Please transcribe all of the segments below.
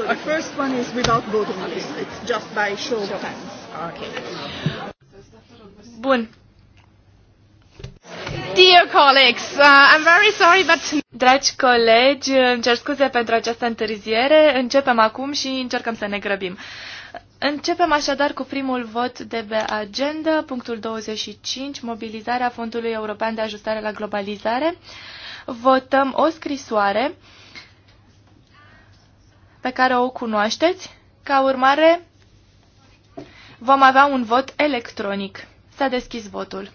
So the first one is without voting list. It's just by show of hands. Okay. Bun. Dear colleagues, uh, I'm very sorry, but... Dragi colegi, îmi cer scuze pentru această întârziere. Începem acum și încercăm să ne grăbim. Începem așadar cu primul vot de pe agenda, punctul 25, mobilizarea Fondului European de Ajustare la Globalizare. Votăm o scrisoare uh, pe care o cunoașteți. Ca urmare, vom avea un vot electronic. S-a deschis votul.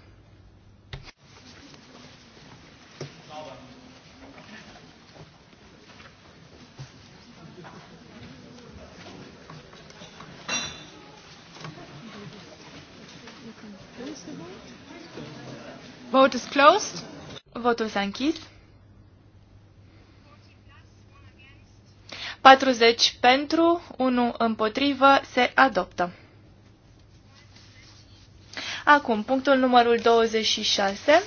Vote is closed. Votul s-a închis. 40 pentru, 1 împotrivă, se adoptă. Acum, punctul numărul 26.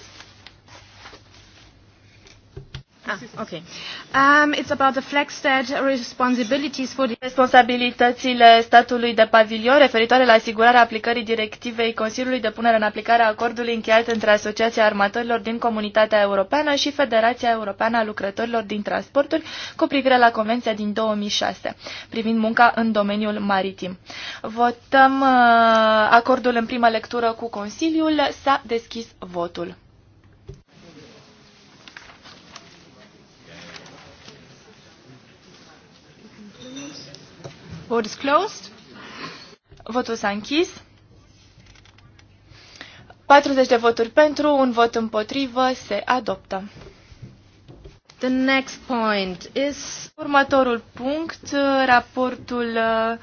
Ah, okay. Um, it's about the responsibilities for the... Responsabilitățile statului de pavilion referitoare la asigurarea aplicării directivei Consiliului de punere în aplicare a acordului încheiat între Asociația Armatorilor din Comunitatea Europeană și Federația Europeană a Lucrătorilor din Transporturi cu privire la Convenția din 2006 privind munca în domeniul maritim. Votăm uh, acordul în prima lectură cu Consiliul. S-a deschis votul. Vote is closed. Votul s-a închis. 40 de voturi pentru, un vot împotrivă, se adoptă. The next point is... Următorul punct, raportul uh,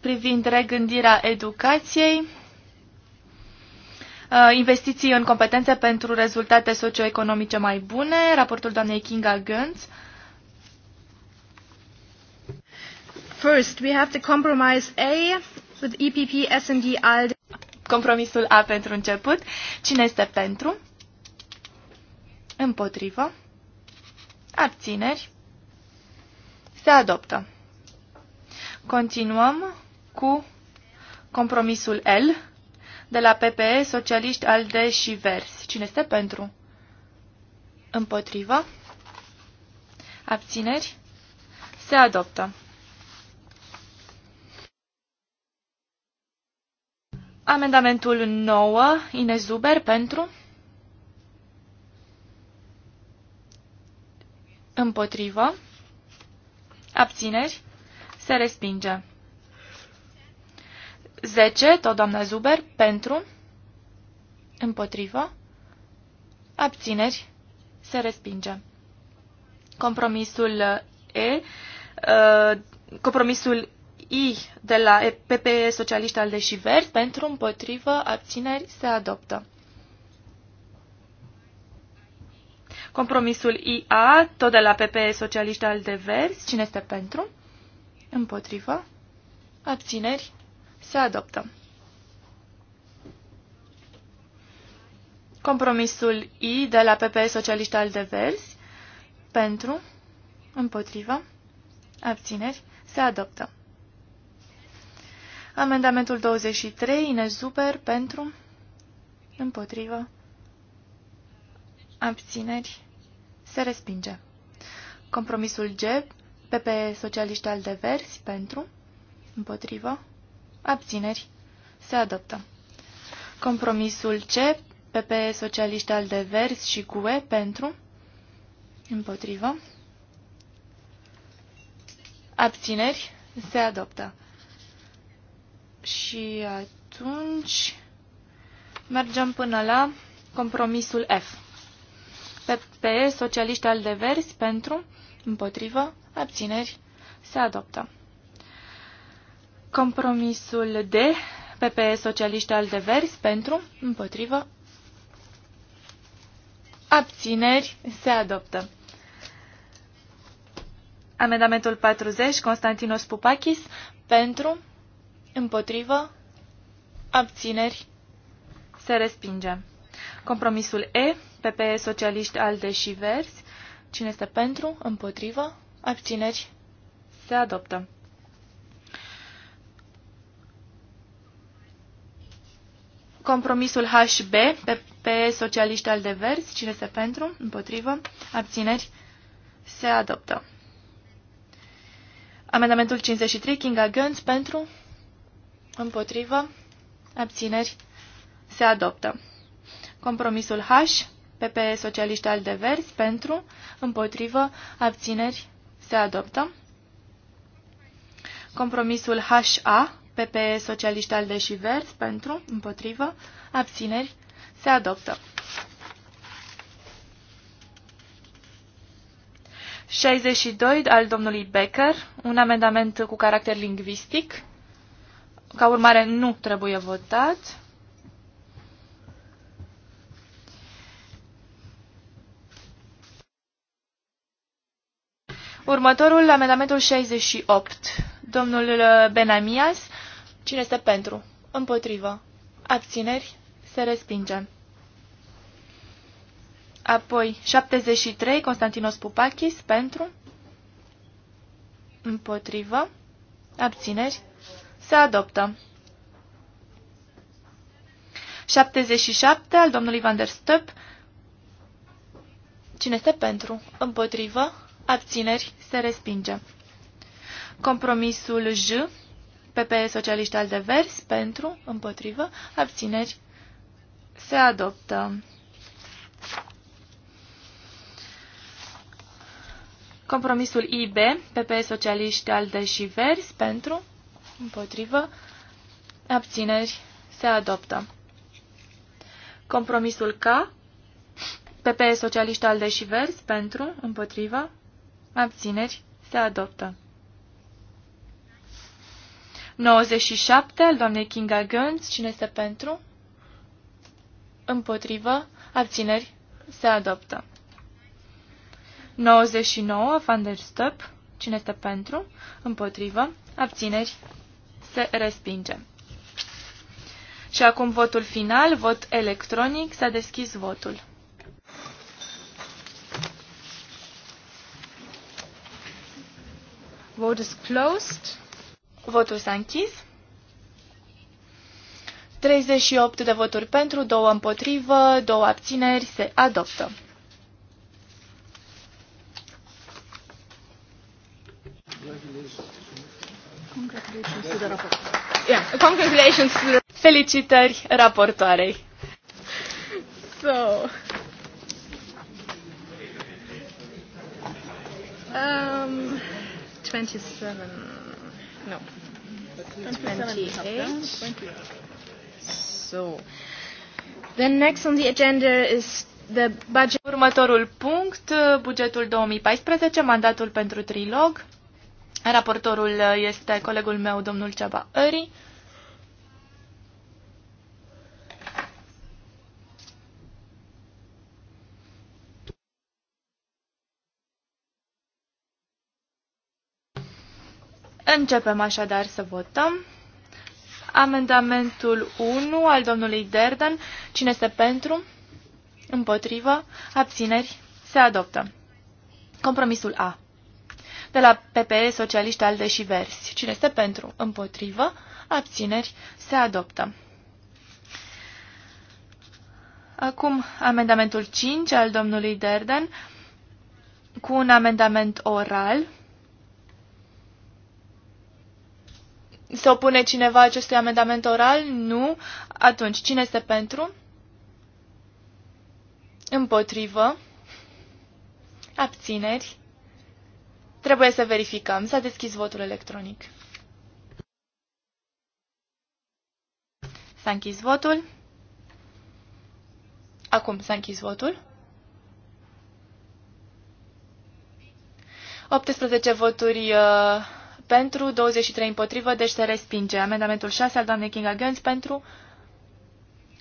privind regândirea educației, uh, investiții în competențe pentru rezultate socioeconomice mai bune, raportul doamnei Kinga Gönz. First, we have the compromise A with EPP, S&D, ALDE. Compromisul A pentru început. Cine este pentru? Împotrivă. Abțineri. Se adoptă. Continuăm cu compromisul L de la PPE, Socialiști, ALDE și Verzi. Cine este pentru? Împotrivă. Abțineri. Se adoptă. Amendamentul 9, Ines Zuber, pentru. Împotrivă. Abțineri. Se respinge. 10, tot doamna Zuber, pentru. Împotrivă. Abțineri. Se respinge. Compromisul E. Uh, compromisul I de la PPE Socialiști al și Verzi pentru împotrivă abțineri se adoptă. Compromisul IA, tot de la PPE Socialiști de Verzi, cine este pentru? Împotrivă. Abțineri se adoptă. Compromisul I de la PPE Socialiști de Verzi, pentru, împotrivă, abțineri se adoptă. Amendamentul 23, Ines Zuber, pentru, împotrivă, abțineri, se respinge. Compromisul G, PP Socialiști al de Verzi, pentru, împotrivă, abțineri, se adoptă. Compromisul C, PP Socialiști al de Verzi și QE, pentru, împotrivă, abțineri, se adoptă. Și atunci mergem până la compromisul F. pe socialiști al de verzi, pentru, împotrivă, abțineri, se adoptă. Compromisul D, PPE, socialiști al de verzi, pentru, împotrivă, abțineri, se adoptă. Amendamentul 40, Constantinos Pupakis, pentru, împotrivă, abțineri, se respinge. Compromisul E, PPE Socialiști Alde și Verzi, cine este pentru, împotrivă, abțineri, se adoptă. Compromisul HB, PPE Socialiști Alde Verzi, cine este pentru, împotrivă, abțineri, se adoptă. Amendamentul 53, Kinga Gönz, pentru, Împotrivă. Abțineri. Se adoptă. Compromisul H. PPE Socialiști al de Verzi. Pentru. Împotrivă. Abțineri. Se adoptă. Compromisul HA. PPE Socialiști al de și Verzi. Pentru. Împotrivă. Abțineri. Se adoptă. 62 al domnului Becker, un amendament cu caracter lingvistic ca urmare nu trebuie votat. Următorul, amendamentul 68. Domnul uh, Benamias, cine este pentru? Împotrivă. Abțineri? Se respinge. Apoi, 73, Constantinos Pupakis, pentru? Împotrivă. Abțineri? Se adoptă. 77 al domnului Van der Stöp. Cine este pentru? Împotrivă? Abțineri? Se respinge. Compromisul J. PPE Socialiști al de Vers. Pentru? Împotrivă? Abțineri? Se adoptă. Compromisul IB, PPE Socialiști al de și Pentru? Împotrivă. Abțineri. Se adoptă. Compromisul K. PPE Socialiști Alde și Verzi. Pentru. Împotrivă. Abțineri. Se adoptă. 97 al doamnei Kinga Gönz. Cine este pentru? Împotrivă. Abțineri. Se adoptă. 99 Van der Stöp. Cine este pentru? Împotrivă. Abțineri se respinge. Și acum votul final, vot electronic, s-a deschis votul. Vote is closed. Votul s-a închis. 38 de voturi pentru, 2 împotrivă, 2 abțineri, se adoptă. Congratulations to the Yeah, congratulations. Felicitări raportoarei. So, um, 27, no, 28. So, the next on the agenda is the budget. Următorul punct, bugetul 2014, mandatul pentru trilog. Raportorul este colegul meu, domnul Ceaba Ări. Începem așadar să votăm. Amendamentul 1 al domnului Derden. Cine este pentru? Împotrivă? Abțineri? Se adoptă. Compromisul A de la PPE, Socialiști, Alde și Versi. Cine este pentru? Împotrivă? Abțineri? Se adoptă. Acum amendamentul 5 al domnului Derden cu un amendament oral. Se opune cineva acestui amendament oral? Nu. Atunci, cine este pentru? Împotrivă. Abțineri. Trebuie să verificăm. S-a deschis votul electronic. S-a închis votul. Acum s-a închis votul. 18 voturi uh, pentru, 23 împotrivă, deci se respinge. Amendamentul 6 al doamnei Kinga Gönz pentru,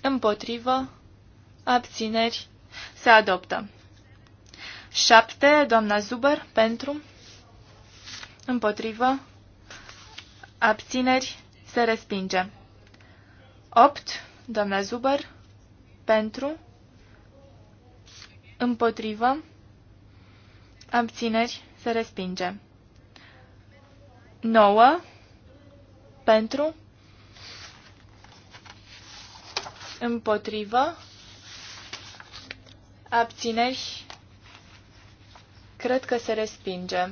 împotrivă, abțineri, se adoptă. 7, doamna Zuber, pentru, împotrivă, abțineri, se respinge. 8, doamna Zuber, pentru, împotrivă, abțineri, se respinge. 9, pentru, împotrivă, abțineri, cred că se respinge.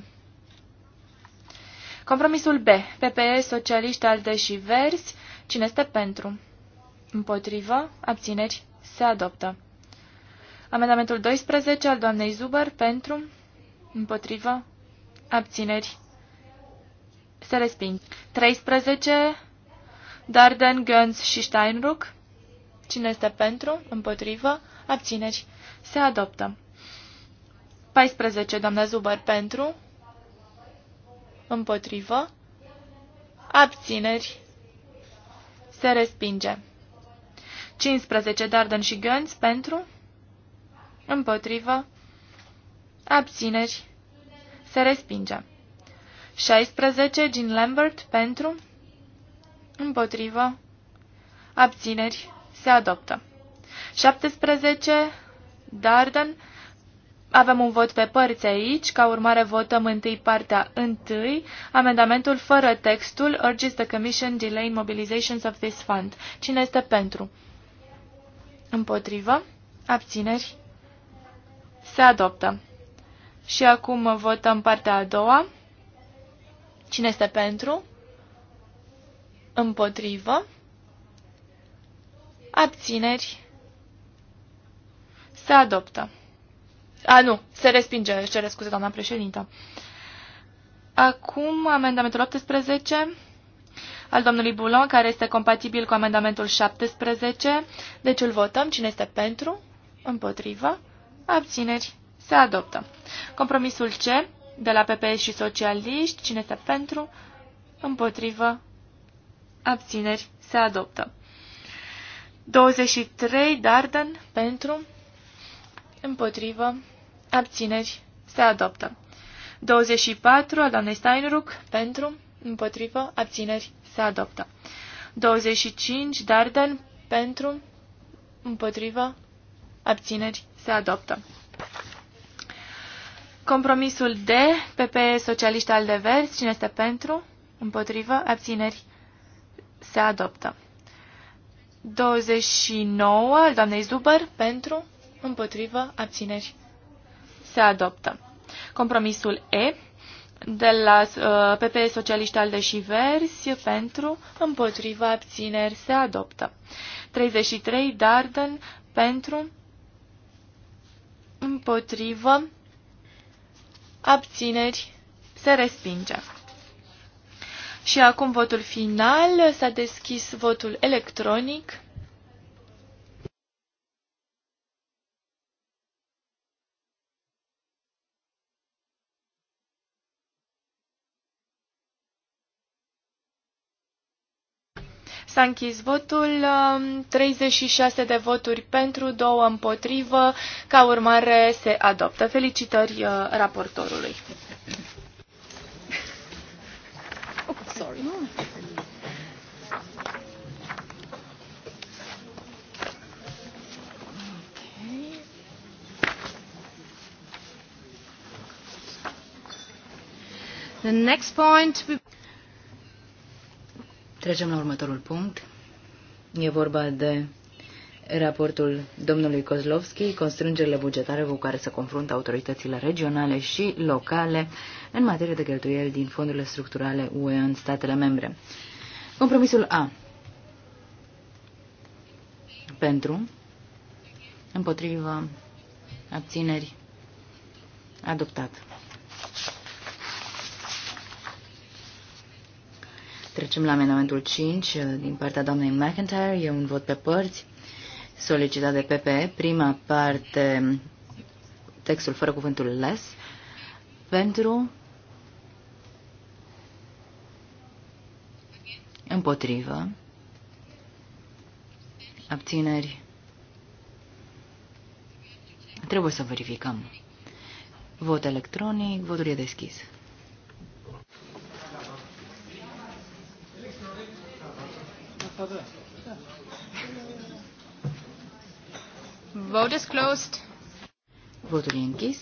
Compromisul B. PPE, Socialiști, alte și Verzi. Cine este pentru? Împotrivă. Abțineri. Se adoptă. Amendamentul 12 al doamnei Zuber. Pentru. Împotrivă. Abțineri. Se resping. 13. Darden, Gönz și Steinruck. Cine este pentru? Împotrivă. Abțineri. Se adoptă. 14. Doamna Zuber. Pentru împotrivă, abțineri, se respinge. 15 Darden și Gönz pentru, împotrivă, abțineri, se respinge. 16 Jean Lambert pentru, împotrivă, abțineri, se adoptă. 17 Darden avem un vot pe părți aici, ca urmare votăm întâi partea întâi, amendamentul fără textul urges the Commission delay mobilizations of this fund. Cine este pentru? Împotrivă? Abțineri? Se adoptă. Și acum votăm partea a doua. Cine este pentru? Împotrivă? Abțineri? Se adoptă. A, nu, se respinge, își cere scuze, doamna președintă. Acum amendamentul 18 al domnului Boulon, care este compatibil cu amendamentul 17. Deci îl votăm. Cine este pentru? Împotrivă? Abțineri? Se adoptă. Compromisul C, de la PPS și socialiști. Cine este pentru? Împotrivă? Abțineri? Se adoptă. 23, Darden, pentru, împotrivă, abțineri, se adoptă. 24 Adonai Steinruck, pentru, împotrivă, abțineri, se adoptă. 25 Darden, pentru, împotrivă, abțineri, se adoptă. Compromisul D, PP Socialiști al de Verzi, cine este pentru, împotrivă, abțineri, se adoptă. 29 doamnei Zuber, pentru, împotrivă, abțineri, se adoptă. Compromisul E de la uh, PP Socialiști Alde și Versi pentru, împotriva, abțineri, se adoptă. 33 Darden pentru, împotrivă, abțineri, se respinge. Și acum votul final, s-a deschis votul electronic. S-a închis votul, 36 um, de voturi pentru, 2 împotrivă, ca urmare se adoptă. Felicitări uh, raportorului. Oh, sorry. The next point... Trecem la următorul punct. E vorba de raportul domnului Kozlovski, constrângerile bugetare cu care se confruntă autoritățile regionale și locale în materie de cheltuieli din fondurile structurale UE în statele membre. Compromisul A. Pentru, împotriva, abțineri, adoptat. Trecem la amendamentul 5 uh, din partea doamnei McIntyre. E un vot pe părți solicitat de PPE. Prima parte, textul fără cuvântul less, pentru, împotrivă, abțineri. Trebuie să verificăm. Vot electronic, votul e deschis. Vote is closed. Votul e închis.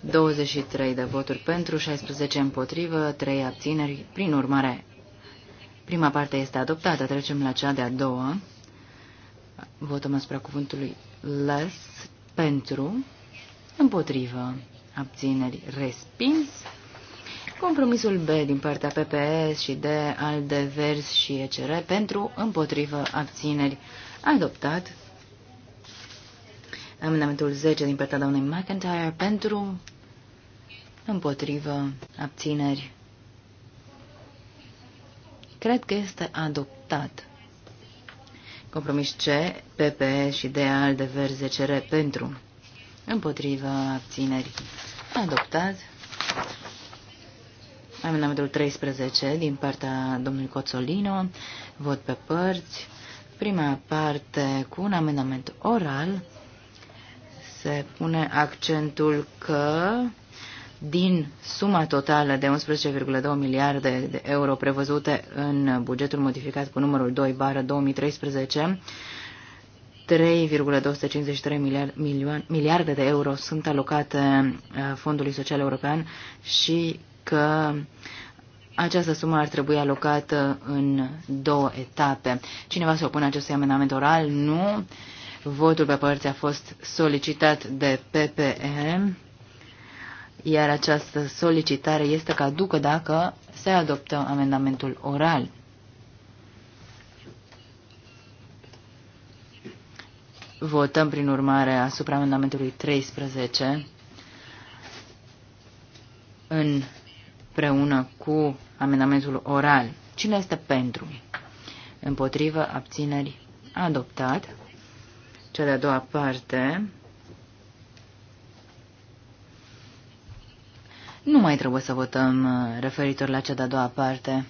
23 de voturi pentru, 16 împotrivă, 3 abțineri. Prin urmare, prima parte este adoptată. Trecem la cea de-a doua. Votăm asupra cuvântului less, pentru, împotrivă, abțineri, respins. Compromisul B din partea PPS și de al de vers și ECR pentru împotrivă abțineri adoptat. Amendamentul 10 din partea doamnei McIntyre pentru împotrivă abțineri. Cred că este adoptat. Compromis C, PPE și de al de verzi CR pentru împotrivă abțineri. Adoptat. Amendamentul 13 din partea domnului Coțolino, vot pe părți. Prima parte cu un amendament oral se pune accentul că din suma totală de 11,2 miliarde de euro prevăzute în bugetul modificat cu numărul 2 bară 2013, 3,253 miliarde de euro sunt alocate uh, Fondului Social European și că această sumă ar trebui alocată în două etape. Cineva se opune acestui amendament oral? Nu. Votul pe părți a fost solicitat de PPE, iar această solicitare este caducă dacă se adoptă amendamentul oral. Votăm, prin urmare, asupra amendamentului 13 în împreună cu amendamentul oral. Cine este pentru? Împotrivă, abțineri, adoptat. Cea de-a doua parte. Nu mai trebuie să votăm uh, referitor la cea de-a doua parte.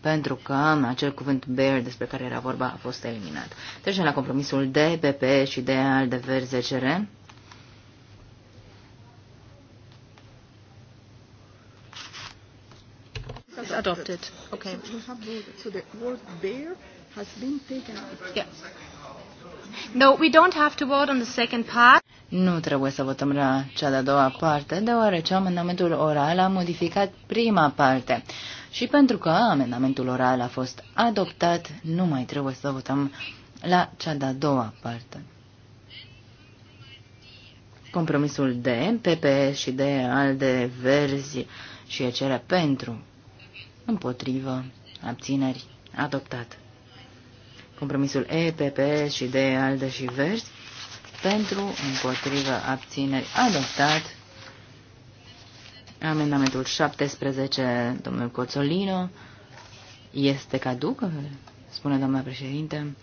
Pentru că um, acel cuvânt bear despre care era vorba a fost eliminat. Trecem la compromisul de PP și de al de verzi adopted. Okay. So, we have voted. so the word bear has been taken out. Yeah. No, we don't have to vote on the second part. Nu trebuie să votăm la cea de-a doua parte, deoarece amendamentul oral a modificat prima parte. Și pentru că amendamentul oral a fost adoptat, nu mai trebuie să votăm la cea de-a doua parte. Compromisul D, PPS și D, al de verzi și e cere pentru Împotrivă. Abțineri. Adoptat. Compromisul E, PP și D, ALDE și Verzi. Pentru. Împotrivă. Abțineri. Adoptat. Amendamentul 17, domnul Coțolino, este caduc, spune doamna președinte.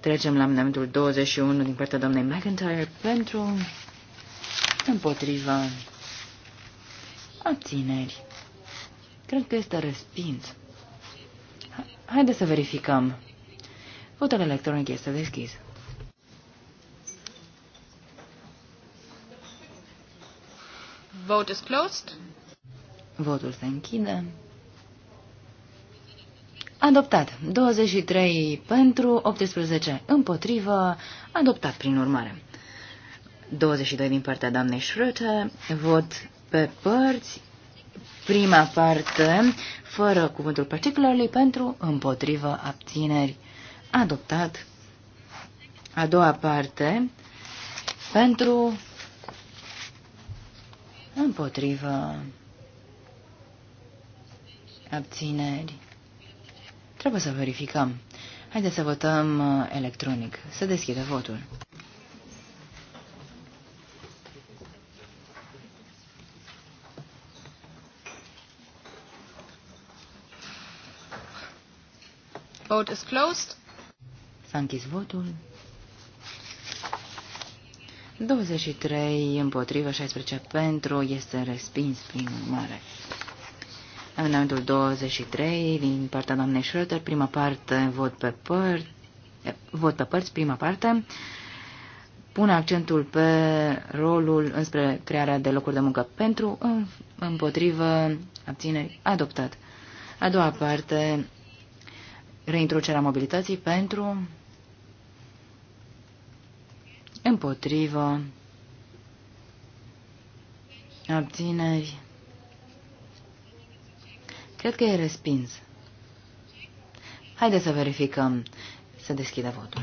Trecem la amendamentul 21 din partea doamnei McIntyre pentru împotriva abțineri. Cred că este respins. Haideți să verificăm. Votul electronic este deschis. Vote is closed. Votul se închide. Adoptat. 23 pentru, 18 împotrivă. Adoptat prin urmare. 22 din partea doamnei Schröter. Vot pe părți prima parte, fără cuvântul particularly, pentru împotrivă abțineri. Adoptat. A doua parte, pentru împotrivă abțineri. Trebuie să verificăm. Haideți să votăm uh, electronic. Să deschidă votul. Vote is closed. S-a închis votul. 23 împotrivă, 16 pentru, este respins prin urmare. Amendamentul 23 din partea doamnei Schroeder, prima parte, vot pe, păr eh, vot pe părți, prima parte, pune accentul pe rolul înspre crearea de locuri de muncă pentru, împotrivă, abțineri, adoptat. A doua parte, reintroducerea mobilității pentru, împotrivă, abțineri. Cred că e respins. Haideți să verificăm. Să deschidă votul.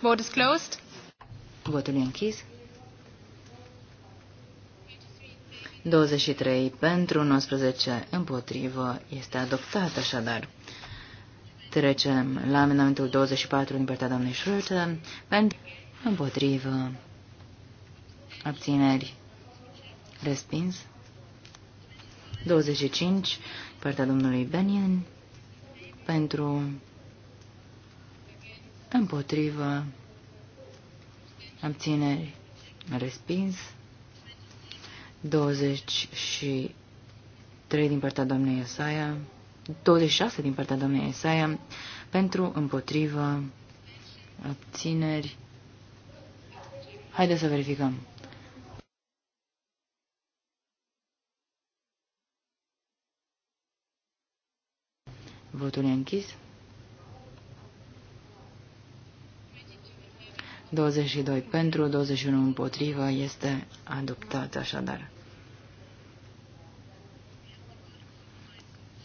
Vote is closed. Votul e închis. 23 pentru, 19 împotrivă, este adoptat așadar. Trecem la amendamentul 24 din partea doamnei Schröter, pentru, împotrivă, abțineri, respins. 25, partea domnului Benien, pentru, împotrivă, abțineri, respins. 23 din partea doamnei Isaia, 26 din partea doamnei Isaia, pentru, împotrivă, abțineri. Haideți să verificăm. Votul e închis. 22 pentru, 21 împotrivă, este adoptat așadar.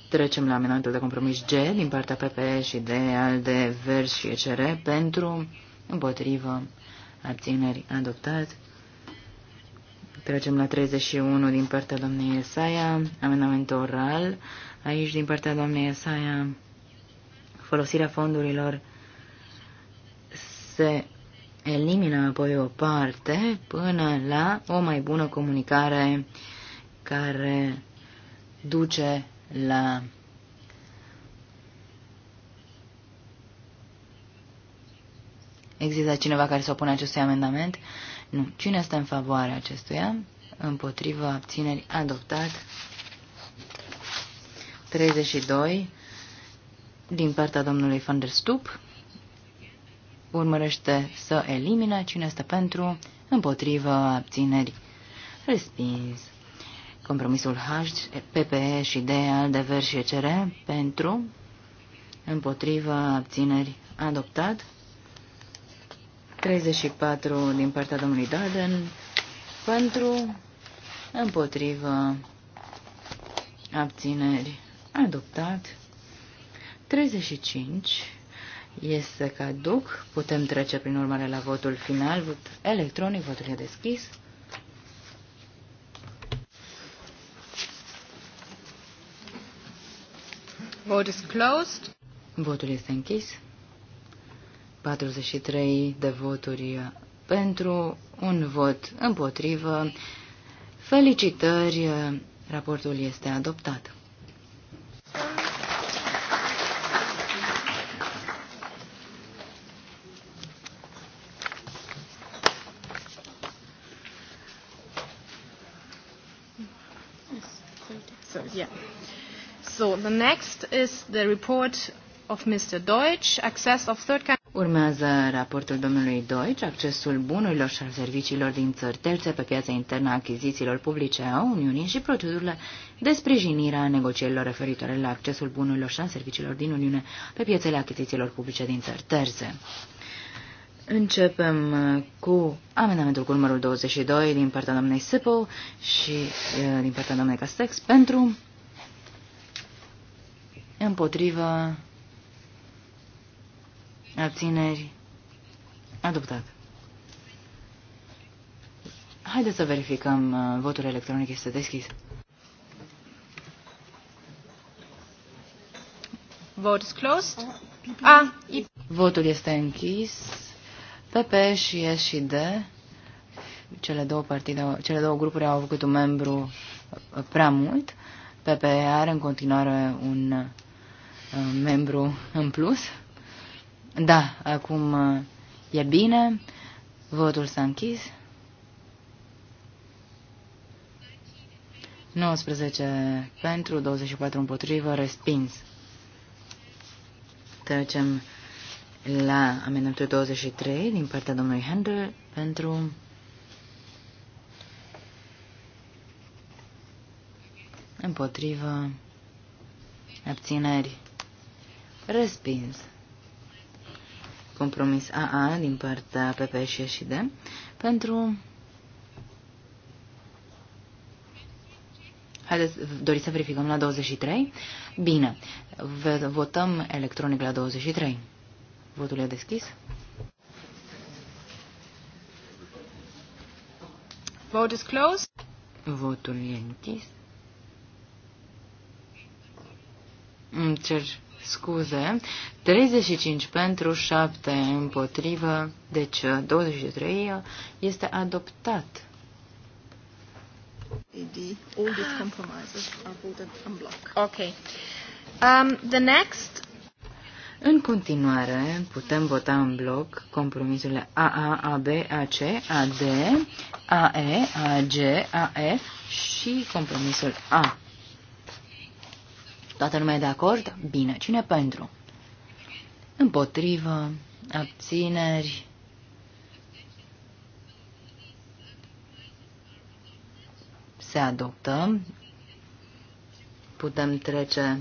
Trecem la amenantul de compromis G din partea PPE și de al de vers și ECR pentru, împotrivă, abțineri adoptat. Trecem la 31 din partea doamnei Esaia, amenament oral. Aici din partea doamnei Esaia, folosirea fondurilor se elimină apoi o parte până la o mai bună comunicare care duce la Există cineva care să opune acestui amendament? Nu. Cine este în favoarea acestuia? Împotriva abținerii adoptat. 32 din partea domnului van der Stoep urmărește să elimine cine este pentru, împotrivă, abțineri, respins. Compromisul H, PPE și D, de VER și ECR, pentru, împotrivă, abțineri, adoptat. 34 din partea domnului Darden, pentru, împotrivă, abțineri, adoptat. 35 este caduc. Putem trece prin urmare la votul final. Vot electronic, votul e deschis. Vote is closed. Votul este închis. 43 de voturi pentru, un vot împotrivă. Felicitări, raportul este adoptat. the next is the report of Mr. Deutsch, access of third country. Urmează raportul domnului Deutsch, accesul bunurilor și al serviciilor din țări terțe pe piața internă a achizițiilor publice a Uniunii și procedurile de sprijinire a negocierilor referitoare la accesul bunurilor și al serviciilor din Uniune pe piețele achizițiilor publice din țări terțe. Începem uh, cu amendamentul cu numărul 22 din partea doamnei Sipple și uh, din partea doamnei Castex pentru împotrivă, abțineri, adoptat. Haideți să verificăm. Uh, votul electronic este deschis. Vote is closed. A, ah, ah, Votul este închis. PP și S și D. Cele două, partide, cele două grupuri au avut un membru uh, prea mult. PP are în continuare un uh, membru în plus. Da, acum uh, e bine. Votul s-a închis. 19 pentru, 24 împotrivă, respins. Trecem la amendamentul 23 din partea domnului Handel pentru împotrivă abțineri Respins. Compromis AA din partea PP și SD pentru... Haideți, doriți să verificăm la 23? Bine, votăm electronic la 23. Votul e deschis. Vote is closed. Votul e închis. Îmi cer scuze, 35 pentru, 7 împotrivă, deci 23 uh, uh, este adoptat. All these ah. compromises are voted en bloc. Okay. Um, the next în continuare, putem vota în bloc compromisurile AA, AB, AC, AD, AE, AG, AF și compromisul A. Toată lumea de acord? Bine. Cine pentru? Împotrivă. Abțineri. Se adoptă. Putem trece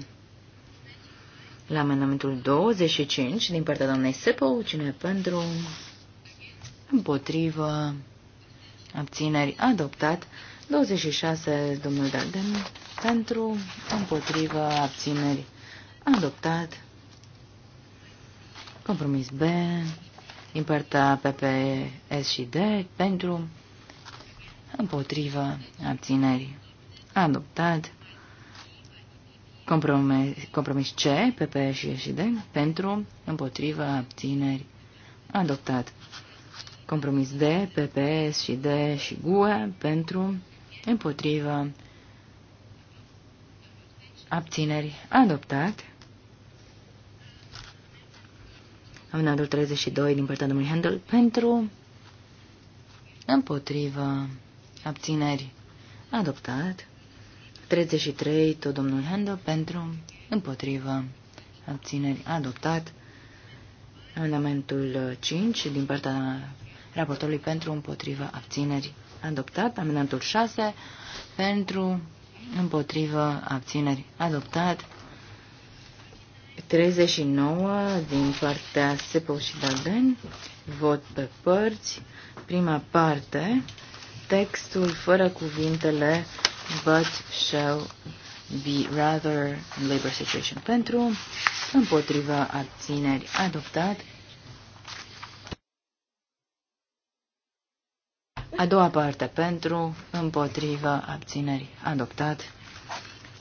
la amendamentul 25 din partea doamnei Sepău. Cine pentru? Împotrivă. Abțineri. Adoptat. 26. Domnul Dardenu pentru, împotrivă, abțineri, adoptat. Compromis B, pe partea S și D, pentru, împotrivă, abțineri, adoptat. Compromis, compromis C, PP și SD, pentru, împotrivă, abțineri, adoptat. Compromis D, PPS și D și GUE, pentru, împotrivă, abțineri abțineri, adoptat. Amendamentul 32 din partea domnului Handel pentru, împotrivă, abțineri, adoptat. 33, tot domnul Handel pentru, împotrivă, abțineri, adoptat. Amendamentul 5 din partea raportorului pentru, împotrivă, abțineri, adoptat. Amendamentul 6 pentru, împotrivă, abțineri, adoptat. 39 din partea Sepo și Dagen, vot pe părți, prima parte, textul fără cuvintele but shall be rather in labor situation pentru, împotriva abțineri adoptat, A doua parte pentru, împotrivă, abțineri, adoptat.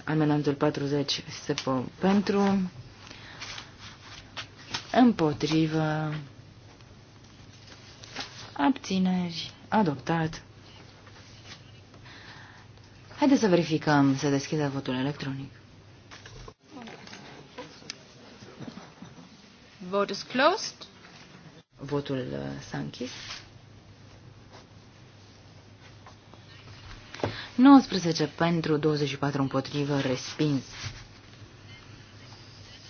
Amendamentul 40 se pentru, împotrivă, abțineri, adoptat. Haideți să verificăm, să deschidă votul electronic. Vote is closed. Votul uh, s-a închis. 19 pentru, 24 împotrivă, respins.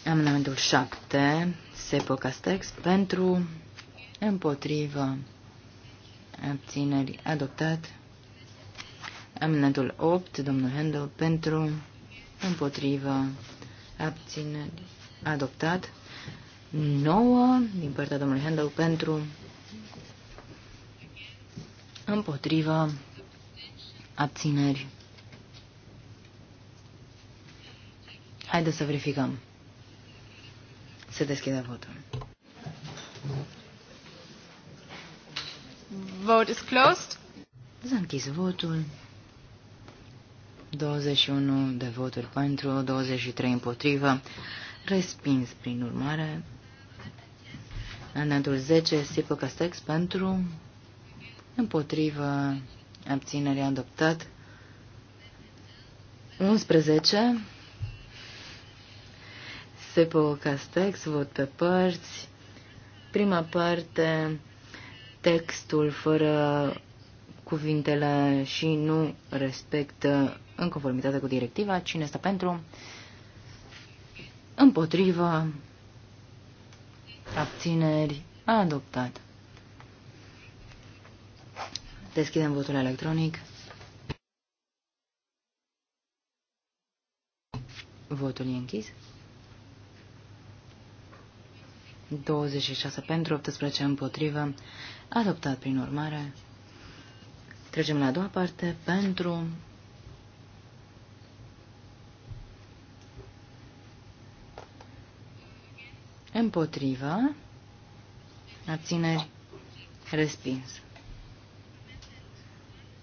Amendamentul 7, Sepo Castex, pentru, împotrivă, abțineri, adoptat. Amendamentul 8, domnul Handel, pentru, împotrivă, abțineri, adoptat. 9, din partea domnului Handel, pentru, împotrivă, Abțineri. Haideți să verificăm. Se deschide votul. Vote is closed. S-a închis votul. 21 de voturi pentru, 23 împotrivă. Respins, prin urmare. Amendamentul 10, Sipo Castex pentru, împotrivă, Abținerea adoptat. 11. Sepo Castex, vot pe părți. Prima parte, textul fără cuvintele și nu respectă în conformitate cu directiva. Cine este pentru? Împotrivă. Abțineri. Adoptat. Deschidem votul electronic. Votul e închis. 26 pentru, 18 împotrivă, adoptat prin urmare. Trecem la a doua parte, pentru... Împotrivă, abțineri, respins.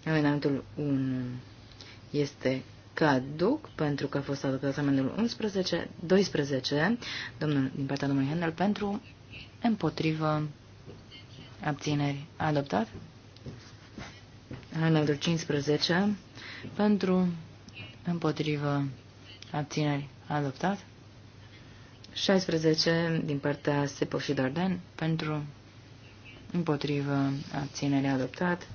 Amendamentul 1 este caduc pentru că a fost adoptat amendul 11, 12, domnul, din partea domnului Handel, pentru împotrivă abțineri. Adoptat? Amendamentul 15 pentru împotrivă abțineri. Adoptat? 16 din partea Sepo și Darden pentru împotrivă abținerea adoptat.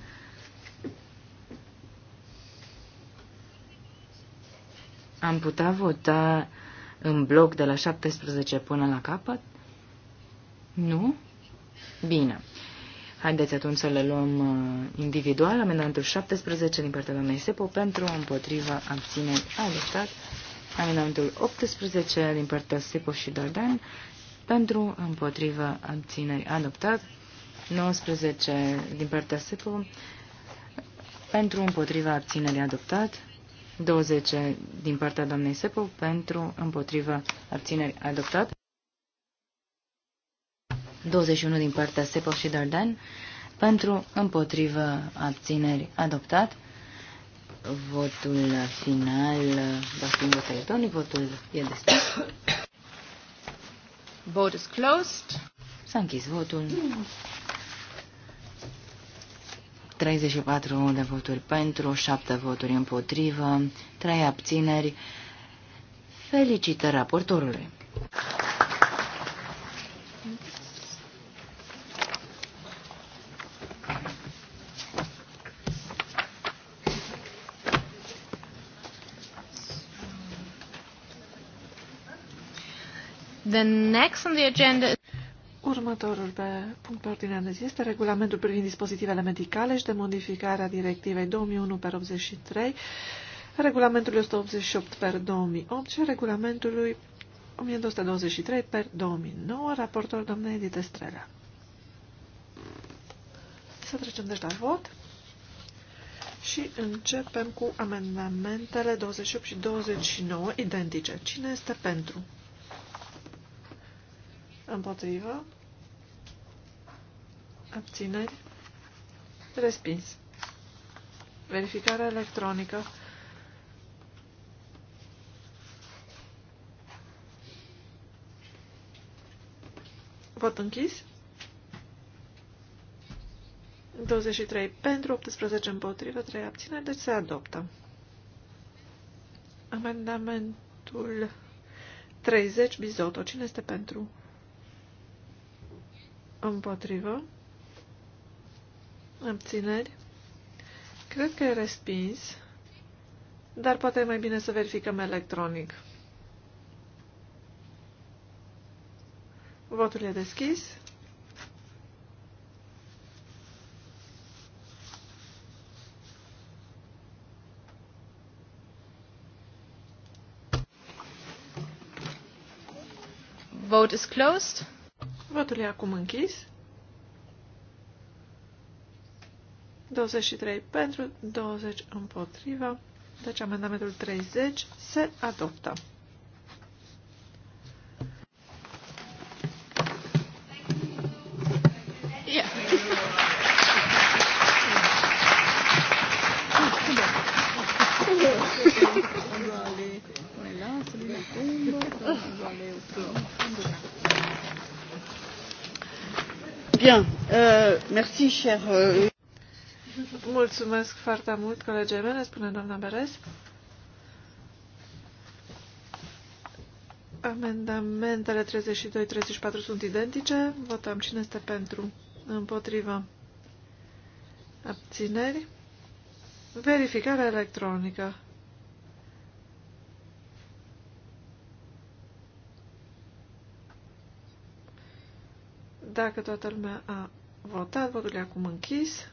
Am putea vota în bloc de la 17 până la capăt? Nu? Bine. Haideți atunci să le luăm uh, individual. Amendamentul 17 din partea doamnei Sepo pentru, împotriva, abține adoptat. Amendamentul 18 din partea Sepo și Dardan pentru, împotriva, abțineri, adoptat. 19 din partea Sepo pentru, împotriva, abținerii adoptat. 20 din partea doamnei Sepo pentru împotrivă abțineri adoptat. 21 din partea Sepo și Dardan pentru împotrivă abțineri adoptat. Votul final va fi un vot electronic. Votul e deschis. Vote is closed. S-a închis votul. Mm. 34 de voturi pentru, 7 voturi împotrivă, 3 abțineri. Felicitări raportorului! The next on the agenda Următorul pe punct pe ordinea de zi este regulamentul privind dispozitivele medicale și de modificarea directivei 2001 per 83, regulamentului 188 per 2008 și regulamentului 1223 per 2009, raportor doamnei Edith Estrela. Să trecem deci la vot și începem cu amendamentele 28 și 29 identice. Cine este pentru? Împotrivă? abțineri, respins. Verificarea electronică. Vot închis. 23 pentru, 18 împotrivă, 3 abțineri, deci se adoptă. Amendamentul 30, bizoto. Cine este pentru? Împotrivă. Abțineri. Cred că e respins, dar poate e mai bine să verificăm electronic. Votul e deschis. Vote is closed. Votul e acum închis. 23 pentru, 20 împotriva. Deci amendamentul 30 se adoptă. Bien, euh, merci cher. Euh Mulțumesc foarte mult, colegii mele, spune doamna Beres. Amendamentele 32-34 sunt identice. Votăm cine este pentru. Împotriva. Abțineri. Verificare electronică. Dacă toată lumea a votat, votul e acum închis.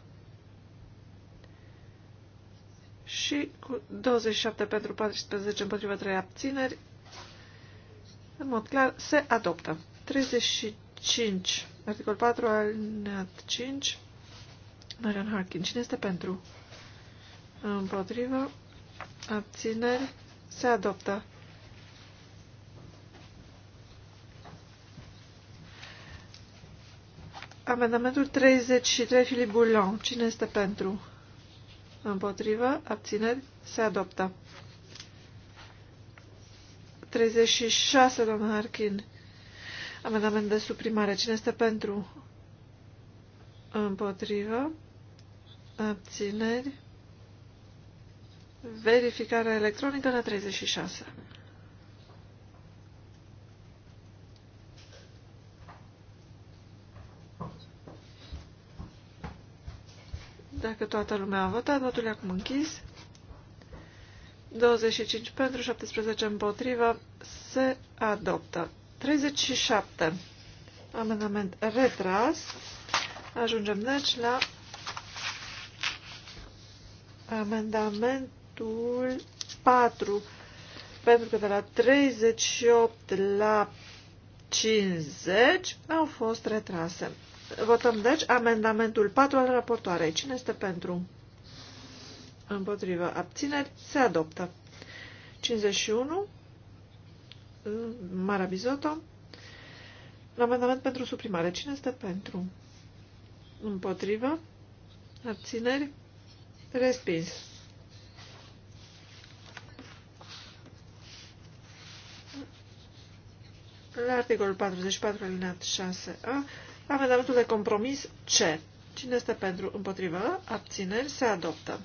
și cu 27 pentru 14 împotriva 3 abțineri, în mod clar, se adoptă. 35, articol 4, al 5, Marian Harkin. Cine este pentru? Împotriva, abțineri, se adoptă. Amendamentul 33, Filip Boulon. Cine este pentru? Împotrivă. Abțineri. Se adoptă. 36, domnul Harkin. Amendament de suprimare. Cine este pentru? Împotrivă. Abțineri. Verificarea electronică la 36. Dacă toată lumea a votat, votul e acum închis. 25 pentru, 17 împotriva, se adoptă. 37. Amendament retras. Ajungem deci la amendamentul 4. Pentru că de la 38 la 50 au fost retrase. Votăm, deci, amendamentul 4 al raportoarei. Cine este pentru? Împotrivă. Abțineri. Se adoptă. 51. Mara Bizoto. Amendament pentru suprimare. Cine este pentru? Împotrivă. Abțineri. Respins. La articolul 44, alineat 6a, Amendamentul de compromis C. Cine este pentru? Împotrivă. Abțineri. Se adoptă.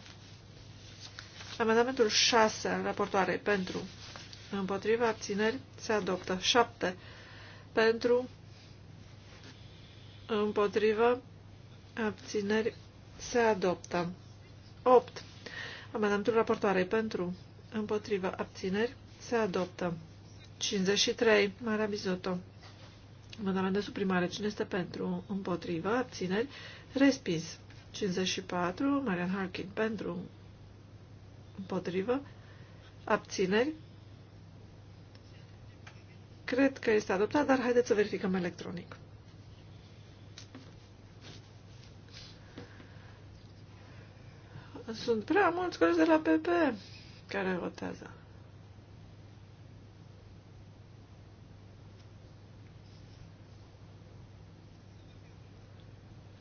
Amendamentul 6 al raportoarei pentru. Împotrivă. Abțineri. Se adoptă. 7. Pentru. Împotrivă. Abțineri. Se adoptă. 8. Amendamentul raportoarei pentru. Împotrivă. Abțineri. Se adoptă. 53. Marea Bizoto. Mânarea de suprimare. Cine este pentru? Împotrivă. Abțineri. Respins. 54. Marian Harkin. Pentru. Împotrivă. Abțineri. Cred că este adoptat, dar haideți să verificăm electronic. Sunt prea mulți colegi de la PP care votează.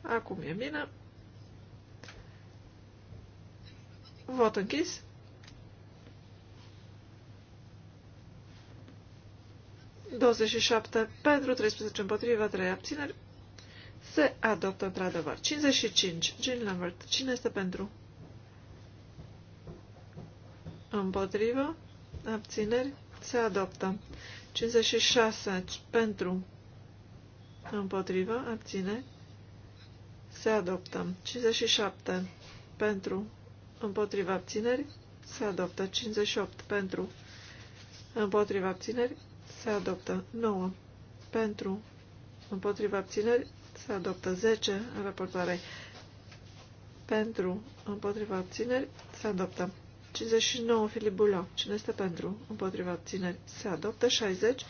Acum e bine. Vot închis. șapte pentru, 13 împotriva, 3 abțineri. Se adoptă într-adevăr. 55. Jean Lambert. Cine este pentru? Împotrivă. Abțineri. Se adoptă. 56. Pentru. Împotrivă. Abțineri se adoptă. 57 pentru, împotriva abțineri, se adoptă. 58 pentru, împotriva abțineri, se adoptă. 9 pentru, împotriva abțineri, se adoptă. 10 în raportare pentru, împotriva abțineri, se adoptă. 59 Filibula, cine este pentru, împotriva abțineri, se adoptă. 60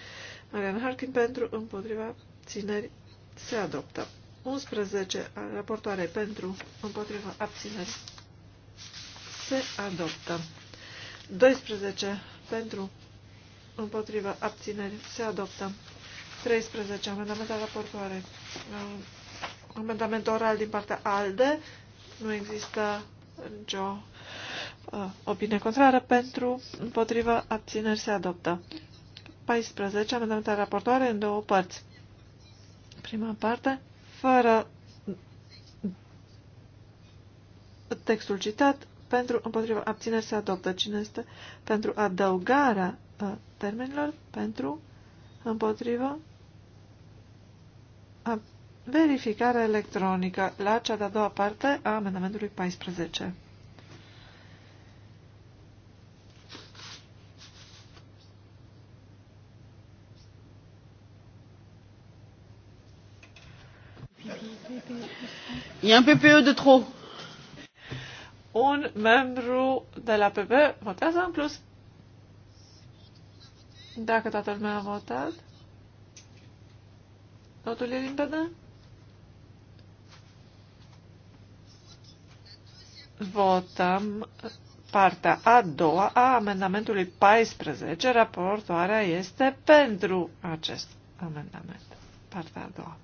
Marian Harkin pentru, împotriva abțineri, se adoptă. 11 al pentru împotriva abțineri se adoptă. 12 pentru împotriva abțineri se adoptă. 13 amendament al raportoare. Uh, amendament oral din partea ALDE. Nu există nicio uh, opinie contrară pentru împotriva abțineri se adoptă. 14 amendament al raportoare în două părți. Prima parte fără textul citat, pentru împotriva abțineri se adoptă. Cine este pentru adăugarea uh, termenilor? Pentru împotriva verificarea electronică la cea de-a doua parte a amendamentului 14. Il y a un PPE de trop. Un membru de la PP votează în plus. Dacă toată lumea a votat, totul e limpede. Votăm partea a doua a amendamentului 14. Raportoarea este pentru acest amendament. Partea a doua.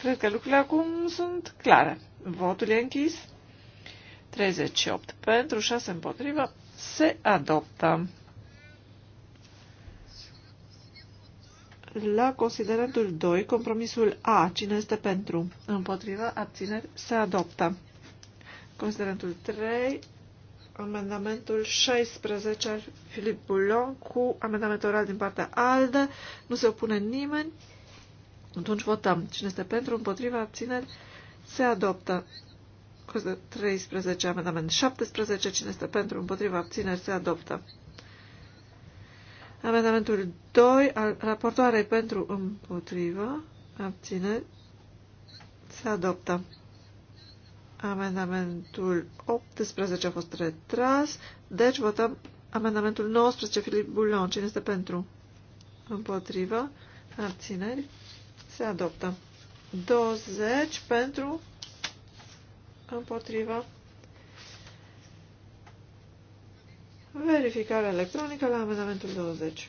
Cred că lucrurile acum sunt clare. Votul e închis. 38 pentru, 6 împotrivă. Se adoptă. La considerentul 2, compromisul A, cine este pentru? Împotrivă, abțineri, se adoptă. Considerentul 3, amendamentul 16 al Filip Bulon cu amendament oral din partea ALDE. Nu se opune nimeni. Atunci votăm. Cine este pentru, împotriva, abțineri, se adoptă. 13, amendament 17. Cine este pentru, împotriva, abțineri, se adoptă. Amendamentul 2 al raportoarei pentru împotriva, abțineri, se adoptă. Amendamentul 18 a fost retras, deci votăm amendamentul 19, Filip Bulon. Cine este pentru? Împotriva, abțineri, se adoptă. 20 pentru împotriva. verificarea electronică la amendamentul 20.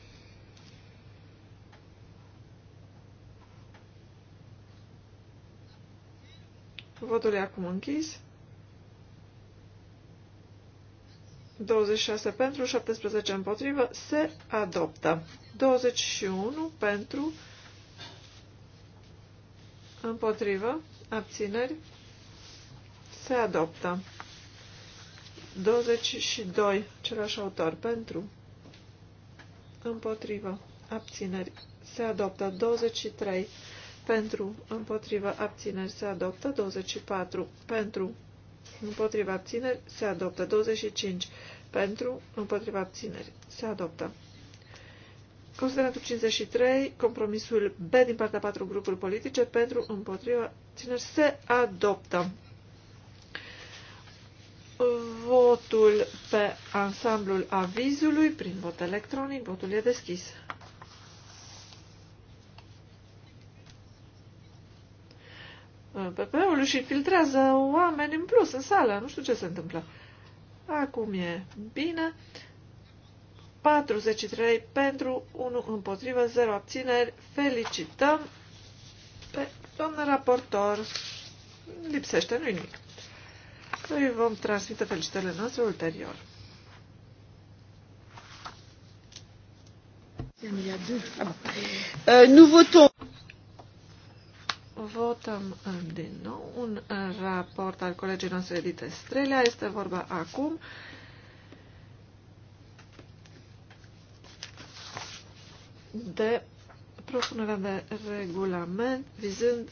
Votul e acum închis. 26 pentru, 17 împotrivă, se adoptă. 21 pentru, Împotrivă. Abțineri. Se adoptă. 22. Același autor. Pentru. Împotrivă. Abțineri. Se adoptă. 23. Pentru. Împotrivă. Abțineri. Se adoptă. 24. Pentru. Împotriva abțineri se adoptă 25. Pentru, împotriva abțineri se adoptă Considerentul 53, compromisul B din partea patru grupuri politice pentru împotriva țineri se adoptă. Votul pe ansamblul avizului prin vot electronic, votul e deschis. PP-ul și filtrează oameni în plus în sală, nu știu ce se întâmplă. Acum e bine. 43 pentru, 1 împotrivă, 0 abțineri. Felicităm pe domnul raportor. Lipsește, nu-i nimic. Noi vom transmite felicitările noastre ulterior. Uh, nu votăm Votăm din nou un raport al colegii noastre Edith Strelea. Este vorba acum de propunerea de regulament vizând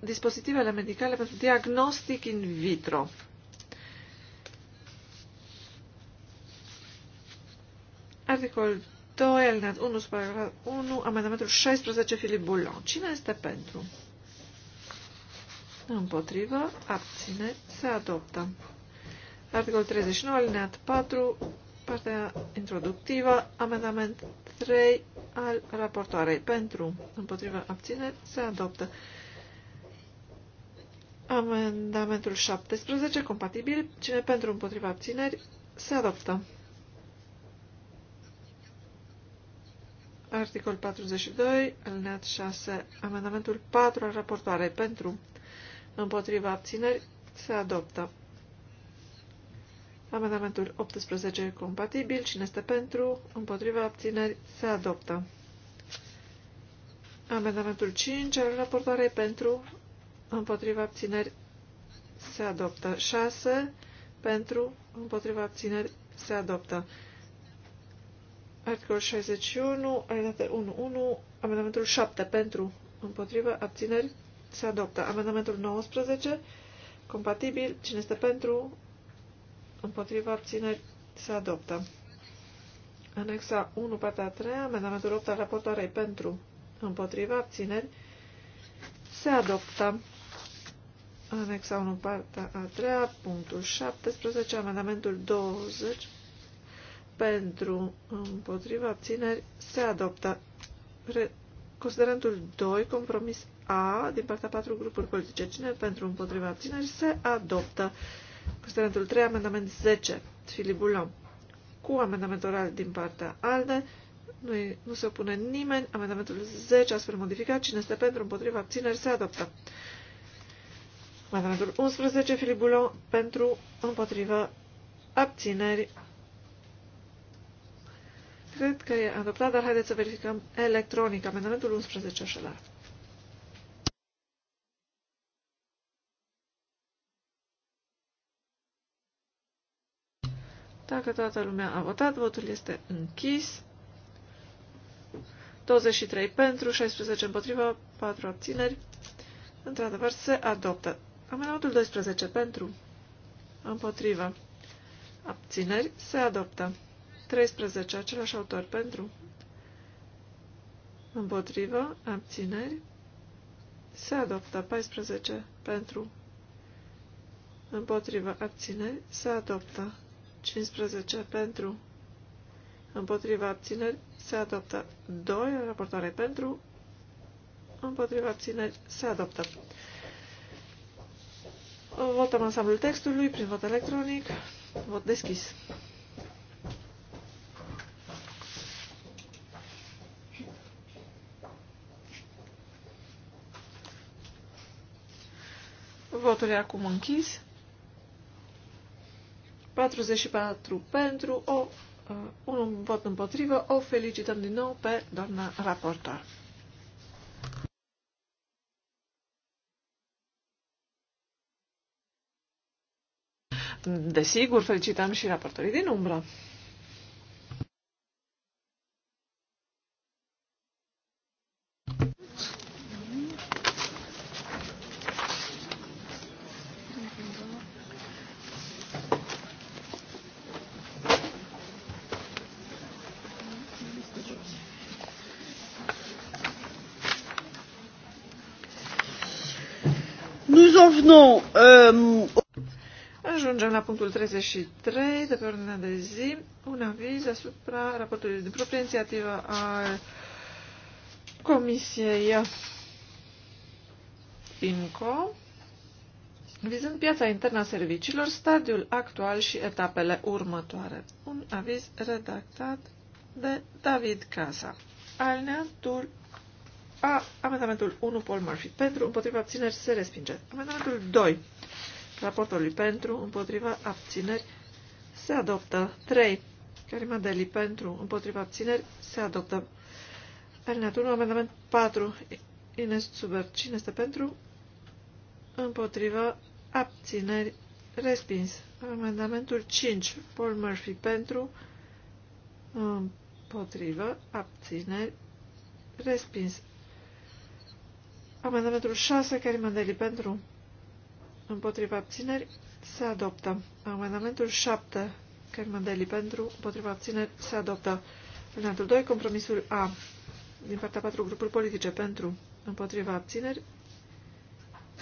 dispozitivele medicale pentru diagnostic in vitro. Articol 2, alineat 1, paragraf 1, amendamentul 16, Filip Bulon. Cine este pentru? Împotrivă, abține, se adoptă. Articol 39, alineat 4, partea introductivă, amendament 3 al raportoarei. Pentru, împotriva abțineri, se adoptă. Amendamentul 17, compatibil. Cine pentru, împotriva abțineri, se adoptă. Articol 42, alineat 6, amendamentul 4 al raportoarei. Pentru, împotriva abțineri, se adoptă. Amendamentul 18 compatibil. Cine este pentru? Împotriva abțineri se adoptă. Amendamentul 5 al raportoarei pentru împotriva abțineri se adoptă. 6 pentru împotriva abțineri se adoptă. Articol 61, alinate 1.1. amendamentul 7 pentru împotrivă, abțineri se adoptă. Amendamentul 19 compatibil. Cine este pentru împotriva abțineri se adoptă. Anexa 1, partea 3, amendamentul 8 al raportoarei pentru împotriva abțineri se adoptă. Anexa 1, partea a 3, punctul 17, amendamentul 20 pentru împotriva abțineri se adoptă. Re Considerentul 2, compromis A, din partea 4 grupuri politice, cine pentru împotriva abțineri, se adoptă. Considerentul 3, amendament 10, bulon Cu amendament oral din partea ALDE, nu, nu se opune nimeni. Amendamentul 10, astfel modificat, cine este pentru, împotriva, abțineri, se adoptă. Amendamentul 11, bulon pentru, împotriva, abțineri. Cred că e adoptat, dar haideți să verificăm electronic. Amendamentul 11, așadar. Dacă toată lumea a votat, votul este închis. 23 pentru, 16 împotrivă, 4 abțineri. Într-adevăr, se adoptă. Amendamentul 12 pentru, împotrivă, abțineri, se adoptă. 13, același autor pentru, împotrivă, abțineri, se adoptă. 14 pentru, împotrivă, abțineri, se adoptă. 15 pentru, împotriva abțineri se adoptă 2, raportoare pentru, împotriva abțineri se adoptă. Votăm ansamblul textului prin vot electronic, vot deschis. Votul e acum închis. 44 pentru, o, uh, un vot împotrivă. O felicităm din nou pe doamna raportor. Desigur, felicităm și raportorii din umbră. Um, Ajungem la punctul 33 de pe ordinea de zi, un aviz asupra raportului de proprie inițiativă a Comisiei PINCO, vizând piața internă a serviciilor, stadiul actual și etapele următoare. Un aviz redactat de David Casa. Alineatul a amendamentul 1 Paul Murphy. Pentru împotriva abțineri se respinge. Amendamentul 2 raportului pentru, împotriva abțineri, se adoptă. 3. Karima Deli pentru, împotriva abțineri, se adoptă. Alineat 1, amendament 4. Ines Zuber, cine este pentru? Împotriva abțineri, respins. Amendamentul 5. Paul Murphy pentru, împotriva abțineri, respins. Amendamentul 6, Karima Deli pentru, împotriva abțineri, se adoptă. Amendamentul 7, Kermandeli pentru, împotriva abțineri, se adoptă. Amendamentul 2, compromisul A, din partea 4 grupuri politice, pentru, împotriva abțineri,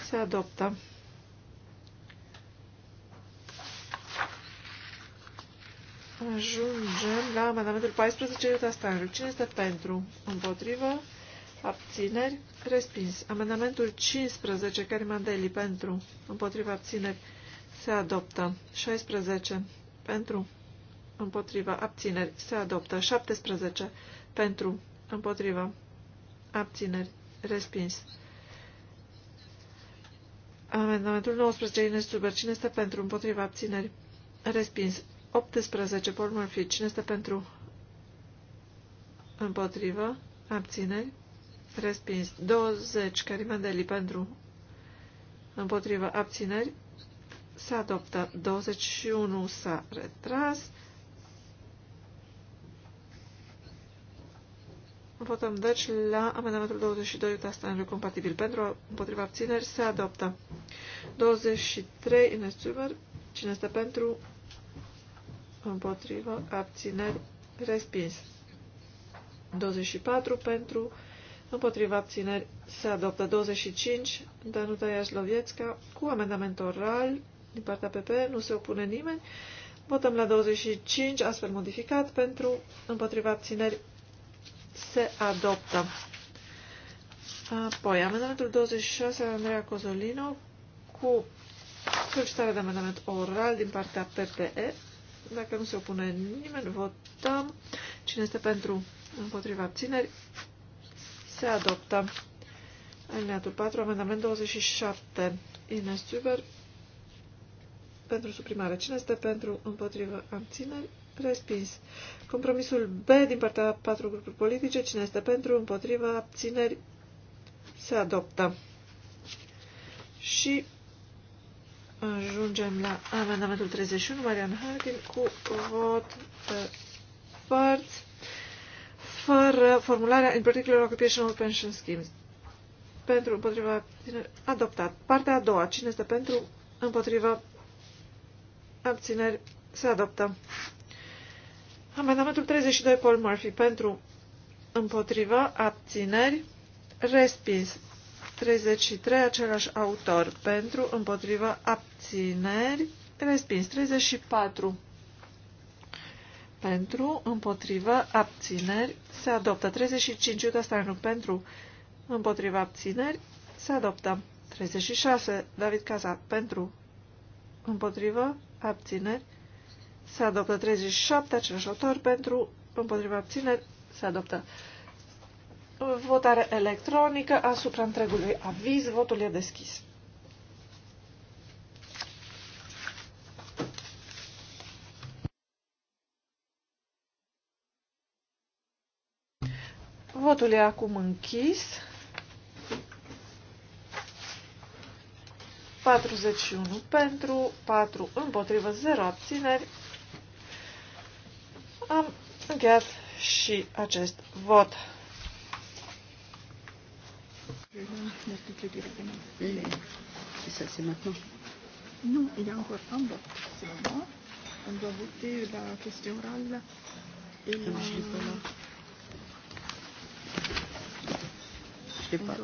se adoptă. Ajungem la amendamentul 14, Iuta Stanru. Cine este pentru? Împotrivă? Abțineri. Respins. Amendamentul 15, Carimandeli, pentru. Împotriva abțineri. Se adoptă. 16. Pentru. Împotriva abțineri. Se adoptă. 17. Pentru. Împotriva abțineri. Respins. Amendamentul 19, Ines Zuber. Cine este pentru? Împotriva abțineri. Respins. 18, Paul Murphy. Cine este pentru? Împotriva abțineri. Respins. 20 carimandeli pentru împotriva abțineri. S-a adoptat. 21 s-a retras. Votăm deci la amendamentul 22 tastanului compatibil. Pentru împotriva abțineri se adoptă. 23 în Cine este pentru împotriva abțineri respins. 24 pentru împotriva abțineri se adoptă 25, Danuta Iaslovietska, cu amendament oral din partea PP, nu se opune nimeni. Votăm la 25, astfel modificat, pentru împotriva abțineri se adoptă. Apoi, amendamentul 26 al Andreea Cozolino cu solicitarea de amendament oral din partea PPE. Dacă nu se opune nimeni, votăm. Cine este pentru împotriva abțineri se adoptă. Alineatul 4, amendament 27. Ines Zuber. Pentru suprimare. Cine este pentru? Împotrivă. Abțineri. Respins. Compromisul B din partea patru grupuri politice. Cine este pentru? Împotrivă. Abțineri. Se adoptă. Și ajungem la amendamentul 31, Marian Harkin, cu vot pe părți fără formularea In particular Occupational Pension Schemes. Pentru, împotriva, adoptat. Partea a doua. Cine este pentru, împotriva, abțineri, se adoptă. Amendamentul 32, Paul Murphy. Pentru, împotriva, abțineri, respins. 33, același autor. Pentru, împotriva, abțineri, respins. 34, pentru, împotrivă, abțineri, se adoptă. 35 Iuda nu pentru, împotrivă, abțineri, se adoptă. 36 David Casa pentru, împotrivă, abțineri, se adoptă. 37 același autor pentru, împotrivă, abțineri, se adoptă. Votare electronică asupra întregului aviz, votul e deschis. Votul e acum închis. 41 pentru, 4 împotrivă, 0 abțineri. Am încheiat și acest vot. Nu, e c'est am vot. Am vot la chestia orală. et la... Je l'ai pas là. je pas.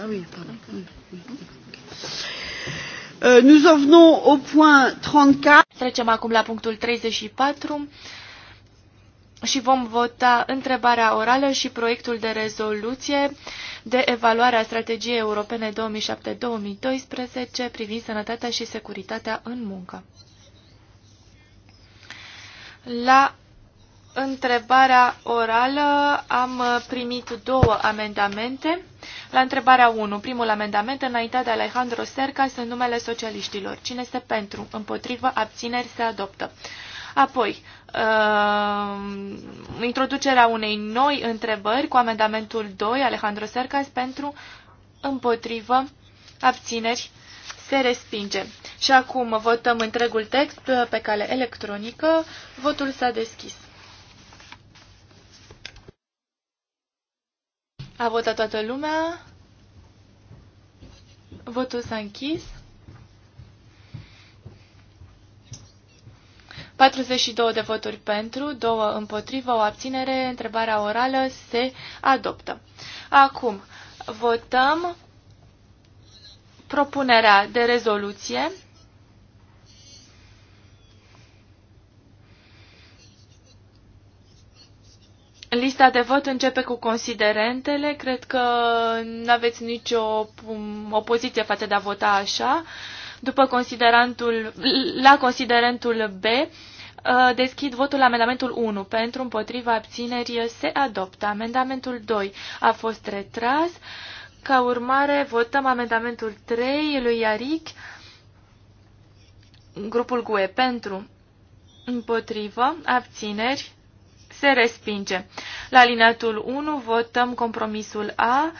Ah oui, pardon. Mm, mm, euh, nous en venons au point 34. Trecem acum la punctul 34 și vom vota întrebarea orală și proiectul de rezoluție de evaluare a strategiei europene 2007-2012 privind sănătatea și securitatea în muncă. La întrebarea orală am primit două amendamente. La întrebarea 1, primul amendament înaintea de Alejandro Sercas în numele socialiștilor. Cine este pentru? Împotrivă? Abțineri? Se adoptă. Apoi, uh, introducerea unei noi întrebări cu amendamentul 2, Alejandro Sercas, pentru împotrivă, abțineri, se respinge. Și acum votăm întregul text pe cale electronică. Votul s-a deschis. A votat toată lumea. Votul s-a închis. 42 de voturi pentru, 2 împotrivă, o abținere, întrebarea orală se adoptă. Acum, votăm propunerea de rezoluție Lista de vot începe cu considerentele. Cred că nu aveți nicio opoziție față de a vota așa. După considerantul, la considerentul B, uh, deschid votul la amendamentul 1. Pentru, împotriva, abțineri, se adoptă. Amendamentul 2 a fost retras. Ca urmare, votăm amendamentul 3 lui Iaric, grupul GUE. Pentru, împotrivă, abțineri, se respinge. La alineatul 1 votăm compromisul A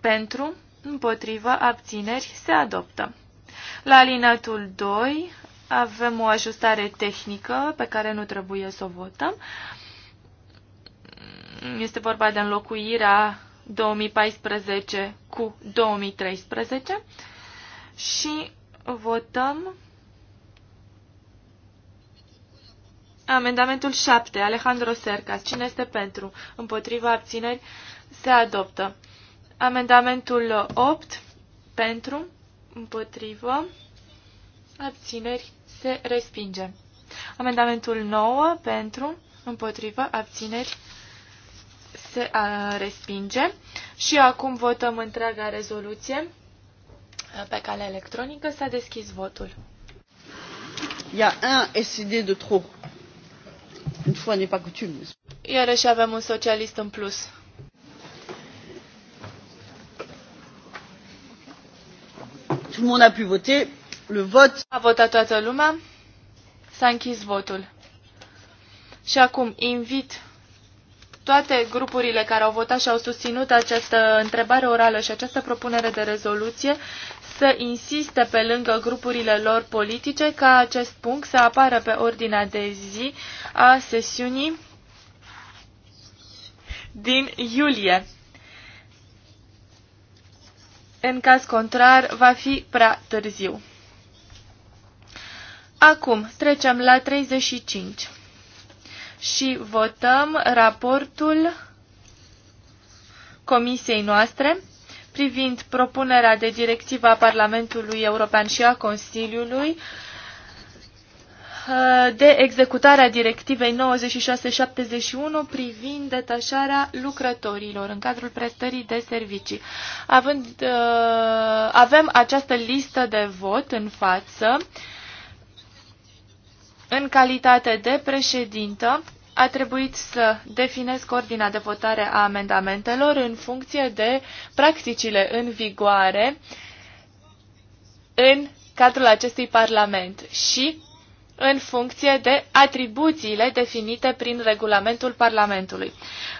pentru, împotrivă, abțineri, se adoptă. La alineatul 2 avem o ajustare tehnică pe care nu trebuie să o votăm. Este vorba de înlocuirea 2014 cu 2013 și votăm Amendamentul 7. Alejandro Sercas. Cine este pentru? Împotriva abțineri? Se adoptă. Amendamentul 8. Pentru? Împotrivă? Abțineri? Se respinge. Amendamentul 9. Pentru? Împotrivă? Abțineri? Se a, respinge. Și acum votăm întreaga rezoluție pe cale electronică. S-a deschis votul. Ia un SID de trop une fois n'est pas coutume. Iarăși avem un socialist în plus. Tout le monde a pu voter. Le vote. A votat toată lumea. S-a închis votul. Și acum invit toate grupurile care au votat și au susținut această întrebare orală și această propunere de rezoluție să insiste pe lângă grupurile lor politice ca acest punct să apară pe ordinea de zi a sesiunii din iulie. În caz contrar, va fi prea târziu. Acum trecem la 35 și votăm raportul comisiei noastre privind propunerea de directivă a Parlamentului European și a Consiliului uh, de executarea directivei 9671 privind detașarea lucrătorilor în cadrul prestării de servicii. Având, uh, avem această listă de vot în față. În calitate de președintă, a trebuit să definesc ordinea de votare a amendamentelor în funcție de practicile în vigoare în cadrul acestui Parlament și în funcție de atribuțiile definite prin regulamentul Parlamentului.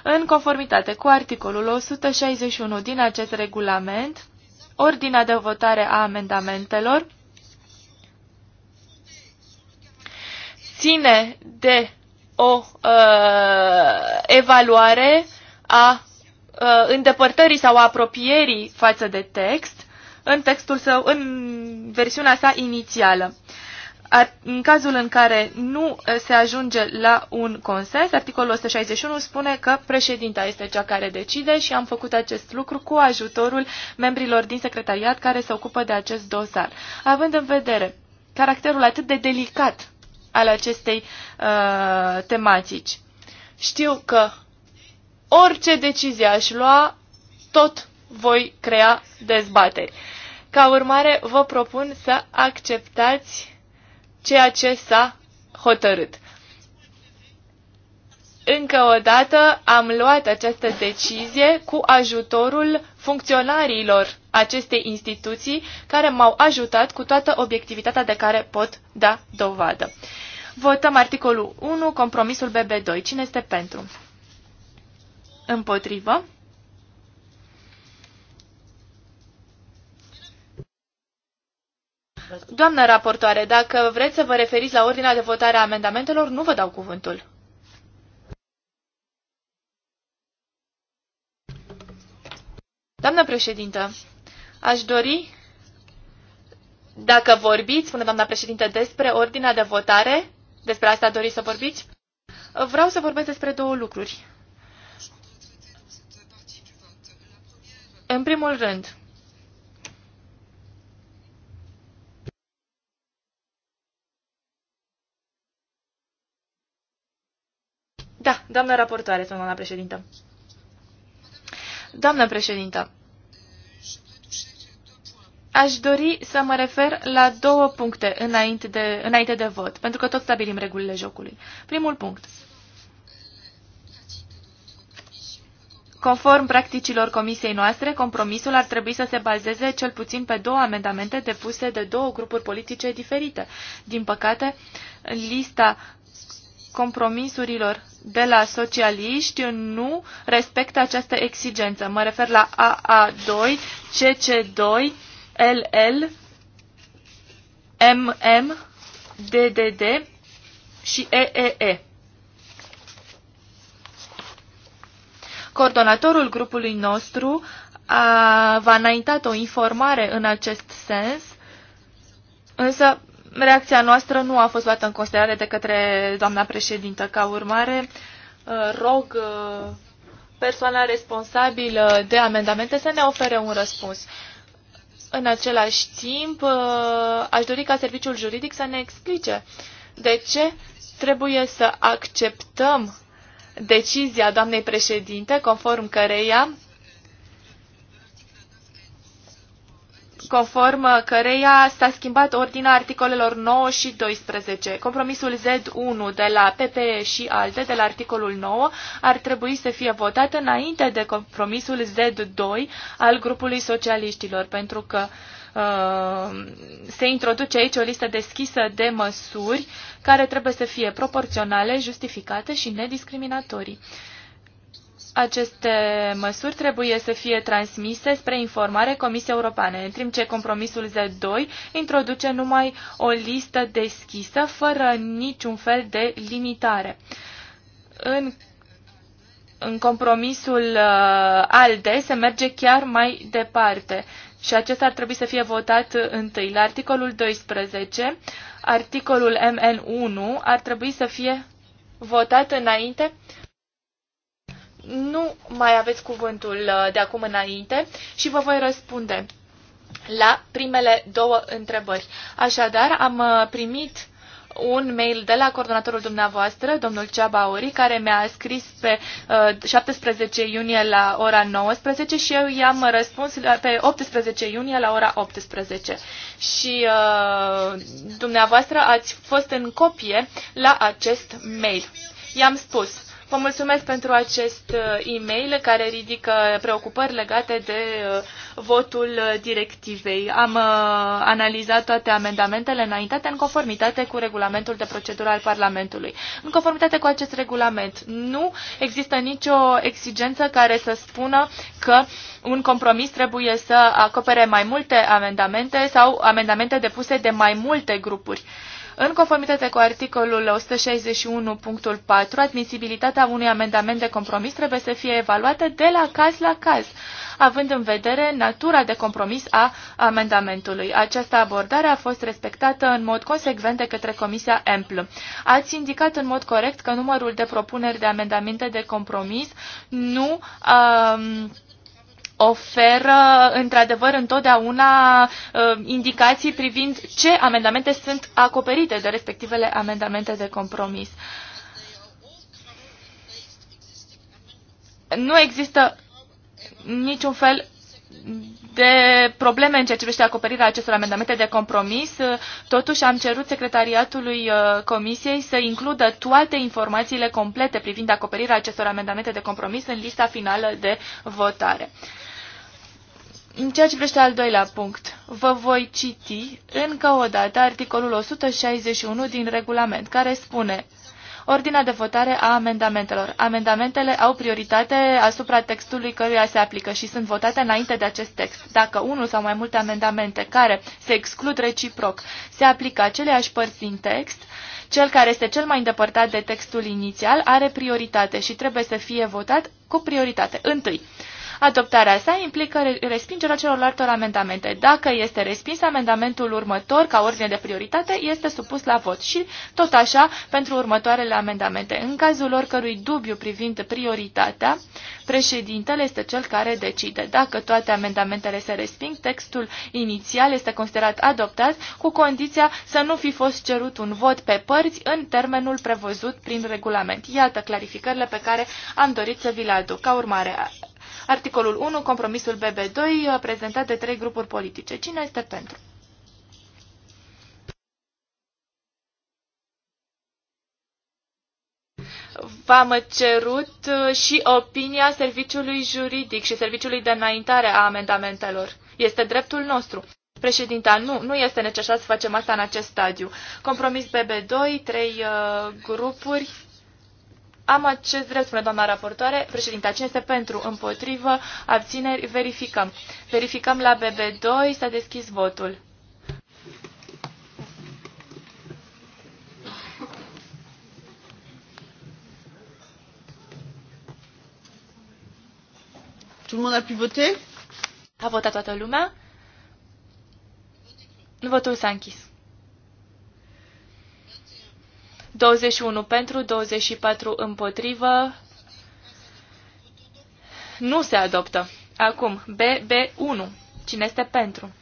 În conformitate cu articolul 161 din acest regulament, ordinea de votare a amendamentelor ține de o uh, evaluare a uh, îndepărtării sau a apropierii față de text în textul său, în versiunea sa inițială. Ar, în cazul în care nu uh, se ajunge la un consens, articolul 161 spune că președinta este cea care decide și am făcut acest lucru cu ajutorul membrilor din secretariat care se ocupă de acest dosar. Având în vedere caracterul atât de delicat al acestei uh, tematici. Știu că orice decizie aș lua, tot voi crea dezbateri. Ca urmare, vă propun să acceptați ceea ce s-a hotărât. Încă o dată am luat această decizie cu ajutorul funcționarilor acestei instituții care m-au ajutat cu toată obiectivitatea de care pot da dovadă. Votăm articolul 1, compromisul BB2. Cine este pentru? Împotrivă. Doamnă raportoare, dacă vreți să vă referiți la ordinea de votare a amendamentelor, nu vă dau cuvântul. Doamnă președintă, Aș dori, dacă vorbiți, spune doamna președinte, despre ordinea de votare, despre asta doriți să vorbiți, vreau să vorbesc despre două lucruri. În primul rând, Da, doamnă raportoare, doamna președintă. Doamnă președintă, Aș dori să mă refer la două puncte înainte de, înainte de vot, pentru că tot stabilim regulile jocului. Primul punct. Conform practicilor comisiei noastre, compromisul ar trebui să se bazeze cel puțin pe două amendamente depuse de două grupuri politice diferite. Din păcate, lista compromisurilor de la socialiști nu respectă această exigență. Mă refer la AA2, CC2, LL, MM, DDD și EEE. Coordonatorul grupului nostru a, va înaintat o informare în acest sens, însă reacția noastră nu a fost luată în considerare de către doamna președintă. Ca urmare, uh, rog uh, persoana responsabilă de amendamente să ne ofere un răspuns. În același timp, uh, aș dori ca serviciul juridic să ne explice de ce trebuie să acceptăm decizia doamnei președinte, conform căreia conform căreia s-a schimbat ordinea articolelor 9 și 12. Compromisul Z1 de la PPE și alte, de la articolul 9, ar trebui să fie votat înainte de compromisul Z2 al grupului socialiștilor, pentru că uh, se introduce aici o listă deschisă de măsuri care trebuie să fie proporționale, justificate și nediscriminatorii. Aceste măsuri trebuie să fie transmise spre informare Comisiei Europene, în timp ce compromisul Z2 introduce numai o listă deschisă, fără niciun fel de limitare. În, în compromisul uh, ALDE se merge chiar mai departe și acesta ar trebui să fie votat întâi. La articolul 12, articolul MN1 ar trebui să fie votat înainte nu mai aveți cuvântul uh, de acum înainte și vă voi răspunde la primele două întrebări. Așadar, am uh, primit un mail de la coordonatorul dumneavoastră, domnul Ceaba Ori, care mi-a scris pe uh, 17 iunie la ora 19 și eu i-am răspuns pe 18 iunie la ora 18. Și uh, dumneavoastră ați fost în copie la acest mail. I-am spus, Vă mulțumesc pentru acest uh, e-mail care ridică preocupări legate de uh, votul uh, directivei. Am analizat toate amendamentele înaintate în conformitate cu regulamentul de procedură al Parlamentului. În conformitate cu acest regulament, nu există nicio exigență care să spună că un compromis trebuie să acopere mai multe amendamente sau amendamente depuse de mai multe grupuri. În conformitate cu articolul 161.4, admisibilitatea unui amendament de compromis trebuie să fie evaluată de la caz la caz, având în vedere natura de compromis a amendamentului. Această abordare a fost respectată în mod consecvent de către Comisia EMPL. Ați indicat în mod corect că numărul de propuneri de amendamente de compromis nu... Um, oferă într-adevăr întotdeauna uh, indicații privind ce amendamente sunt acoperite de respectivele amendamente de compromis. Nu există niciun fel de probleme în ceea ce privește acoperirea acestor amendamente de compromis. Totuși am cerut secretariatului uh, Comisiei să includă toate informațiile complete privind acoperirea acestor amendamente de compromis în lista finală de votare. În ceea ce privește al doilea punct, vă voi citi încă o dată articolul 161 din regulament, care spune Ordinea de votare a amendamentelor. Amendamentele au prioritate asupra textului căruia se aplică și sunt votate înainte de acest text. Dacă unul sau mai multe amendamente care se exclud reciproc se aplică aceleași părți din text, cel care este cel mai îndepărtat de textul inițial are prioritate și trebuie să fie votat cu prioritate. Întâi, Adoptarea sa implică respingerea celorlalte amendamente. Dacă este respins, amendamentul următor, ca ordine de prioritate, este supus la vot și tot așa pentru următoarele amendamente. În cazul lor cărui dubiu privind prioritatea, președintele este cel care decide. Dacă toate amendamentele se resping, textul inițial este considerat adoptat cu condiția să nu fi fost cerut un vot pe părți în termenul prevăzut prin regulament. Iată clarificările pe care am dorit să vi le aduc. Ca urmare, Articolul 1, compromisul BB2, uh, prezentat de trei grupuri politice. Cine este pentru? v-am cerut uh, și opinia serviciului juridic și serviciului de înaintare a amendamentelor. Este dreptul nostru. Președinta, nu, nu este necesar să facem asta în acest stadiu. Compromis BB2, trei uh, grupuri am acest drept, spune doamna raportoare. Președinte, cine este pentru, împotrivă, abțineri, verificăm. Verificăm la BB2, s-a deschis votul. Tout le monde a pu voter? A votat toată lumea? Votul s-a închis. 21 pentru, 24 împotrivă. Nu se adoptă. Acum, BB1. Cine este pentru?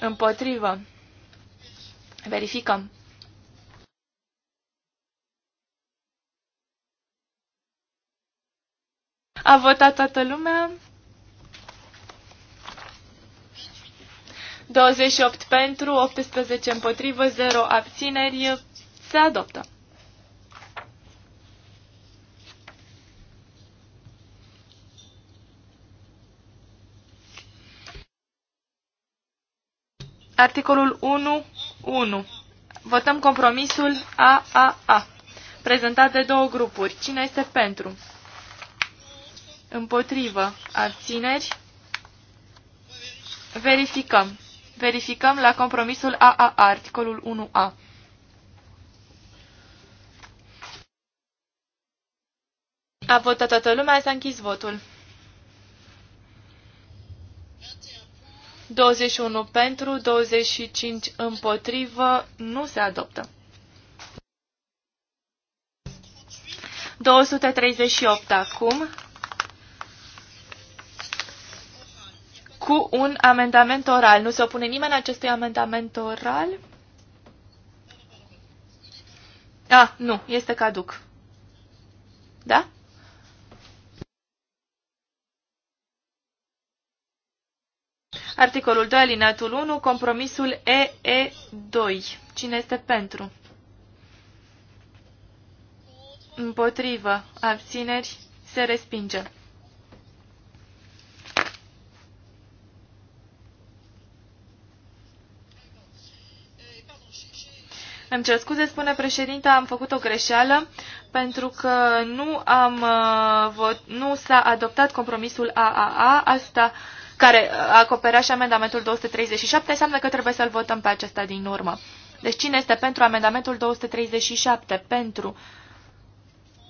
Împotrivă. Verificăm. A votat toată lumea. 28 pentru, 18 împotrivă, 0 abțineri. Se adoptă. Articolul 1.1. Votăm compromisul AAA, prezentat de două grupuri. Cine este pentru? Împotrivă. Abțineri. Verificăm. Verificăm la compromisul AAA, articolul 1A. A votat toată lumea, s-a închis votul. 21 pentru, 25 împotrivă, nu se adoptă. 238 acum. Cu un amendament oral. Nu se opune nimeni acestui amendament oral? A, nu, este caduc. Da? Articolul 2, alineatul 1, compromisul EE2. Cine este pentru? Împotrivă. Abțineri. Se respinge. Îmi cer scuze, spune președinta, am făcut o greșeală pentru că nu, am, uh, nu s-a adoptat compromisul AAA. Asta uh, care acoperea și amendamentul 237, înseamnă că trebuie să-l votăm pe acesta din urmă. Deci cine este pentru amendamentul 237? Pentru,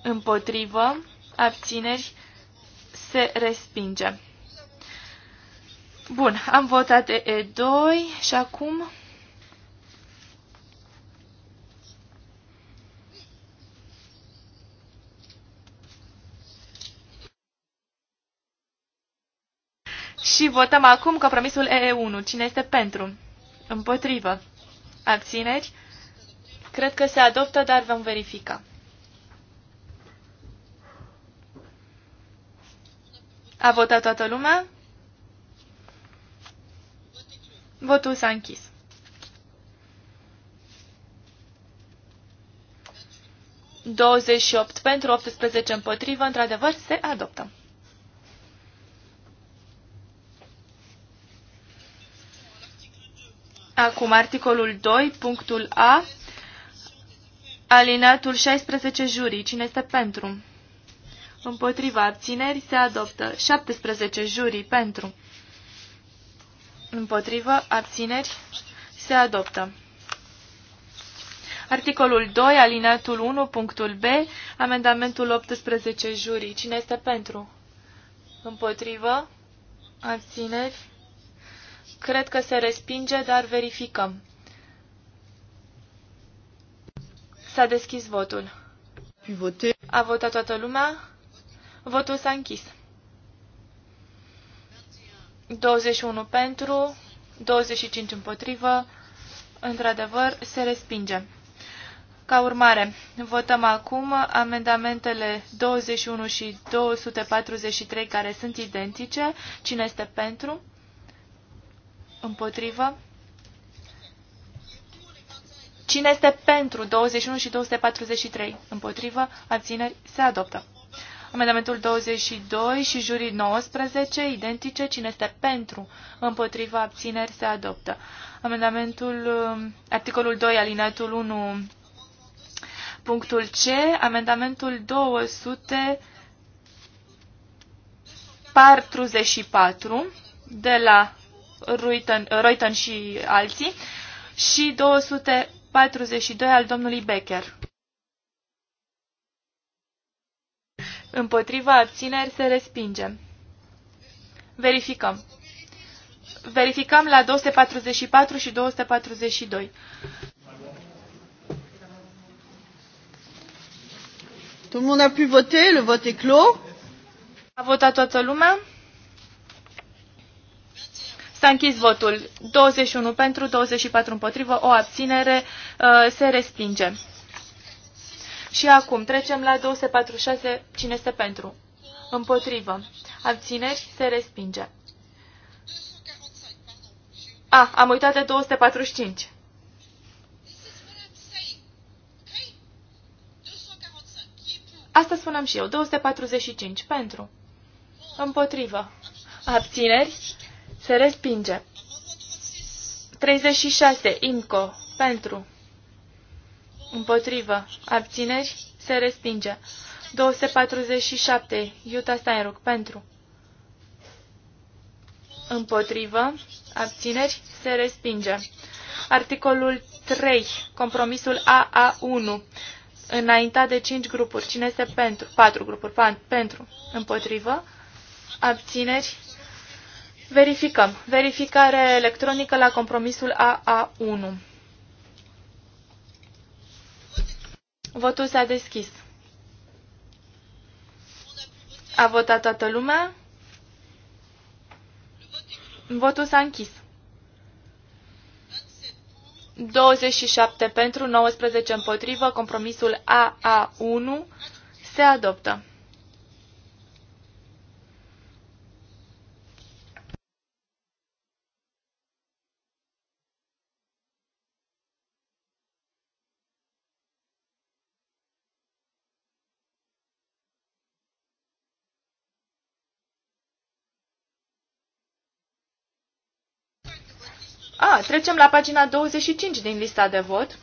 împotrivă, abțineri, se respinge. Bun, am votat E2 și acum Și votăm acum compromisul EE1. Cine este pentru? Împotrivă. Abțineri? Cred că se adoptă, dar vom verifica. A votat toată lumea? Votul s-a închis. Douăzeci și opt pentru, 18 împotrivă, într-adevăr, se adoptă. Acum, articolul 2, punctul A, alinatul 16 jurii. Cine este pentru? Împotriva abțineri se adoptă 17 jurii pentru. Împotriva abțineri se adoptă. Articolul 2, alineatul 1, punctul B, amendamentul 18 jurii. Cine este pentru? Împotrivă abțineri Cred că se respinge, dar verificăm. S-a deschis votul. A votat toată lumea. Votul s-a închis. 21 pentru, 25 împotrivă. Într-adevăr, se respinge. Ca urmare, votăm acum amendamentele 21 și 243 care sunt identice. Cine este pentru? Împotrivă. Cine este pentru 21 și 243? Împotrivă. Abțineri. Se adoptă. Amendamentul 22 și jurii 19, identice. Cine este pentru? Împotriva abțineri se adoptă. Amendamentul, um, articolul 2, alineatul 1, punctul C, amendamentul 244 de la Ruiten, Reuten și alții, și 242 al domnului Becker. Împotriva abțineri se respinge. Verificăm. Verificăm la 244 și 242. Tout le monde a pu voter, le vote est clos. A votat toată lumea. S-a închis votul. 21 pentru, 24 împotrivă, o abținere uh, se respinge. Și acum trecem la 246. Cine este pentru? Împotrivă. Abțineri se respinge. A, ah, am uitat de 245. Asta spunem și eu. 245. Pentru. Împotrivă. Abțineri se respinge. 36. Imco. Pentru. Împotrivă. Abțineri. Se respinge. 247. Iuta Steinruck. Pentru. Împotrivă. Abțineri. Se respinge. Articolul 3. Compromisul AA1. înainta de 5 grupuri. Cine este pentru? 4 grupuri. Pentru. Împotrivă. Abțineri. Verificăm. Verificare electronică la compromisul AA1. Votul s-a deschis. A votat toată lumea. Votul s-a închis. 27 pentru, 19 împotrivă, compromisul AA1 se adoptă. trecem la pagina 25 din lista de vot.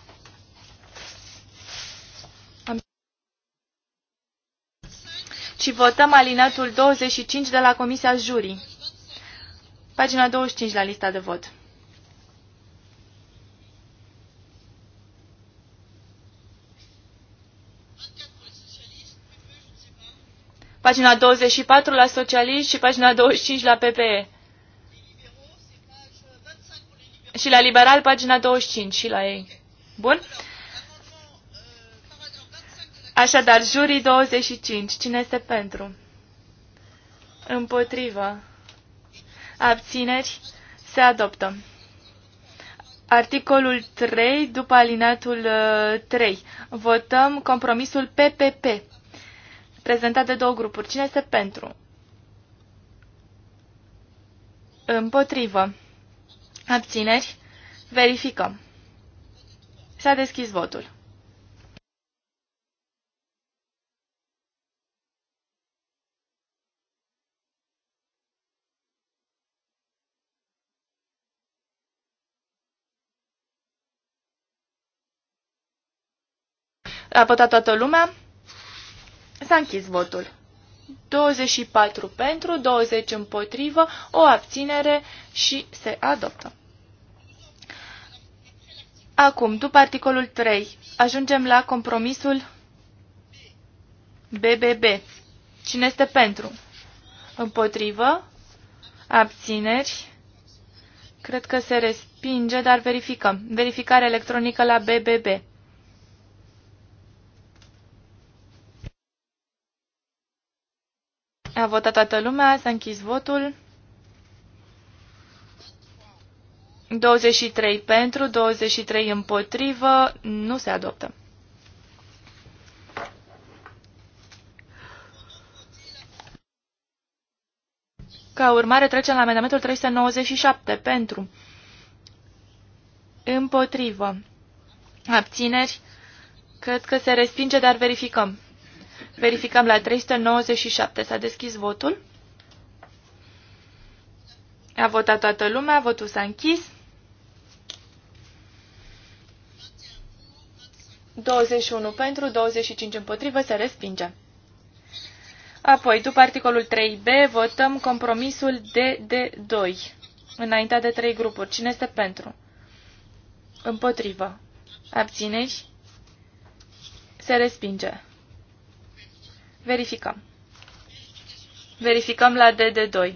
Și votăm alinatul 25 de la Comisia Jurii. Pagina 25 la lista de vot. Pagina 24 la Socialiști și pagina 25 la PPE. Și la liberal, pagina 25, și la ei. Bun? Așadar, jurii 25. Cine este pentru? Împotrivă. Abțineri. Se adoptă. Articolul 3, după alinatul 3. Uh, Votăm compromisul PPP, prezentat de două grupuri. Cine este pentru? Împotrivă. Abțineri. Verificăm. S-a deschis votul. A votat toată lumea. S-a închis votul. 24 pentru, 20 împotrivă, o abținere și se adoptă. Acum, după articolul 3, ajungem la compromisul BBB. Cine este pentru? Împotrivă? Abțineri? Cred că se respinge, dar verificăm. Verificare electronică la BBB. A votat toată lumea, s-a închis votul. 23 pentru, 23 împotrivă, nu se adoptă. Ca urmare trecem la amendamentul 397 pentru, împotrivă, abțineri, cred că se respinge, dar verificăm. Verificăm la 397. S-a deschis votul. A votat toată lumea, votul s-a închis. 21 pentru, 25 împotrivă, se respinge. Apoi, după articolul 3b, votăm compromisul DD2, înaintea de trei grupuri. Cine este pentru? Împotrivă. Abțineși? Se respinge. Verificăm. Verificăm la DD2.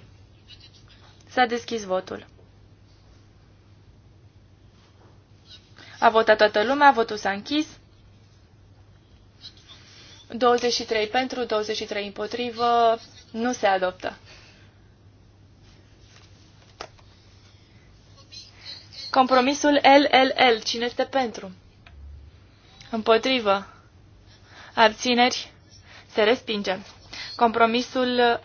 S-a deschis votul. A votat toată lumea, votul s-a închis. 23 pentru, 23 împotrivă, nu se adoptă. Compromisul LLL, cine este pentru? Împotrivă. Abțineri. Se respinge. Compromisul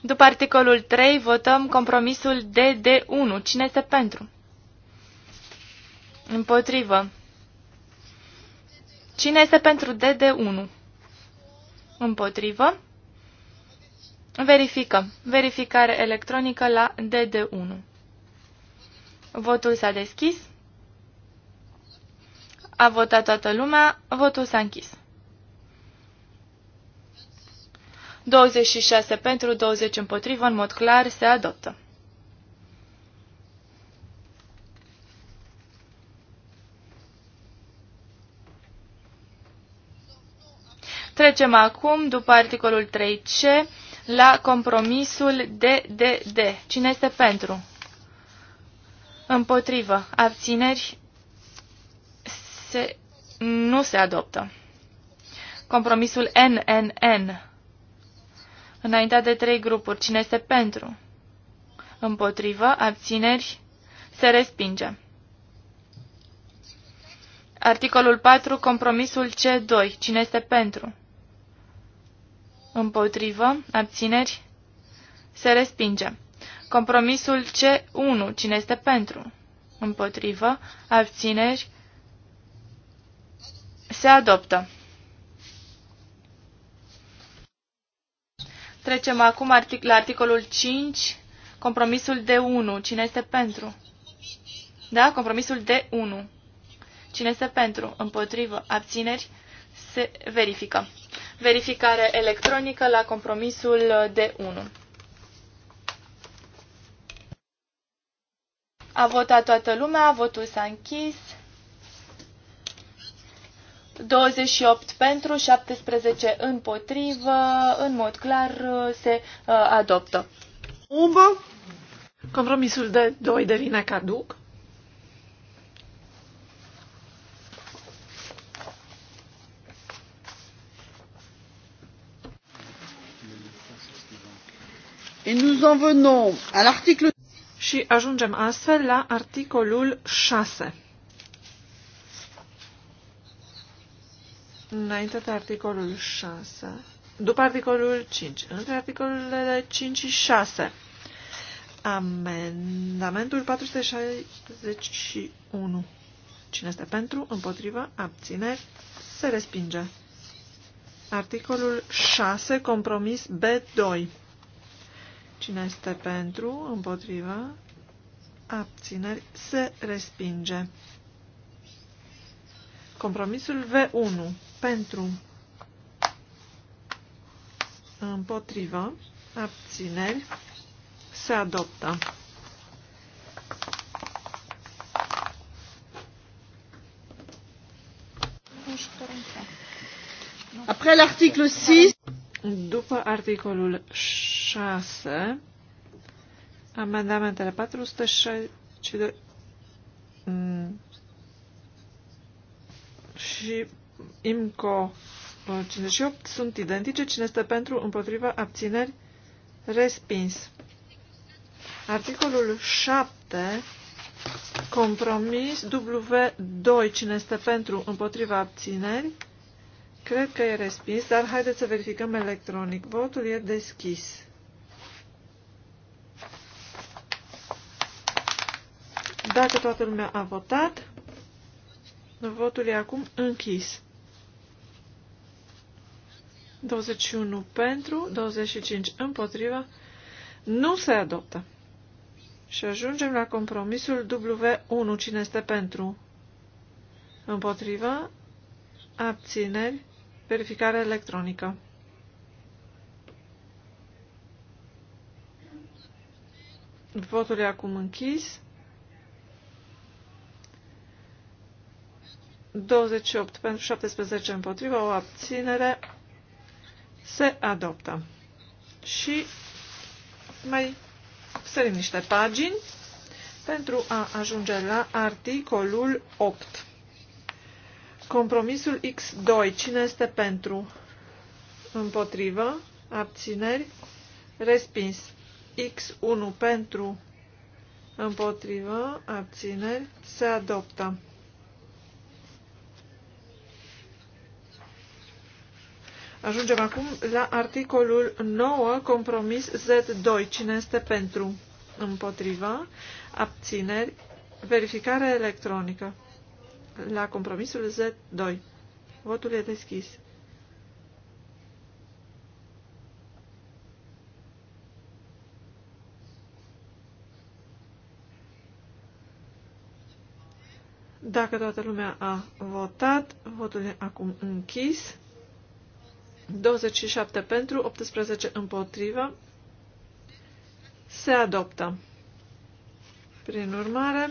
După articolul 3 votăm compromisul DD1. Cine este pentru? Împotrivă. Cine este pentru DD1? Împotrivă. Verificăm. Verificare electronică la DD1. Votul s-a deschis. A votat toată lumea. Votul s-a închis. 26 pentru, 20 împotrivă, în mod clar, se adoptă. Trecem acum, după articolul 3C, la compromisul DDD. Cine este pentru? Împotrivă. Abțineri se, nu se adoptă. Compromisul NNN înaintea de trei grupuri. Cine este pentru? Împotrivă, abțineri, se respinge. Articolul 4, compromisul C2. Cine este pentru? Împotrivă, abțineri, se respinge. Compromisul C1. Cine este pentru? Împotrivă, abțineri, se adoptă. Trecem acum artic la articolul 5, compromisul de 1. Cine este pentru? Da? Compromisul de 1. Cine este pentru? Împotrivă. Abțineri? Se verifică. Verificare electronică la compromisul de 1. A votat toată lumea, votul s-a închis. 28 pentru, 17 împotrivă, în mod clar uh, se uh, adoptă. Umbă. Compromisul de 2 devine caduc. Et nous en venons à l'article... Și ajungem astfel la articolul 6. înainte de articolul 6, după articolul 5, între articolele 5 și 6. Amendamentul 461. Cine este pentru, împotrivă, abține, se respinge. Articolul 6, compromis B2. Cine este pentru, împotrivă, abțineri, se respinge. Compromisul V1 pentru împotriva abțineri se adoptă. Après l'article 6, după articolul 6, amendamentele 406 și mm. IMCO 58 uh, sunt identice. Cine este pentru, împotriva, abțineri, respins. Articolul 7, compromis W2, cine este pentru, împotriva, abțineri, cred că e respins, dar haideți să verificăm electronic. Votul e deschis. Dacă toată lumea a votat, votul e acum închis. 21 pentru, 25 împotriva, nu se adoptă. Și ajungem la compromisul W1. Cine este pentru? Împotriva, abțineri, verificare electronică. Votul e acum închis. 28 pentru 17 împotriva, o abținere se adoptă. Și mai sărim niște pagini pentru a ajunge la articolul 8. Compromisul X2. Cine este pentru? Împotrivă? Abțineri? Respins. X1 pentru? Împotrivă? Abțineri? Se adoptă. Ajungem acum la articolul 9, compromis Z2. Cine este pentru? Împotriva. Abțineri. Verificare electronică. La compromisul Z2. Votul e deschis. Dacă toată lumea a votat, votul e acum închis. 27 pentru, 18 împotrivă. Se adoptă. Prin urmare,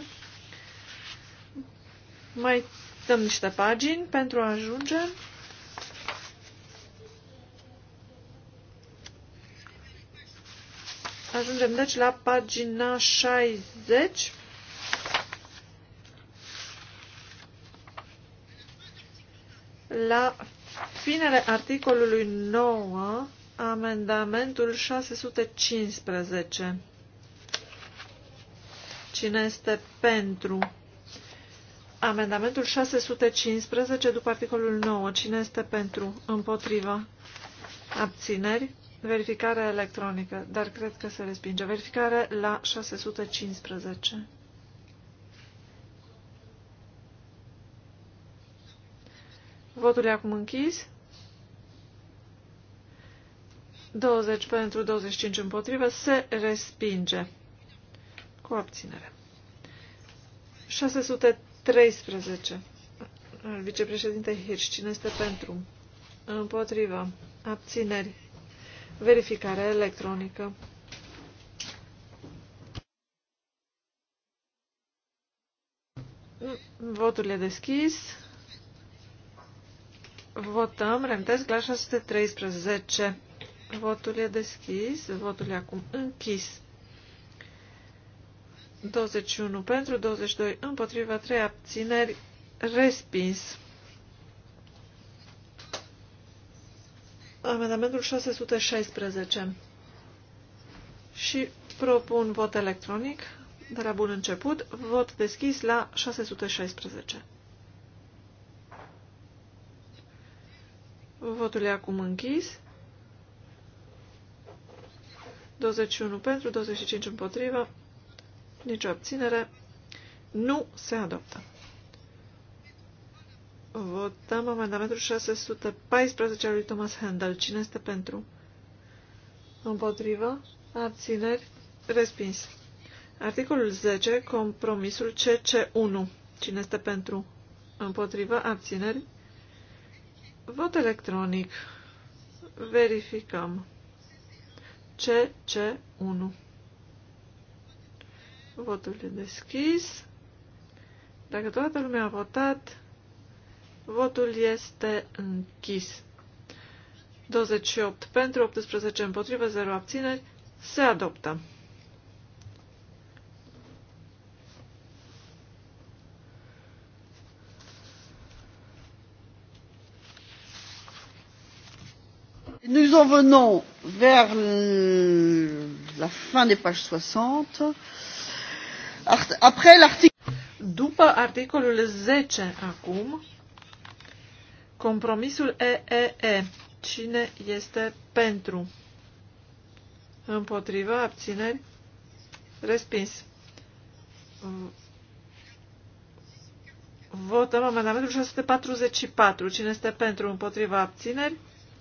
mai dăm niște pagini pentru a ajunge Ajungem deci la pagina 60. La finele articolului 9, amendamentul 615. Cine este pentru? Amendamentul 615 după articolul 9. Cine este pentru? Împotriva? Abțineri? Verificare electronică, dar cred că se respinge. Verificare la 615. Votul e acum închis. 20 pentru 25 împotrivă se respinge cu abținere. 613. Vicepreședinte Hirsch, cine este pentru? Împotriva. Abțineri. Verificare electronică. Votul e deschis. Votăm, reamintesc, la 613. Votul e deschis. Votul e acum închis. 21 pentru, 22 împotriva, 3 abțineri, respins. Amendamentul 616. Și propun vot electronic de la bun început, vot deschis la 616. Votul e acum închis. 21 pentru, 25 împotrivă, nicio abținere. Nu se adoptă. Votăm amendamentul 614 al lui Thomas Handel. Cine este pentru? Împotrivă? Abțineri? Respins. Articolul 10, compromisul CC1. Cine este pentru? Împotrivă? Abțineri? Vot electronic. Verificăm. CC1. Votul e deschis. Dacă toată lumea a votat, votul este închis. 28 pentru, 18 împotrivă, 0 abțineri. Se adoptă. Nous en venons vers la fin des pages 60. Après l'article... După articolul 10 acum, compromisul EEE. Cine este pentru? Împotriva, abțineri, respins. Votăm amendamentul 644. Cine este pentru, împotriva, abțineri,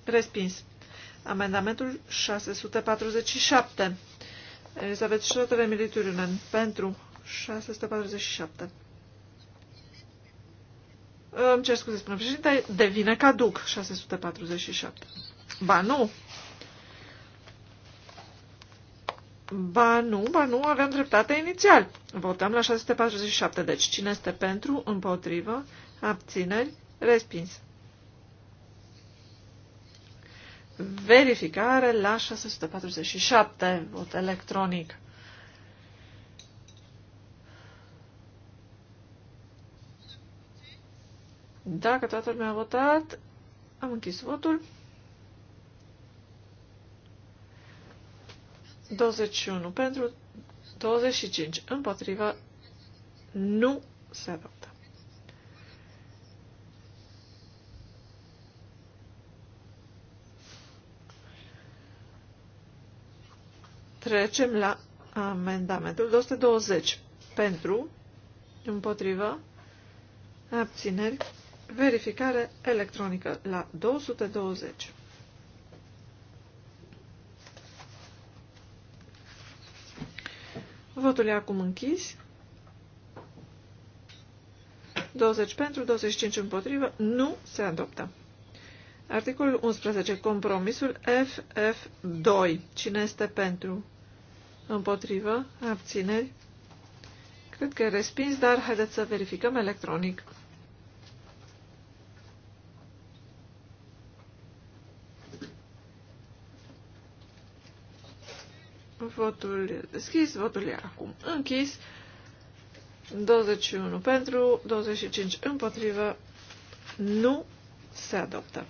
respins. Amendamentul 647. Elisabeth Schroeder Milituriunen pentru 647. Îmi cer scuze, spune președinte, devine caduc 647. Ba nu! Ba nu, ba nu, aveam dreptate inițial. Votăm la 647, deci cine este pentru, împotrivă, abțineri, respins. verificare la 647, vot electronic. Dacă toată lumea a votat, am închis votul. 21 pentru, 25 împotriva, nu se va. Trecem la amendamentul 220. Pentru, împotrivă, abțineri, verificare electronică la 220. Votul e acum închis. 20 pentru, 25 împotrivă, nu se adoptă. Articolul 11. Compromisul FF2. Cine este pentru? Împotrivă. Abțineri. Cred că e respins, dar haideți să verificăm electronic. Votul e deschis, votul e acum închis. 21 pentru, 25 împotrivă. Nu se adoptă.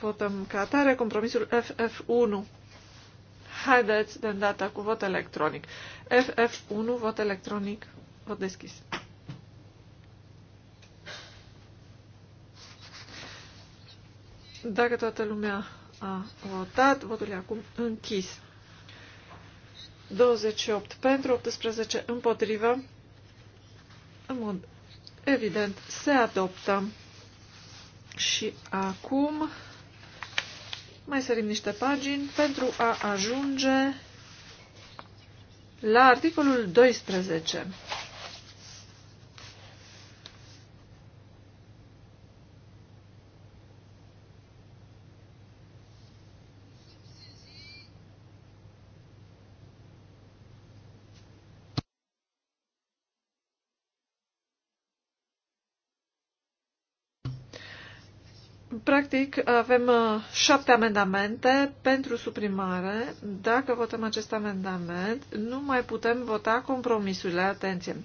Votăm ca atare compromisul FF1 Haideți de data cu vot electronic. FF1, vot electronic, vot deschis. Dacă toată lumea a votat, votul e acum închis. 28 pentru, 18 împotrivă. În mod evident, se adoptă. Și acum mai sărim niște pagini pentru a ajunge la articolul 12. Practic, avem uh, șapte amendamente pentru suprimare. Dacă votăm acest amendament, nu mai putem vota compromisurile. Atenție!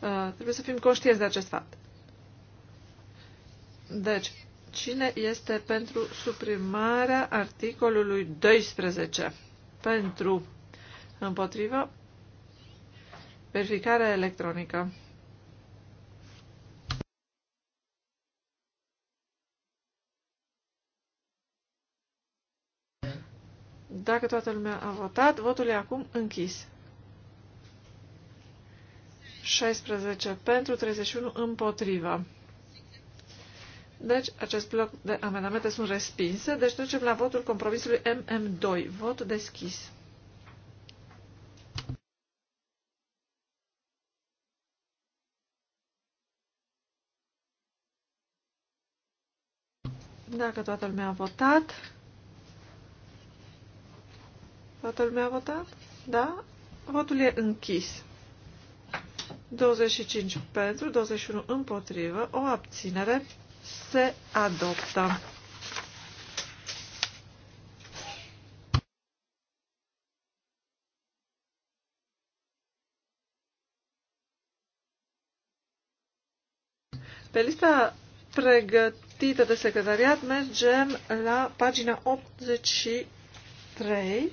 Uh, trebuie să fim conștienți de acest fapt. Deci, cine este pentru suprimarea articolului 12? Pentru împotrivă verificare electronică. Dacă toată lumea a votat, votul e acum închis. 16 pentru, 31 împotriva. Deci, acest bloc de amendamente sunt respinse. Deci, trecem la votul compromisului MM2. Vot deschis. Dacă toată lumea a votat, Toată lumea a votat? Da? Votul e închis. 25 pentru, 21 împotrivă, o abținere se adoptă. Pe lista pregătită de secretariat mergem la pagina 83.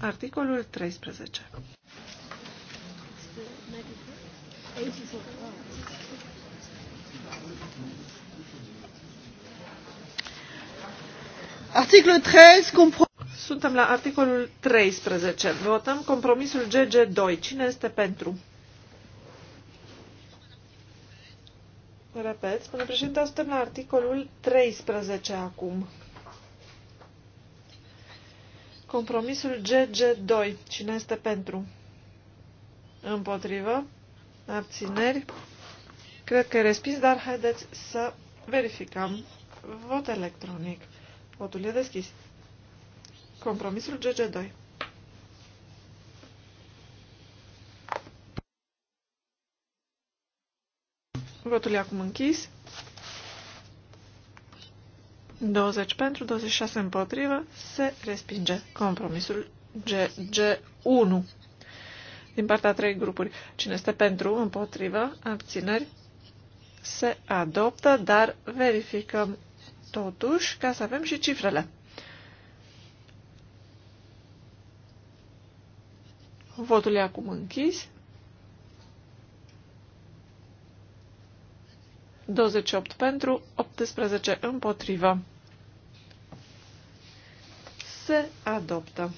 Articolul 13. Articolul 13, compro... Suntem la articolul 13. Votăm compromisul GG2. Cine este pentru? Repet, spune președinte, suntem la articolul 13 acum. Compromisul GG2. Cine este pentru? Împotrivă. Abțineri. Cred că e respins, dar haideți să verificăm. Vot electronic. Votul e deschis. Compromisul GG2. Votul e acum închis. 20 pentru, 26 împotrivă, se respinge compromisul GG1 din partea a trei grupuri. Cine este pentru, împotrivă, abțineri, se adoptă, dar verificăm totuși ca să avem și cifrele. Votul e acum închis. 28 pentru, 18 împotrivă. Se adoptă.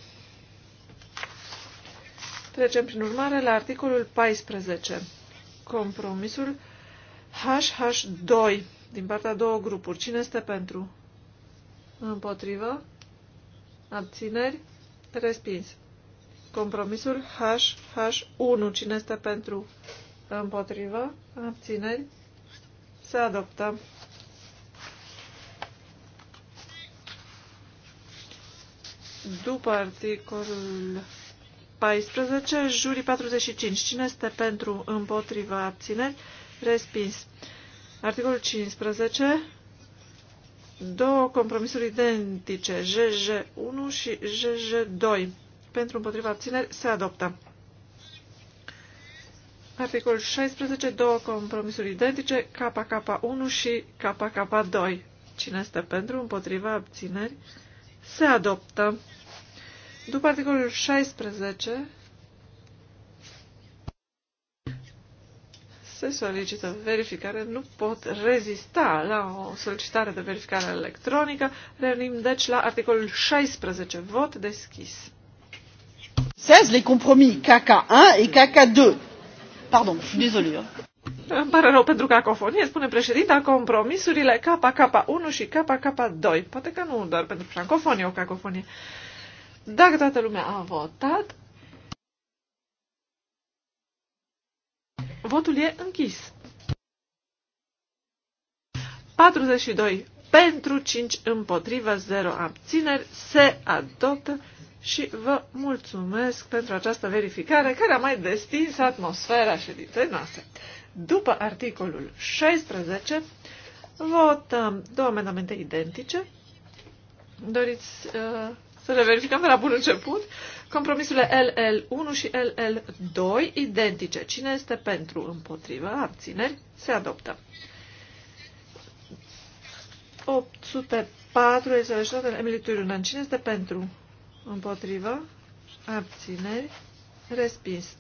Trecem prin urmare la articolul 14. Compromisul HH2 din partea două grupuri. Cine este pentru? Împotrivă? Abțineri? Respins. Compromisul HH1. Cine este pentru? Împotrivă? Abțineri? Se adoptă. După articolul 14, jurii 45. Cine este pentru, împotriva, abțineri? Respins. Articolul 15. Două compromisuri identice, GG1 și GG2. Pentru împotriva abțineri se adoptă. Articolul 16, două compromisuri identice, KK1 și KK2. Cine este pentru, împotriva, abțineri, se adoptă. După articolul 16, se solicită verificare, nu pot rezista la o solicitare de verificare electronică. Revenim deci la articolul 16, vot deschis. 16, les compromis KK1 et KK2. Pardon, și dezolée. Îmi pare rău pentru cacofonie, spune președinta, compromisurile KK1 și KK2. Poate că nu doar pentru francofonie o cacofonie. Dacă toată lumea a votat, votul e închis. 42 pentru, 5 împotrivă, 0 abțineri, se adoptă și vă mulțumesc pentru această verificare care a mai destins atmosfera ședinței noastre. După articolul 16, votăm două amendamente identice. Doriți uh, să le verificăm de la bun început? Compromisurile LL1 și LL2 identice. Cine este pentru, împotrivă, abțineri, se adoptă. 804 este solicitat Emily Turunan. Cine este pentru? Împotrivă. Abțineri. Respins.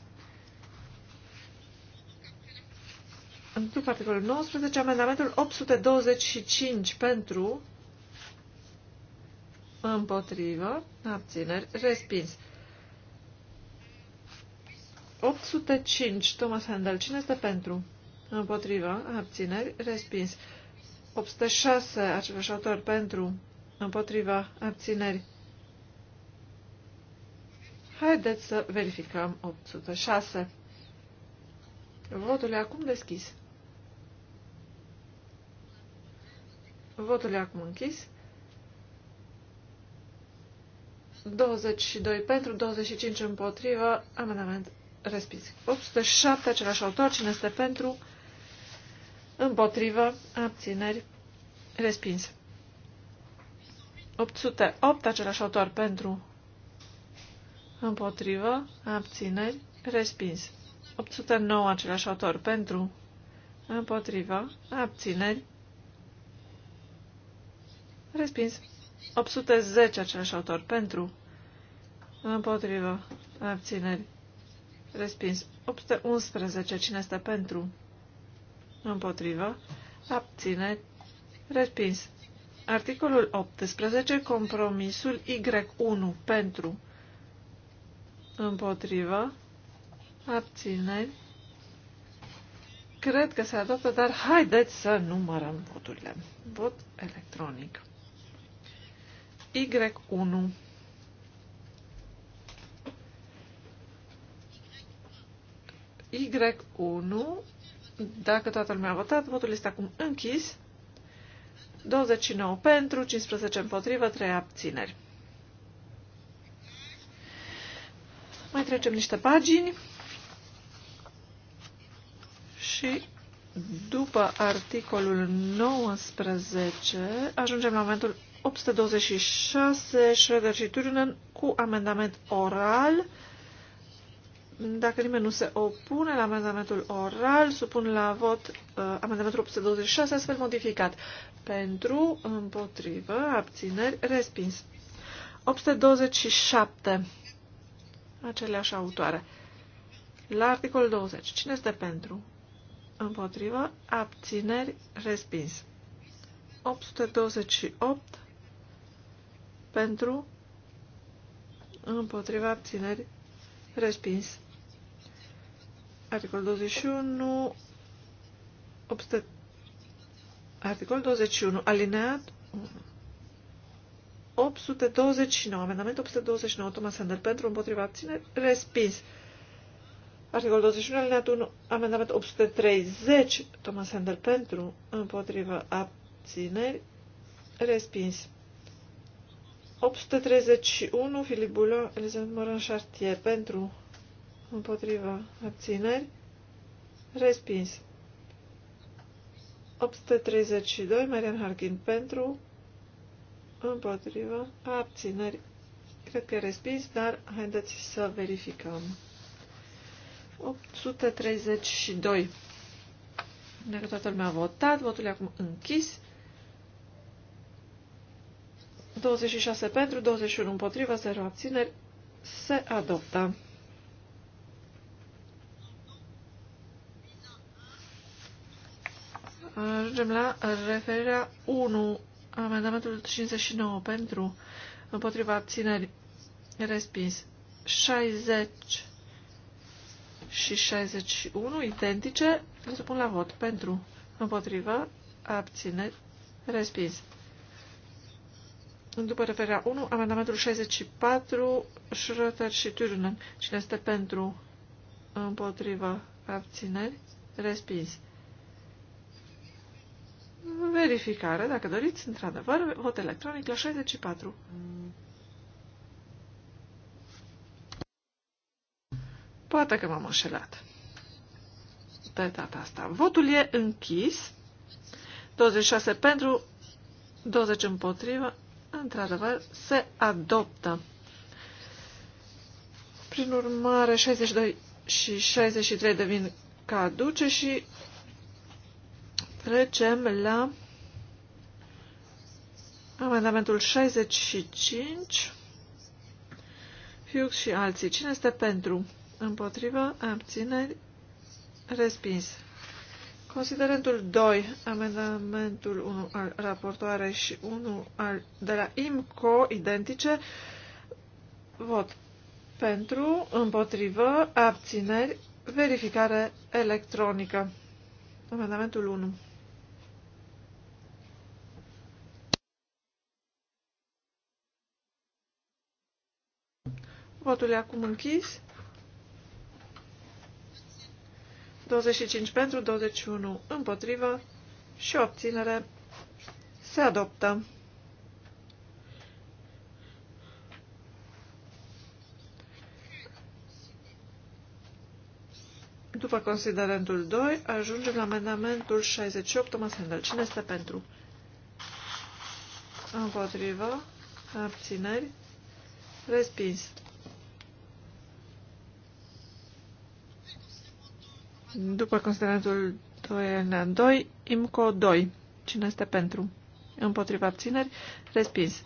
După articolul 19, amendamentul 825 pentru împotrivă, abțineri, respins. 805, Thomas Handel, cine este pentru? Împotrivă, abțineri, respins. 806, același autor, pentru, împotriva, abțineri, Haideți să verificăm 806. Votul e acum deschis. Votul e acum închis. 22 pentru, 25 împotrivă, amendament respins. 807, același autor, cine este pentru, împotrivă, abțineri, respins. 808, același autor, pentru, Împotrivă. Abțineri. Respins. 809. Același autor. Pentru. Împotrivă. Abțineri. Respins. 810. Același autor. Pentru. Împotrivă. Abțineri. Respins. 811. Cine este pentru? Împotrivă. Abțineri. Respins. Articolul 18. Compromisul Y1. Pentru împotrivă, abțineri. Cred că se adoptă, dar haideți să numărăm voturile. Vot electronic. Y1. Y1. Dacă toată lumea a votat, votul este acum închis. 29 pentru, 15 împotrivă, 3 abțineri. Mai trecem niște pagini și după articolul 19 ajungem la momentul 826, Schroeder și Turunen cu amendament oral. Dacă nimeni nu se opune la amendamentul oral, supun la vot uh, amendamentul 826 astfel modificat. Pentru, împotrivă, abțineri, respins. 827 aceleași autoare. La articolul 20. Cine este pentru? Împotrivă. Abțineri. Respins. 828 pentru împotriva abțineri respins. Articolul 21 800, articolul 21 alineat 829, amendamentul 829, Thomas Sander pentru, împotriva, abțineri, respins. Articolul 21, alineat 1, amendament 830, Thomas Sander pentru, împotriva abțineri, respins. 831, Filip Bulo, Elizabeth Moran Chartier pentru, împotriva abțineri, respins. 832, Marian Harkin pentru, împotrivă, abțineri. Cred că e respins, dar haideți să verificăm. 832. Dacă toată lumea a votat, votul e acum închis. 26 pentru, 21 împotrivă, 0 abțineri. Se adoptă. Ajungem la referirea 1 Amendamentul 59 pentru, împotriva abțineri, respins. 60 și 61 identice, le supun la vot. Pentru, împotriva, abțineri, respins. După referirea 1, amendamentul 64, Schröter și Turunen. Cine este pentru, împotriva, abțineri, respins verificare, dacă doriți, într-adevăr, vot electronic la 64. Poate că m-am înșelat. Pe data asta. Votul e închis. 26 pentru, 20 împotrivă. Într-adevăr, se adoptă. Prin urmare, 62 și 63 devin caduce și Trecem la amendamentul 65. Hughes și alții. Cine este pentru? Împotrivă? Abțineri? Respins. Considerentul 2, amendamentul 1 al raportoarei și 1 al, de la IMCO, identice, vot pentru, împotrivă, abțineri, verificare electronică. Amendamentul 1. Votul e acum închis. 25 pentru, 21 împotrivă și obținere se adoptă. După considerentul 2, ajungem la amendamentul 68, Thomas Handel. Cine este pentru? Împotrivă, abțineri, respins. După considerentul 2 în 2 IMCO 2. Cine este pentru? Împotriva abțineri? Respins.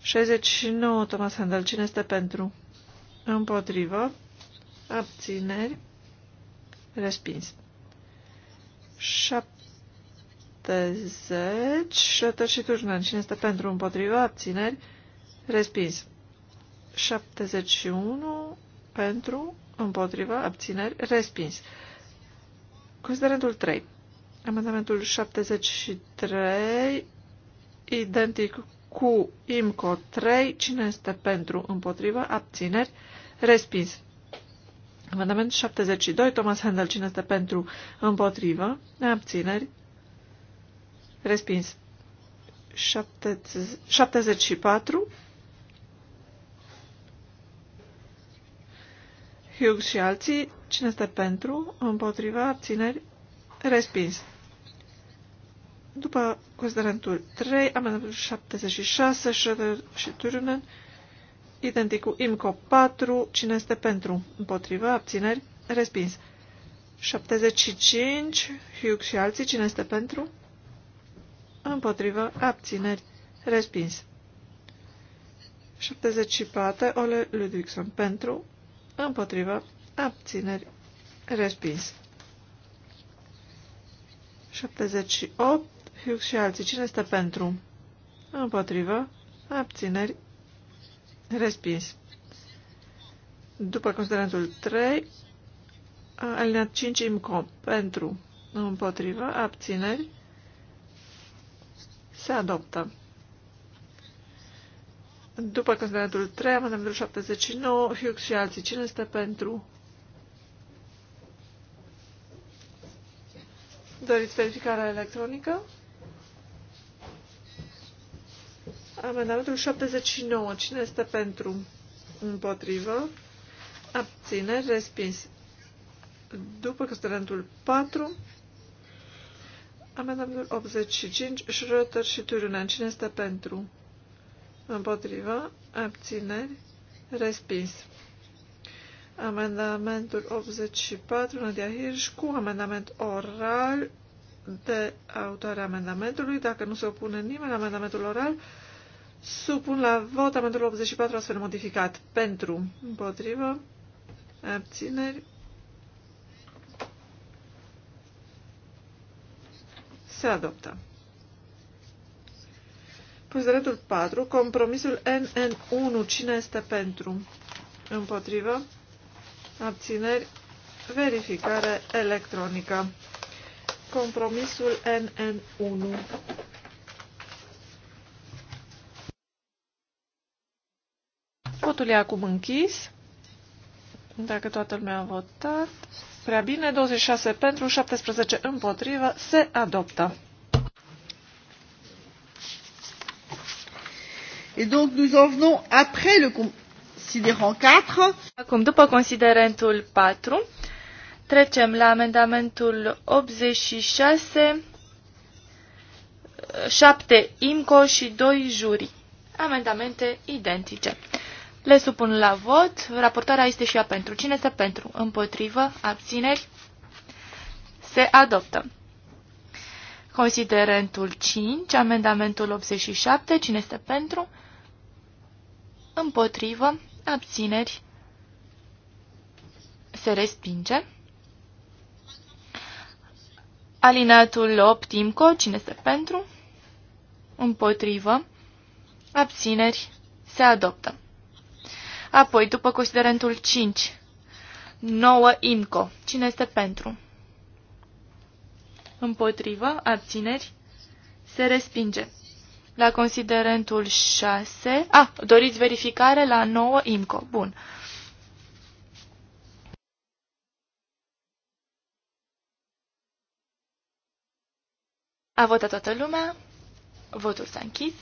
69, Thomas Handel. Cine este pentru? Împotrivă. Abțineri. Respins. 70. Șlătăr și Turnan. Cine este pentru? Împotrivă. Abțineri. Respins. 71. Pentru. Împotrivă. Abțineri. Respins. Considerentul 3. Amendamentul 73, identic cu IMCO 3. Cine este pentru? Împotrivă? Abțineri? Respins. Amendamentul 72, Thomas Handel. Cine este pentru? Împotrivă? Abțineri? Respins. 74 Hughes și alții. Cine este pentru? Împotriva abțineri? Respins. După considerentul 3, amendamentul 76, Schroeder și Turunen, identic cu IMCO 4, cine este pentru? Împotriva abțineri? Respins. 75, Hughes și alții, cine este pentru? împotriva, abțineri, respins. 74, Ole Ludwigson, pentru, Împotriva. abțineri, respins. 78, Hughes și alții, cine este pentru? Împotrivă, abțineri, respins. După considerentul 3, alineat 5 IMCO, pentru, împotrivă, abțineri, se adoptă. După consideratul 3, amendamentul 79, Hughes și alții. Cine este pentru? Doriți verificarea electronică? Amendamentul 79. Cine este pentru? Împotrivă. Abține. Respins. După considerentul 4. Amendamentul 85. Schröter și Turunen. Cine este pentru? împotrivă, abțineri, respins. Amendamentul 84, Nadia Hirsch, cu amendament oral de autoare amendamentului. Dacă nu se opune nimeni amendamentul oral, supun la vot amendamentul 84 astfel modificat. Pentru, împotrivă, abțineri, se adoptă. Consideratul 4, compromisul NN1, cine este pentru? Împotrivă, abțineri, verificare electronică. Compromisul NN1. Votul e acum închis. Dacă toată lumea a votat, prea bine, 26 pentru, 17 împotrivă, se adoptă. Et donc nous en venons après le considérant 4. Acum, după considerentul 4, trecem la amendamentul 86, 7 IMCO și 2 juri. Amendamente identice. Le supun la vot. Raportarea este și ea pentru. Cine este pentru? Împotrivă? Abțineri? Se adoptă. Considerentul 5, amendamentul 87, cine este pentru? Împotrivă, abțineri, se respinge. Alineatul 8, IMCO, cine este pentru? Împotrivă, abțineri, se adoptă. Apoi, după considerentul 5, 9 IMCO, cine este pentru? împotrivă, abțineri, se respinge. La considerentul 6, a, doriți verificare la 9 IMCO, bun. A votat toată lumea, votul s-a închis.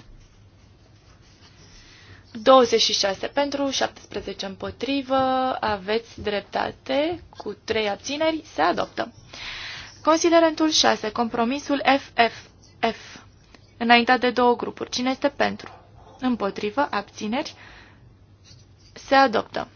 26 pentru, 17 împotrivă, aveți dreptate, cu 3 abțineri, se adoptă. Considerentul 6. Compromisul FFF. Înaintat de două grupuri. Cine este pentru? Împotrivă. Abțineri. Se adoptă.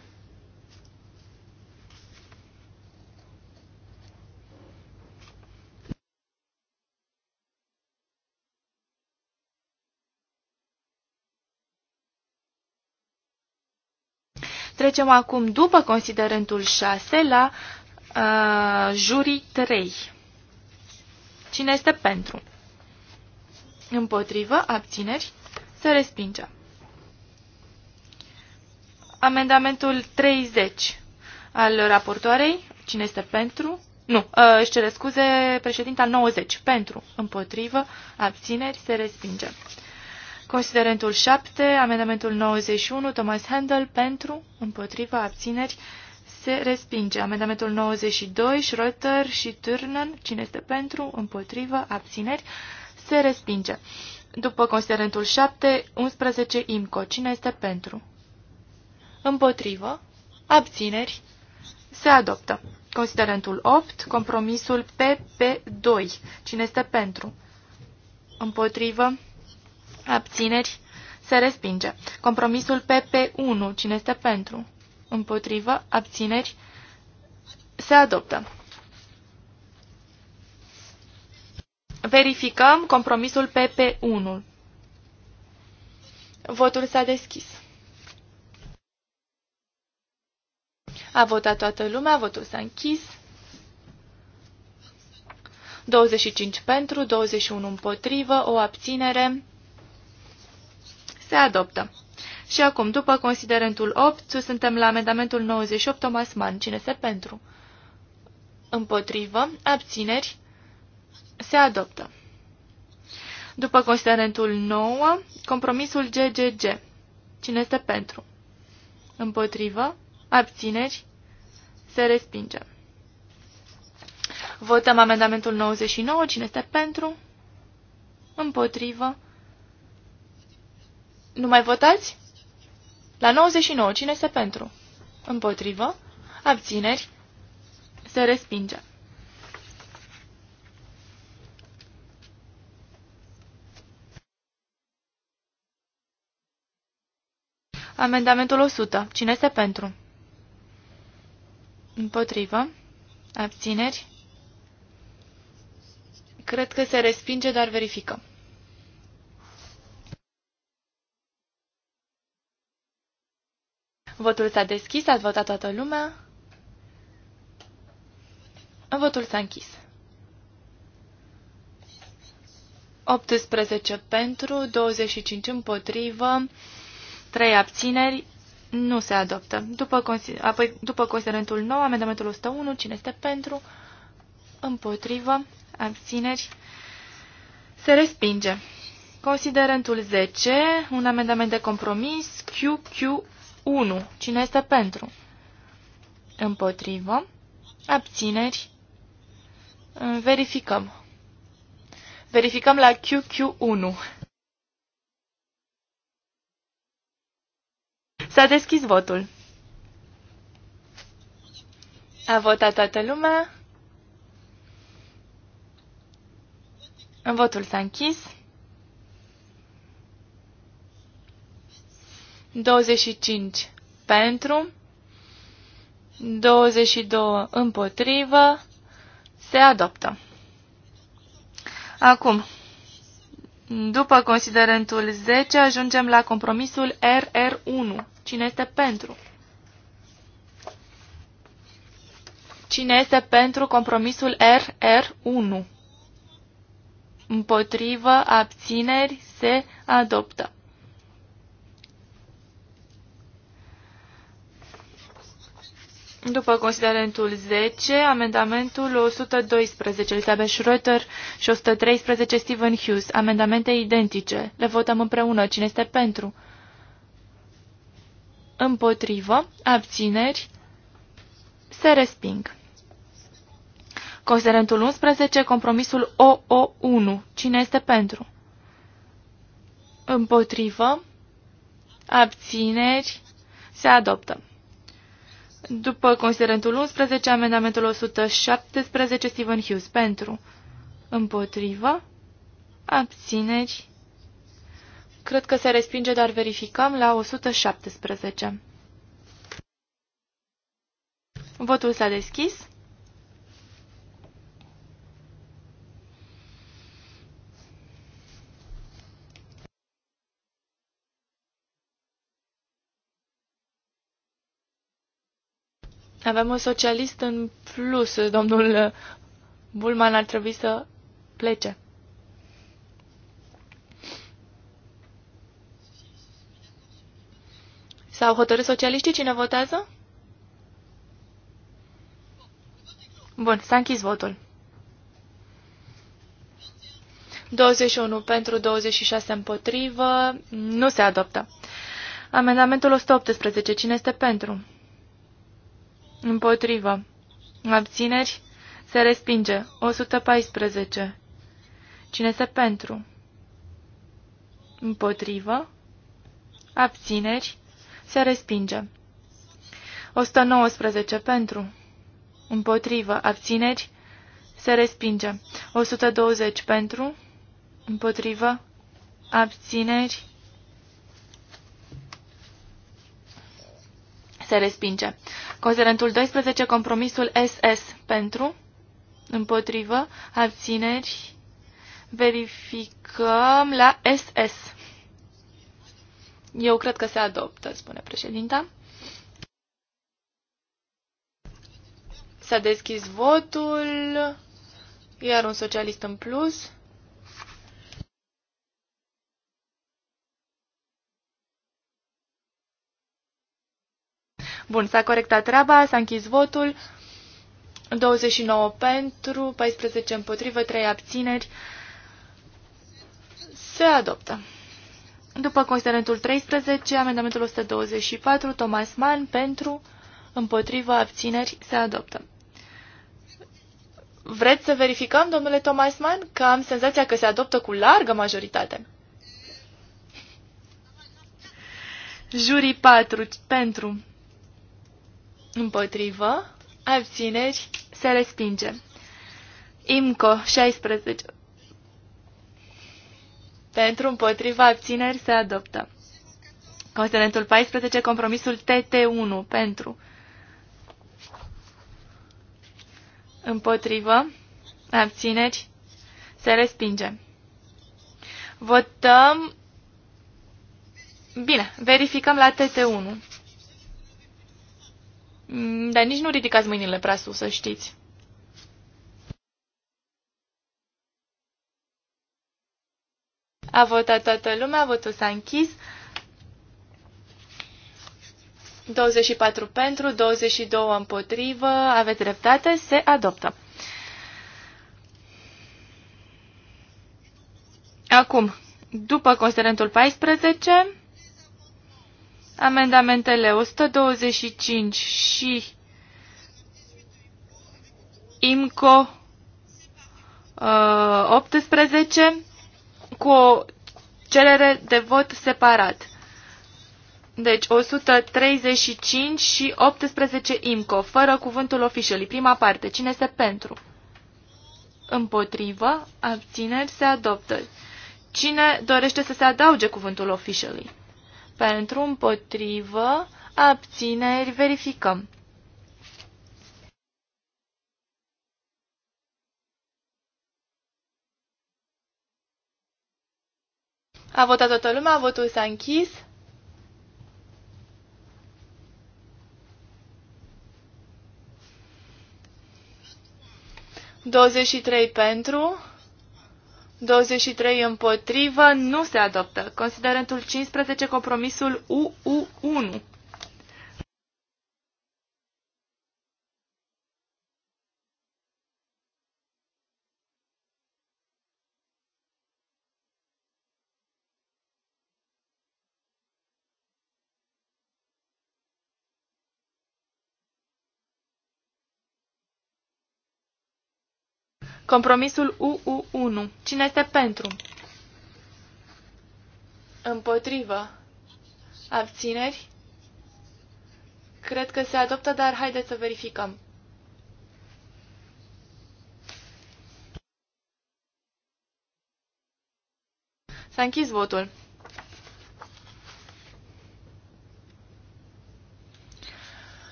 Trecem acum, după considerentul 6, la uh, jurii 3. Cine este pentru? Împotrivă, abțineri, se respinge. Amendamentul 30 al raportoarei. Cine este pentru? Nu, ă, își cere scuze președinta 90. Pentru, împotrivă, abțineri, se respinge. Considerentul 7, amendamentul 91, Thomas Handel, pentru, împotrivă, abțineri, se se respinge. Amendamentul 92, Schroeter și Turnen, cine este pentru, împotrivă, abțineri, se respinge. După considerentul 7, 11, IMCO, cine este pentru, împotrivă, abțineri, se adoptă. Considerentul 8, compromisul PP2, cine este pentru, împotrivă, abțineri, se respinge. Compromisul PP1, cine este pentru? împotrivă, abțineri, se adoptă. Verificăm compromisul PP1. Votul s-a deschis. A votat toată lumea, votul s-a închis. 25 pentru, 21 împotrivă, o abținere. Se adoptă. Și acum, după considerentul 8, suntem la amendamentul 98, Thomas Mann. Cine se pentru? Împotrivă. Abțineri. Se adoptă. După considerentul 9, compromisul GGG. Cine este pentru? Împotrivă. Abțineri. Se respinge. Votăm amendamentul 99. Cine este pentru? Împotrivă. Nu mai votați? La 99, cine este pentru? Împotrivă. Abțineri. Se respinge. Amendamentul 100. Cine este pentru? Împotrivă. Abțineri. Cred că se respinge, dar verificăm. Votul s-a deschis, a votat toată lumea. Votul s-a închis. 18 pentru, 25 împotrivă, 3 abțineri, nu se adoptă. După, consider, apoi, după considerentul nou, amendamentul 101, cine este pentru, împotrivă, abțineri, se respinge. Considerentul 10, un amendament de compromis, QQ 1. Cine este pentru? Împotrivă. Abțineri. Verificăm. Verificăm la QQ1. S-a deschis votul. A votat toată lumea. Votul s-a închis. 25 pentru, 22 împotrivă, se adoptă. Acum, după considerentul 10, ajungem la compromisul RR1. Cine este pentru? Cine este pentru compromisul RR1? Împotrivă, abțineri, se adoptă. După considerentul 10, amendamentul 112, Elizabeth Schroeter și 113, Stephen Hughes, amendamente identice. Le votăm împreună. Cine este pentru? Împotrivă. Abțineri. Se resping. Considerentul 11, compromisul OO1. Cine este pentru? Împotrivă. Abțineri. Se adoptă. După considerentul 11, amendamentul 117, Stephen Hughes, pentru, împotrivă, abțineri, cred că se respinge, dar verificăm la 117. Votul s-a deschis. Avem un socialist în plus. Domnul uh, Bulman ar trebui să plece. S-au hotărât socialiștii cine votează? Bun, s-a închis votul. 21 pentru, 26 împotrivă, nu se adoptă. Amendamentul 118, cine este pentru? Împotrivă. Abțineri. Se respinge. 114. Cine se pentru? Împotrivă. Abțineri. Se respinge. 119. Pentru. Împotrivă. Abțineri. Se respinge. 120. Pentru. Împotrivă. Abțineri. Se respinge. Considerentul 12, compromisul SS pentru, împotrivă, abțineri, verificăm la SS. Eu cred că se adoptă, spune președinta. S-a deschis votul, iar un socialist în plus. Bun, s-a corectat treaba, s-a închis votul. 29 pentru, 14 împotrivă, 3 abțineri. Se adoptă. După considerentul 13, amendamentul 124, Thomas Mann, pentru, împotrivă, abțineri, se adoptă. Vreți să verificăm, domnule Thomas Mann, că am senzația că se adoptă cu largă majoritate? Jurii 4, pentru, împotrivă, abțineri, se respinge. IMCO 16. Pentru împotriva abțineri se adoptă. Consenentul 14, compromisul TT1 pentru împotrivă, abțineri, se respinge. Votăm. Bine, verificăm la TT1. Mm, dar nici nu ridicați mâinile prea sus, să știți. A votat toată lumea, votul s-a închis. 24 pentru, 22 împotrivă, aveți dreptate, se adoptă. Acum, după considerentul 14, Amendamentele 125 și IMCO 18 uh, cu o cerere de vot separat. Deci 135 și 18 IMCO, fără cuvântul officially. Prima parte. Cine este pentru? Împotrivă. Abțineri se adoptă. Cine dorește să se adauge cuvântul officially? Pentru, împotrivă, abțineri, verificăm. A votat toată lumea, votul s-a închis. Douăzeci și trei pentru. 23 împotrivă, nu se adoptă. Considerentul 15, compromisul UU1. Compromisul UU1. Cine este pentru? Împotrivă. Abțineri? Cred că se adoptă, dar haideți să verificăm. S-a închis votul.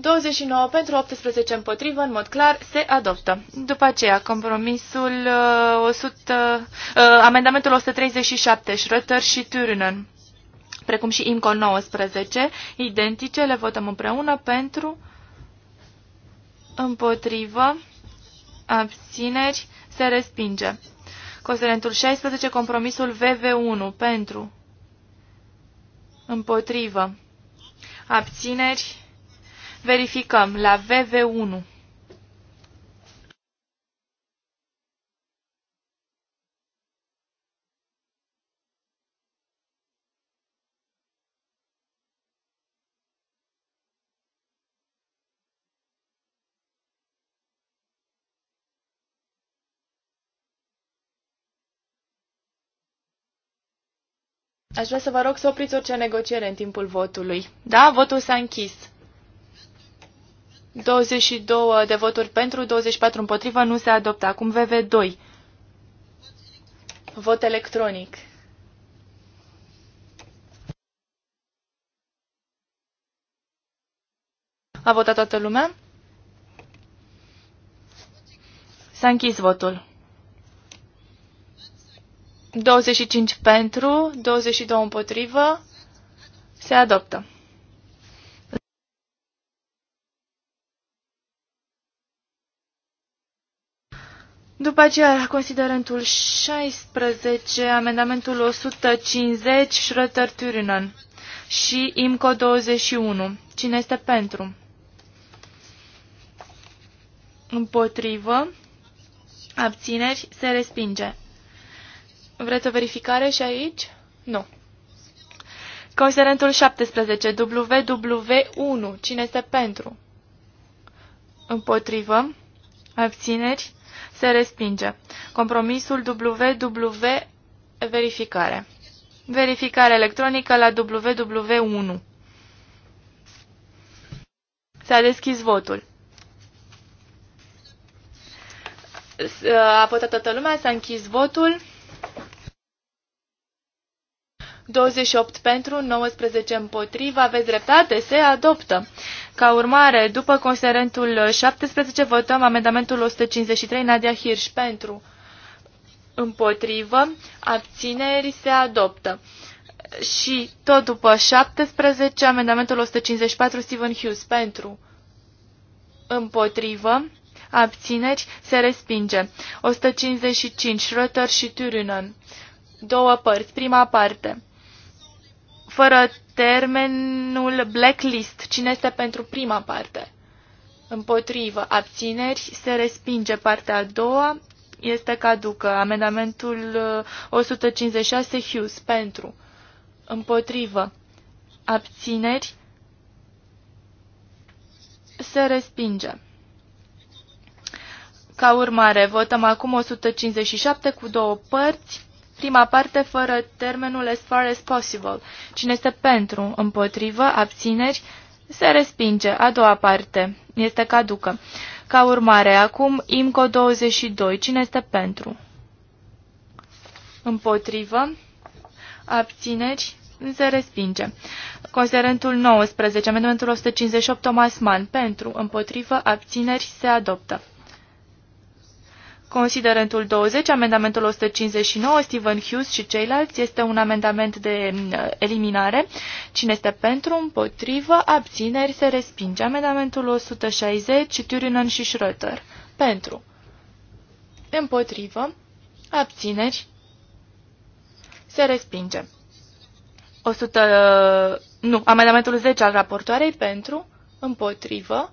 29 pentru 18 împotrivă, în mod clar, se adoptă. După aceea, compromisul 100, uh, uh, amendamentul 137, Schröter și Turunen, precum și IMCO 19, identice, le votăm împreună pentru, împotrivă, abțineri, se respinge. Considerentul 16, compromisul VV1, pentru, împotrivă, abțineri, Verificăm la VV1. Aș vrea să vă rog să opriți orice negociere în timpul votului. Da, votul s-a închis. 22 de voturi pentru, 24 împotrivă, nu se adoptă. Acum VV2. Vot electronic. A votat toată lumea? S-a închis votul. 25 pentru, 22 împotrivă, se adoptă. După aceea, considerentul 16, amendamentul 150, schröter Thürinen și IMCO 21. Cine este pentru? Împotrivă. Abțineri. Se respinge. Vreți o verificare și aici? Nu. Considerentul 17. WW1. Cine este pentru? Împotrivă. Abțineri. Se respinge. Compromisul WW verificare. Verificare electronică la WW1. S-a deschis votul. A votat toată lumea, s-a închis votul. 28 pentru, 19 împotriva, aveți dreptate, se adoptă. Ca urmare, după considerentul 17, votăm amendamentul 153, Nadia Hirsch, pentru, împotrivă, abțineri, se adoptă. Și tot după 17, amendamentul 154, Stephen Hughes, pentru, împotrivă, abțineri, se respinge. 155, Rötter și Turunen. Două părți, prima parte fără termenul blacklist. Cine este pentru prima parte? Împotrivă. Abțineri. Se respinge partea a doua. Este caducă. Amendamentul 156 uh, Hughes. Pentru. Împotrivă. Abțineri. Se respinge. Ca urmare, votăm acum 157 cu două părți. Prima parte fără termenul as far as possible. Cine este pentru, împotrivă, abțineri, se respinge. A doua parte este caducă. Ca urmare, acum IMCO 22. Cine este pentru? Împotrivă, abțineri, se respinge. Considerentul 19, amendamentul 158, Thomas Mann, pentru, împotrivă, abțineri, se adoptă. Considerentul 20, amendamentul 159, Stephen Hughes și ceilalți, este un amendament de mm, eliminare. Cine este pentru, împotrivă, abțineri, se respinge. Amendamentul 160, Turinen și Schröter. Pentru. Împotrivă, abțineri, se respinge. 100, nu, amendamentul 10 al raportoarei pentru, împotrivă,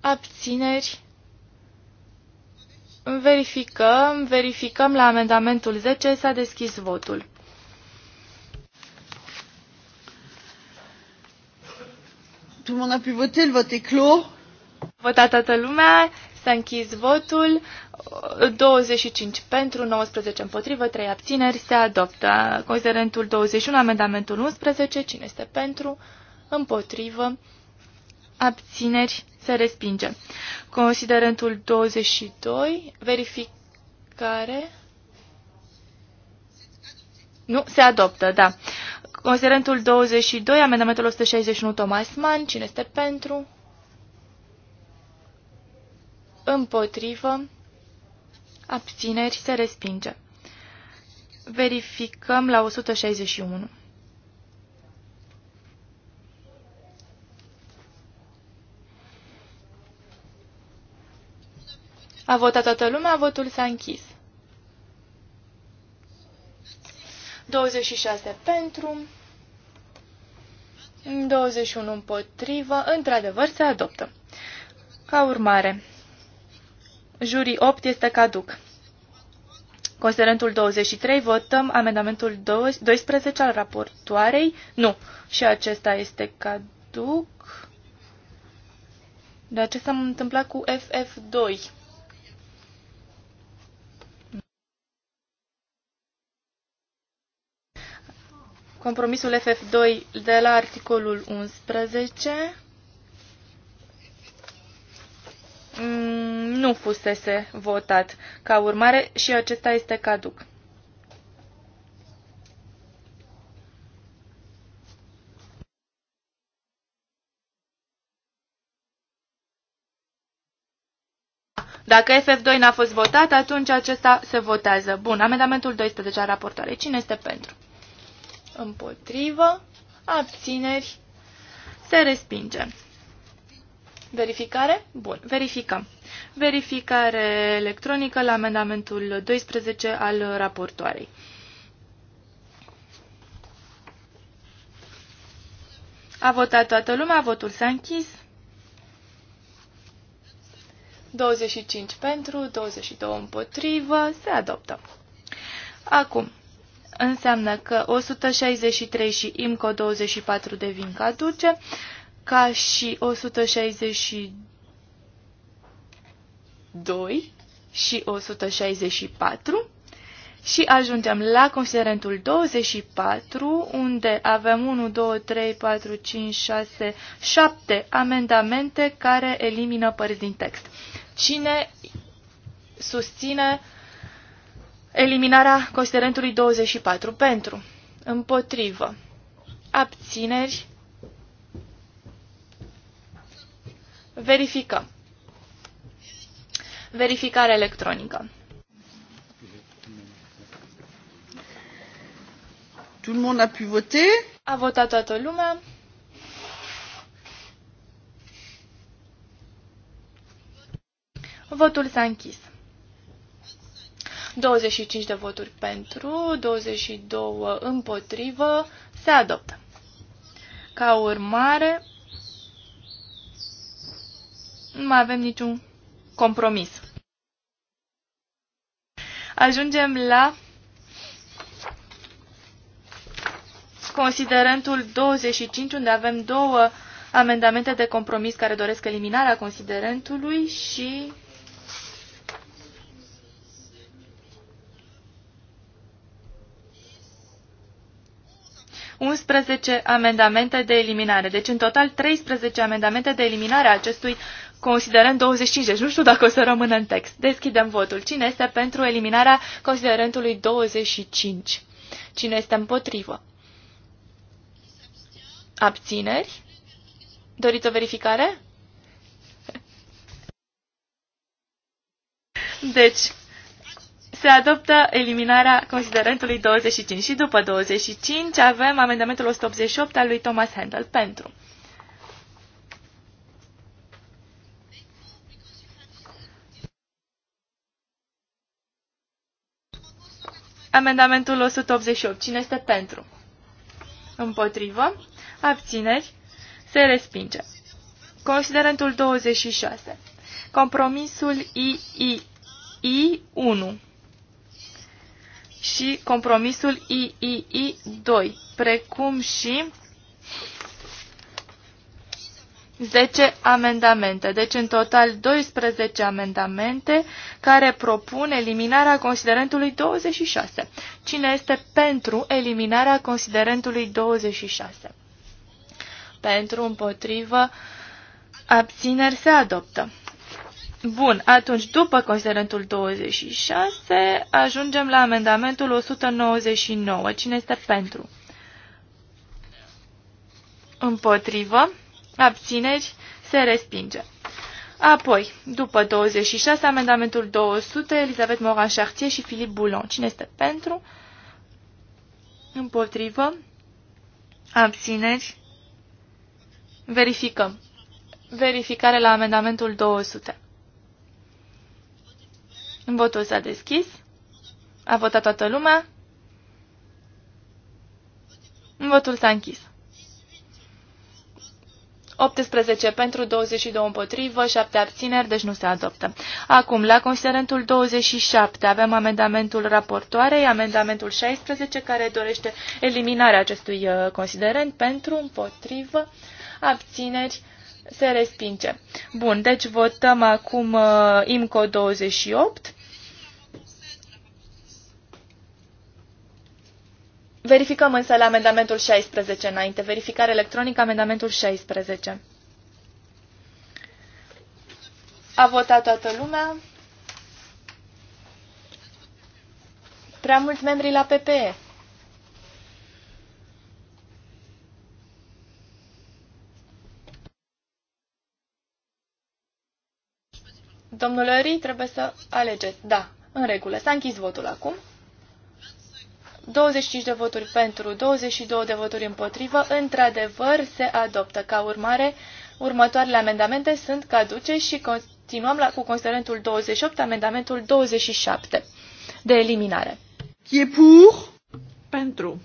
abțineri, Verificăm, verificăm la amendamentul 10, s-a deschis votul. Tout le monde a pu voter, le vote est clos. Vota toată lumea, s-a închis votul, 25 pentru, 19 împotrivă, 3 abțineri, se adoptă. Considerentul 21, amendamentul 11, cine este pentru, împotrivă, abțineri, se respinge. Considerentul 22, verificare. Nu, se adoptă, da. Considerentul 22, amendamentul 161 Thomas Mann, cine este pentru? Împotrivă. Abțineri se respinge. Verificăm la 161. A votat toată lumea, votul s-a închis. 26 pentru, 21 împotrivă, într-adevăr se adoptă. Ca urmare, jurii 8 este caduc. Considerentul 23, votăm amendamentul 12 al raportoarei. Nu, și acesta este caduc. Dar ce s-a întâmplat cu FF2? Compromisul FF2 de la articolul 11 mm, nu fusese votat. Ca urmare, și acesta este caduc. Dacă FF2 n-a fost votat, atunci acesta se votează. Bun, amendamentul 12 a raportoarei. Cine este pentru? împotrivă, abțineri, se respinge. Verificare? Bun, verificăm. Verificare electronică la amendamentul 12 al raportoarei. A votat toată lumea, votul s-a închis. 25 pentru, 22 împotrivă, se adoptă. Acum, înseamnă că 163 și IMCO 24 devin caduce, ca și 162 și 164 și ajungem la considerentul 24, unde avem 1, 2, 3, 4, 5, 6, 7 amendamente care elimină părți din text. Cine susține uh, Eliminarea considerentului 24 pentru, împotrivă, abțineri, verificăm. Verificare electronică. Tout le monde a pu voter. A votat toată lumea. Votul s-a închis. 25 de voturi pentru, 22 împotrivă, se adoptă. Ca urmare, nu mai avem niciun compromis. Ajungem la considerentul 25, unde avem două amendamente de compromis care doresc eliminarea considerentului și 11 amendamente de eliminare. Deci, în total, 13 amendamente de eliminare a acestui considerent 25. Deci, nu știu dacă o să rămână în text. Deschidem votul. Cine este pentru eliminarea considerentului 25? Cine este împotrivă? Abțineri? Doriți o verificare? Deci, se adoptă eliminarea considerentului 25 și după 25 avem amendamentul 188 al lui Thomas Handel pentru. Amendamentul 188. Cine este pentru? Împotrivă. Abțineri. Se respinge. Considerentul 26. Compromisul II. I1 și compromisul III2, precum și 10 amendamente, deci în total 12 amendamente care propun eliminarea considerentului 26. Cine este pentru eliminarea considerentului 26? Pentru, împotrivă, abțineri se adoptă. Bun, atunci după considerentul 26 ajungem la amendamentul 199. Cine este pentru? Împotrivă, abțineri, se respinge. Apoi, după 26, amendamentul 200, Elisabeth Morin-Chartier și Philippe Boulon. Cine este pentru? Împotrivă, abțineri, verificăm. Verificare la amendamentul 200. Votul s-a deschis. A votat toată lumea. Votul s-a închis. 18 pentru, 22 împotrivă, 7 abțineri, deci nu se adoptă. Acum, la considerentul 27 avem amendamentul raportoarei, amendamentul 16, care dorește eliminarea acestui uh, considerent pentru, împotrivă, abțineri, se respinge. Bun, deci votăm acum uh, IMCO 28. Verificăm însă la amendamentul 16 înainte. Verificare electronică, amendamentul 16. A votat toată lumea. Prea mulți membri la PPE. Domnule Ri, trebuie să alegeți. Da, în regulă. S-a închis votul acum. 25 de voturi pentru, 22 de voturi împotrivă, într-adevăr se adoptă. Ca urmare, următoarele amendamente sunt caduce și continuăm la, cu considerentul 28, amendamentul 27 de eliminare. Qui pour? Pentru.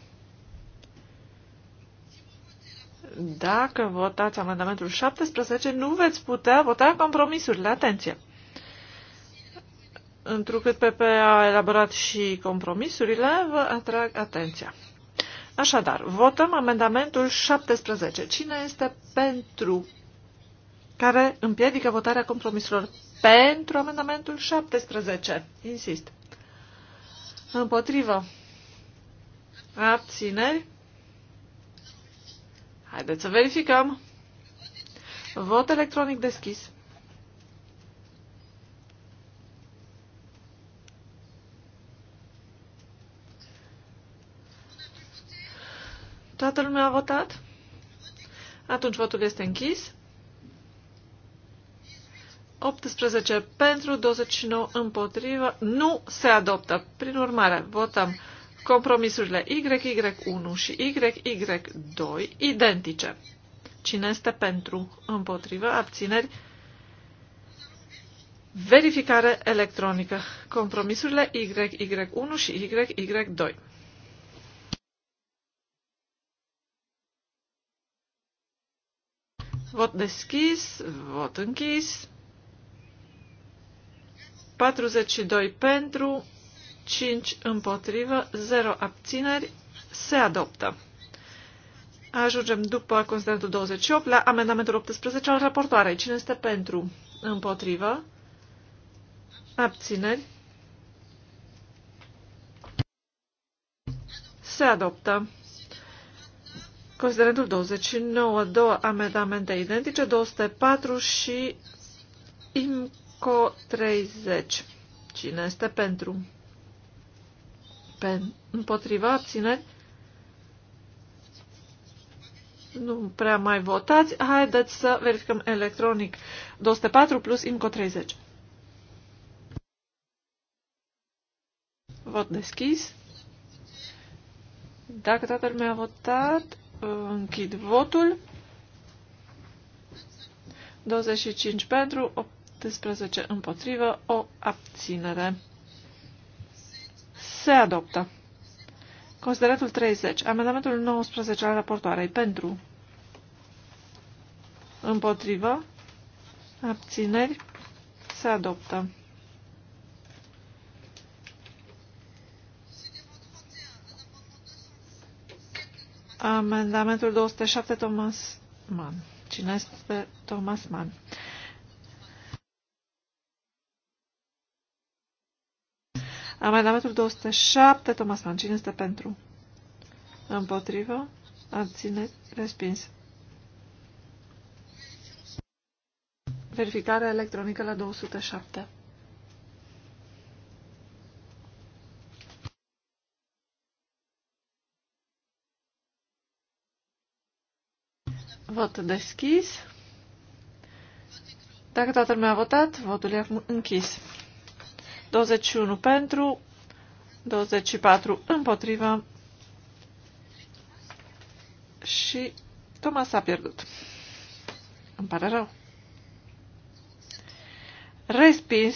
Dacă votați amendamentul 17, nu veți putea vota compromisurile. Atenție! întrucât PP a elaborat și compromisurile, vă atrag atenția. Așadar, votăm amendamentul 17. Cine este pentru care împiedică votarea compromisurilor? Pentru amendamentul 17. Insist. Împotrivă. Abțineri. Haideți să verificăm. Vot electronic deschis. Toată lumea a votat? Atunci votul este închis. 18 pentru, 29 împotrivă. Nu se adoptă. Prin urmare, votăm compromisurile y 1 și y 2 identice. Cine este pentru, împotrivă, abțineri, verificare electronică. Compromisurile y 1 și y 2 Vot deschis, vot închis. 42 pentru, 5 împotrivă, 0 abțineri, se adoptă. Ajungem după constantul 28 la amendamentul 18 al raportoarei. Cine este pentru? Împotrivă? Abțineri? Se adoptă. Considerentul 29, două amendamente identice, 204 și IMCO 30. Cine este pentru? Pen. împotriva abțineri? Nu prea mai votați. Haideți să verificăm electronic. 204 plus IMCO 30. Vot deschis. Dacă toată lumea a votat, Închid votul. 25 pentru, 18 împotrivă, o abținere. Se adoptă. Consideratul 30. Amendamentul 19 al raportoarei. Pentru. Împotrivă. Abțineri. Se adoptă. Amendamentul 207, Thomas Mann. Cine este Thomas Mann? Amendamentul 207, Thomas Mann. Cine este pentru? Împotrivă? Abține? Respins. Verificare electronică la 207. Vot deschis. Dacă toată lumea a votat, votul e închis. 21 pentru, 24 împotriva și Thomas a pierdut. Îmi pare rău. Respins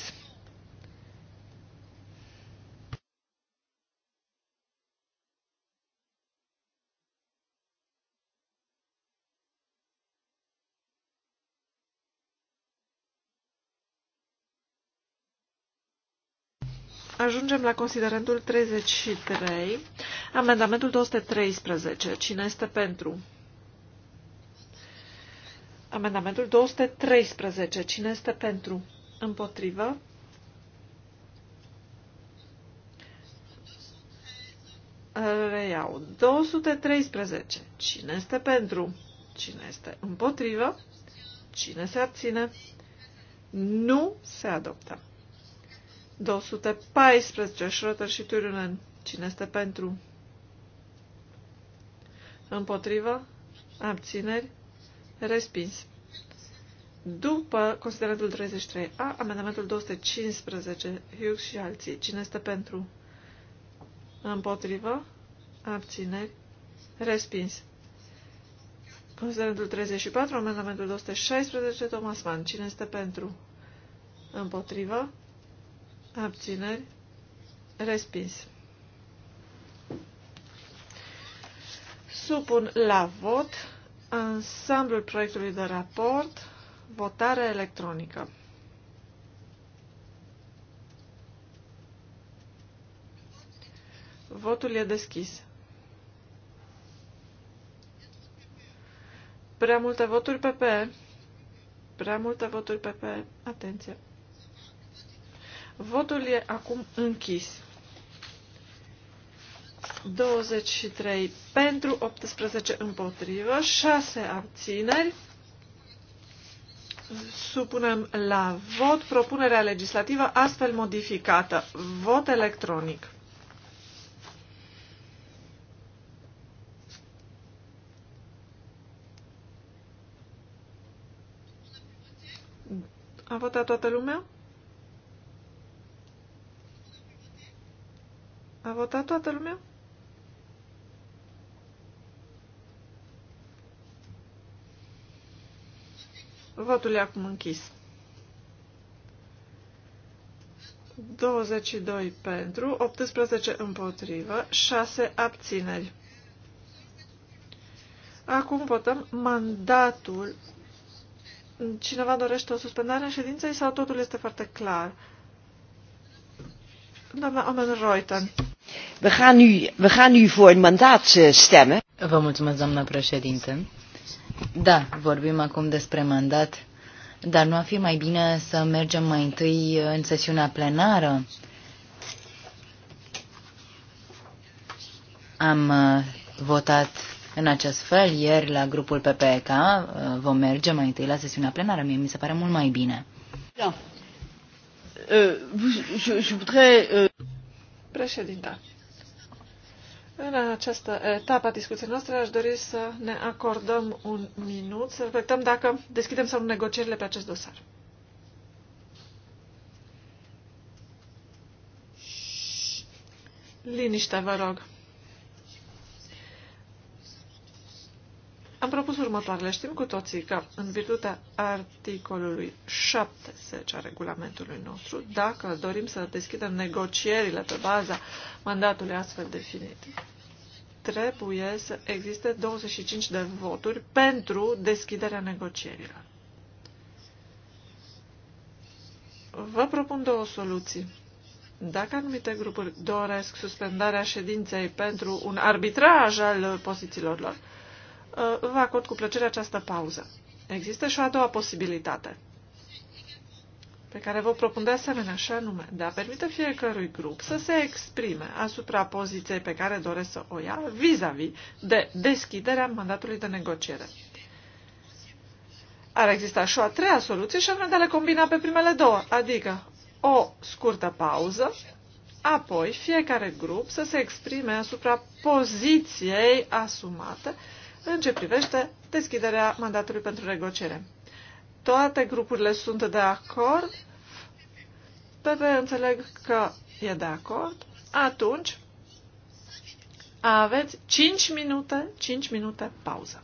Ajungem la considerentul 33, amendamentul 213. Cine este pentru? Amendamentul 213. Cine este pentru? Împotrivă? Reiau. 213. Cine este pentru? Cine este împotrivă? Cine se abține? Nu se adoptă. 214. Schroeter și Turunen. Cine este pentru? Împotrivă? Abțineri? Respins. După considerentul 33a, amendamentul 215, Hughes și alții. Cine este pentru? Împotrivă? Abțineri? Respins. Considerentul 34, amendamentul 216, Thomas Mann. Cine este pentru? Împotrivă? abțineri, respins. Supun la vot ansamblul proiectului de raport, votare electronică. Votul e deschis. Prea multe voturi PP. Prea multe voturi PP. Atenție. Votul e acum închis. 23 pentru, 18 împotrivă, 6 abțineri. Supunem la vot propunerea legislativă astfel modificată. Vot electronic. A votat toată lumea? A votat toată lumea? Votul e acum închis. 22 pentru, 18 împotrivă, 6 abțineri. Acum votăm mandatul. Cineva dorește o suspendare a ședinței sau totul este foarte clar? Eh, we gaan nu, we gaan nu voor een mandaat eh, stemmen. Vă mulțumesc, doamna președinte. Da, vorbim acum despre mandat, dar nu ar fi mai bine să mergem mai întâi eh, în sesiunea plenară? Am votat în acest fel ieri la grupul PPK. Vom merge mai întâi la sesiunea plenară. Mie mi se pare mult mai bine. Da. Euh, euh, Președinte, în această etapă a discuției noastre aș dori să ne acordăm un minut, să reflectăm dacă deschidem sau nu negocierile pe acest dosar. Liniște, vă rog. Am propus următoarele. Știm cu toții că, în virtutea articolului 70 a regulamentului nostru, dacă dorim să deschidem negocierile pe baza mandatului astfel definit, trebuie să existe 25 de voturi pentru deschiderea negocierilor. Vă propun două soluții. Dacă anumite grupuri doresc suspendarea ședinței pentru un arbitraj al pozițiilor lor, Eh, vă acord cu plăcere această pauză. Există și o a doua posibilitate pe care vă propun de asemenea și anume de a permite fiecărui grup să se exprime asupra poziției pe care doresc să o ia vis-a-vis -vis de deschiderea mandatului de negociere. Ar exista și o a treia soluție și anume de a le combina pe primele două, adică o scurtă pauză, apoi fiecare grup să se exprime asupra poziției asumate în ce privește deschiderea mandatului pentru negociere. Toate grupurile sunt de acord. PP înțeleg că e de acord. Atunci aveți 5 minute, 5 minute pauză.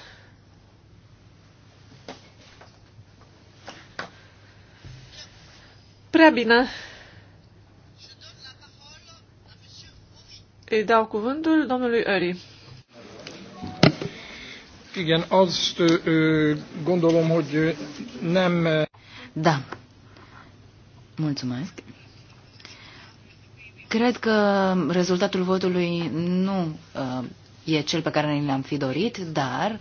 prea bine. Îi dau cuvântul domnului Öri. Igen, azt gondolom, hogy nem... Da. Mulțumesc. Cred că rezultatul votului nu uh, e cel pe care ne l-am fi dorit, dar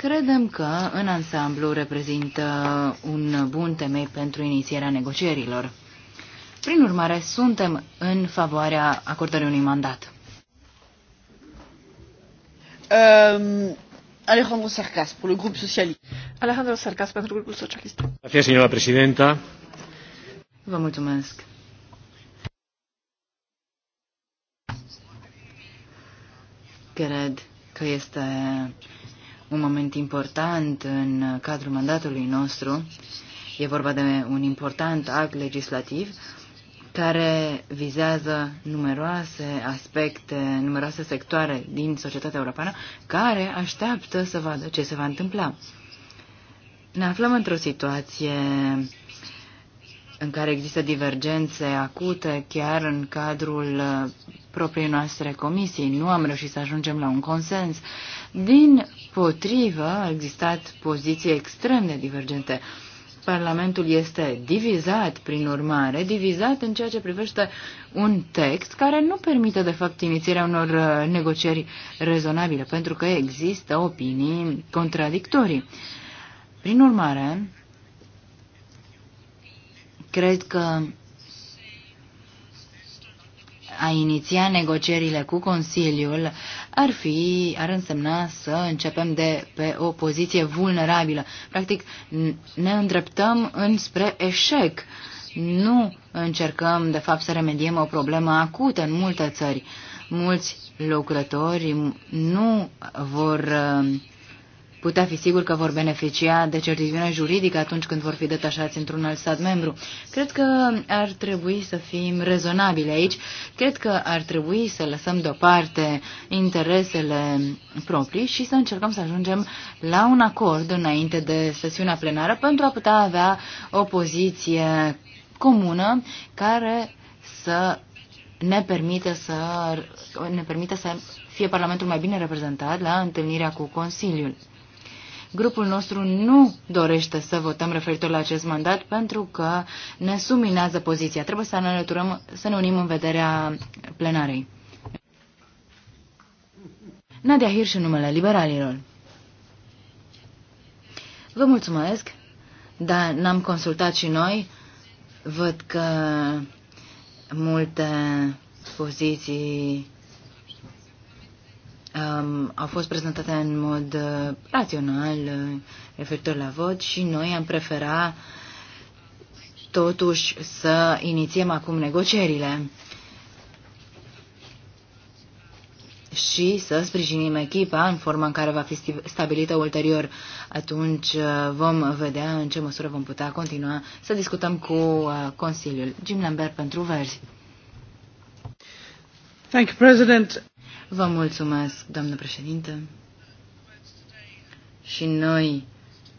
Credem că, în ansamblu, reprezintă un bun temei pentru inițierea negocierilor. Prin urmare, suntem în favoarea acordării unui mandat. Um, Alejandro Sarcas, pentru grupul socialist. Alejandro Sarcas, pentru grupul socialist. Gracias, señora presidenta. Vă mulțumesc. Cred că este un moment important în cadrul mandatului nostru. E vorba de un important act legislativ care vizează numeroase aspecte, numeroase sectoare din societatea europeană care așteaptă să vadă ce se va întâmpla. Ne aflăm într-o situație în care există divergențe acute chiar în cadrul propriei noastre comisii. Nu am reușit să ajungem la un consens. Din potrivă, a existat poziții extrem de divergente. Parlamentul este divizat, prin urmare, divizat în ceea ce privește un text care nu permite, de fapt, inițierea unor uh, negocieri rezonabile, pentru că există opinii contradictorii. Prin urmare, cred că a iniția negocierile cu Consiliul ar fi, ar însemna să începem de pe o poziție vulnerabilă. Practic, ne îndreptăm înspre eșec. Nu încercăm, de fapt, să remediem o problemă acută în multe țări. Mulți lucrători nu vor uh, putea fi sigur că vor beneficia de certitudine juridică atunci când vor fi detașați într-un alt stat membru. Cred că ar trebui să fim rezonabili aici. Cred că ar trebui să lăsăm deoparte interesele proprii și să încercăm să ajungem la un acord înainte de sesiunea plenară pentru a putea avea o poziție comună care să ne permite să ne permite să fie Parlamentul mai bine reprezentat la întâlnirea cu Consiliul. Grupul nostru nu dorește să votăm referitor la acest mandat pentru că ne suminează poziția. Trebuie să ne alăturăm, să ne unim în vederea plenarei. Nadia Hirsch în numele liberalilor. Vă mulțumesc, dar n-am consultat și noi. Văd că multe poziții um, au fost prezentate în mod uh, rațional uh, referitor la vot și noi am preferat, totuși să inițiem acum negocierile și să sprijinim echipa în forma în care va fi stabilită ulterior. Atunci uh, vom vedea în ce măsură vom putea continua să discutăm cu Consiliul. Jim Lambert pentru verzi. Thank you, President. Vă mulțumesc, doamnă președinte. Și noi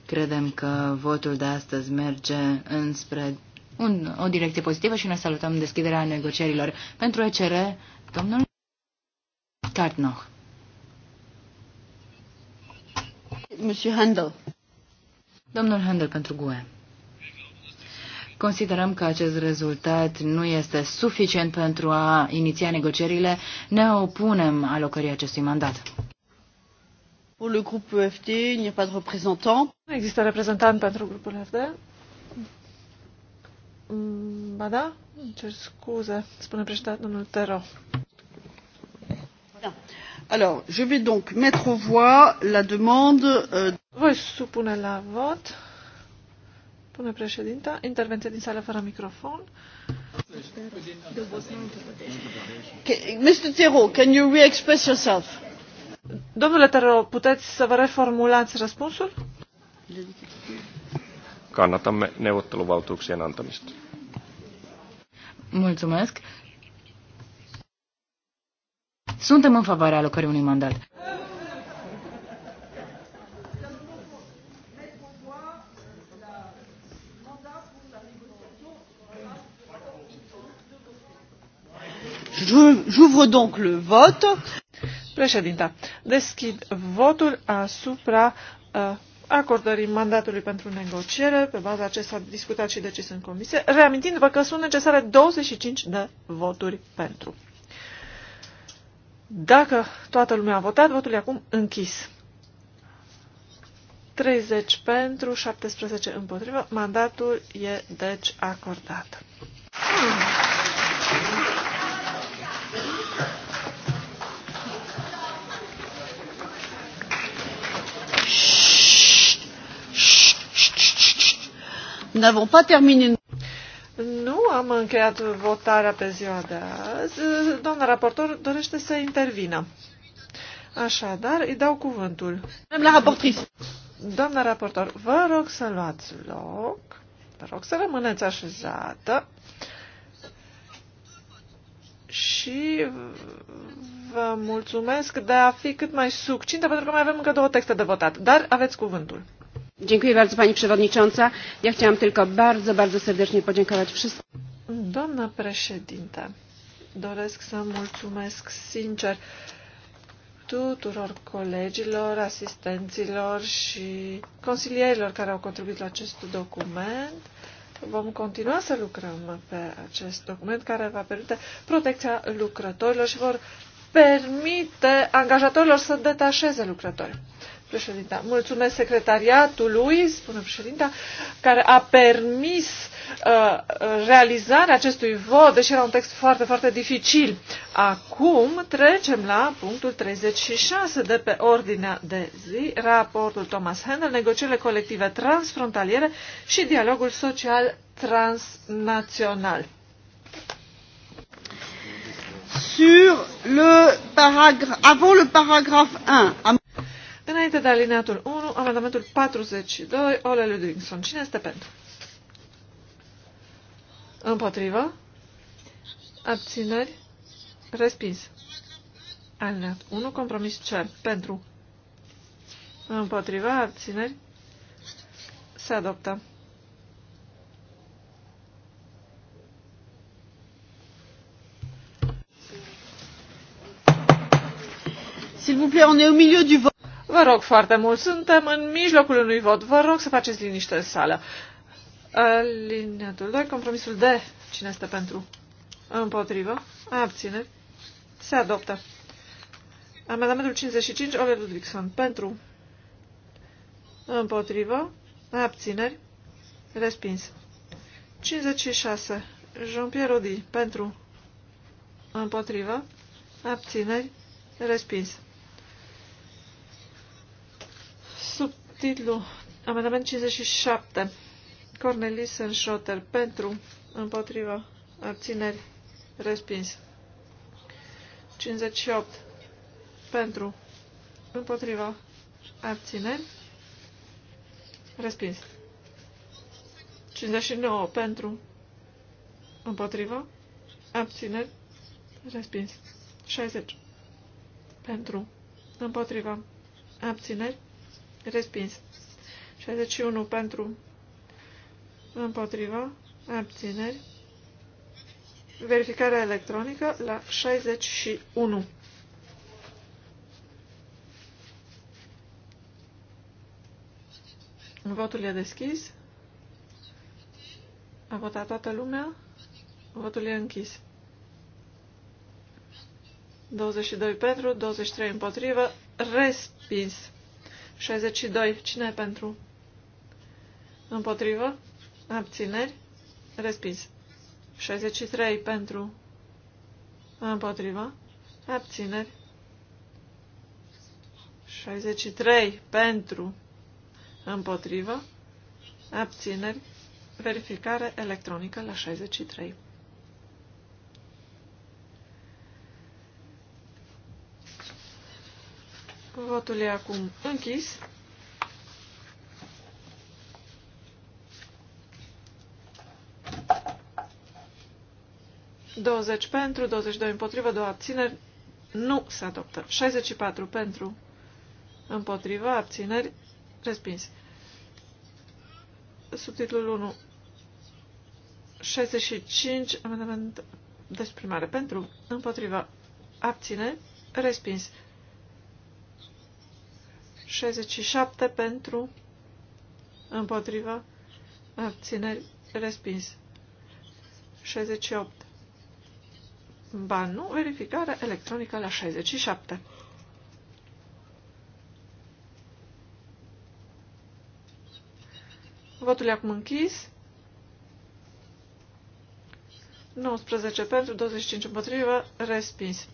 credem că votul de astăzi merge înspre un, o direcție pozitivă și ne salutăm deschiderea negocierilor. Pentru ECR, domnul Kartnoch. Monsieur Handel. Domnul Handel pentru GUE. Considerăm că acest rezultat nu este suficient pentru a iniția negocierile. Ne opunem alocării acestui mandat. Pour le groupe EFT, il n'y a pas de représentant. Nu există reprezentant pentru grupul EFT. Mm, ba da, cer scuze, spune președinte domnul Tero. Alors, je vais donc mettre au voix la demande. Euh... Voi supune la vot Domnule președinte, Intervenție din sală fără microfon. Mr. Tero, can you re-express yourself? Domnule Tero, puteți să vă reformulați răspunsul? Kannatamme neuvotteluvaltuuksien antamista. Mulțumesc. Suntem în favoarea alocării unui mandat. J'ouvre donc le vote. Președinta, deschid votul asupra uh, acordării mandatului pentru negociere. Pe baza acesta discutat și decis în comisie, reamintindu-vă că sunt necesare 25 de voturi pentru. Dacă toată lumea a votat, votul e acum închis. 30 pentru, 17 împotrivă. Mandatul e deci acordat. Mm. n'avons pas terminé. Nu am încheiat votarea pe ziua de azi. Doamna raportor dorește să intervină. Așadar, îi dau cuvântul. Doamna raportrice. Doamna raportor, vă rog să luați loc. Vă rog să rămâneți așezată. Și vă mulțumesc de a fi cât mai succintă, pentru că mai avem încă două texte de votat. Dar aveți cuvântul. Dziękuję Pani Przewodnicząca. Ja chciałam tylko bardzo, bardzo serdecznie podziękować wszystkim. președinte, doresc să mulțumesc sincer tuturor colegilor, asistenților și consilierilor care au contribuit la acest document. Vom continua să lucrăm pe acest document care va permite protecția lucrătorilor și vor permite angajatorilor să detașeze lucrători. Președinta, mulțumesc secretariatului, spune președinta, care a permis uh, uh, realizarea acestui vot, deși era un text foarte, foarte dificil. Acum trecem la punctul 36 de pe ordinea de zi, raportul Thomas Handel, negocierile colective transfrontaliere și dialogul social transnațional. Sur le paragraphe, avant le paragraphe 1, Înainte de alineatul 1, amendamentul 42, Ole Ludwigson. Cine este pentru? Împotrivă? Abțineri? Respins. Alineat 1, compromis cer. Pentru? Împotrivă? Abțineri? Se adoptă. S'il vous plaît, on est au milieu du vote. Vă rog foarte mult, suntem în mijlocul unui vot. Vă rog să faceți liniște în sală. Alineatul 2, compromisul de Cine este pentru? Împotrivă. Abține. Se adoptă. Amendamentul 55, Ole Ludvigson. Pentru. Împotrivă. Abțineri. Respins. 56. Jean-Pierre Audi. Pentru. Împotrivă. Abțineri. Respins. Titlu. Amendament 57. Cornelisen Schrotter. Pentru. Împotriva. Abțineri. Respins. 58. Pentru. Împotriva. Abțineri. Respins. 59. Pentru. Împotriva. Abțineri. Respins. 60. Pentru. Împotriva. Abțineri. Respins. 61 pentru împotriva abțineri. Verificarea electronică la 61. Votul e deschis. A votat toată lumea. Votul e închis. 22 pentru, 23 împotrivă, respins. 62. Cine e pentru? Împotrivă? Abțineri? Respins. 63. Pentru? Împotrivă? Abțineri? 63. Pentru? Împotrivă? Abțineri? Verificare electronică la 63. Votul e acum închis. Douăzeci pentru, 22 împotrivă, două abțineri. Nu se adoptă. 64 pentru, împotrivă, abțineri, respins. Subtitlul 1. 65, amendament desprimare pentru, împotrivă, abțineri, respins. 67 pentru, împotriva, abțineri, respins. 68. Ba nu, verificare electronică la 67. Votul acum închis. 19 pentru, 25 împotrivă, respins.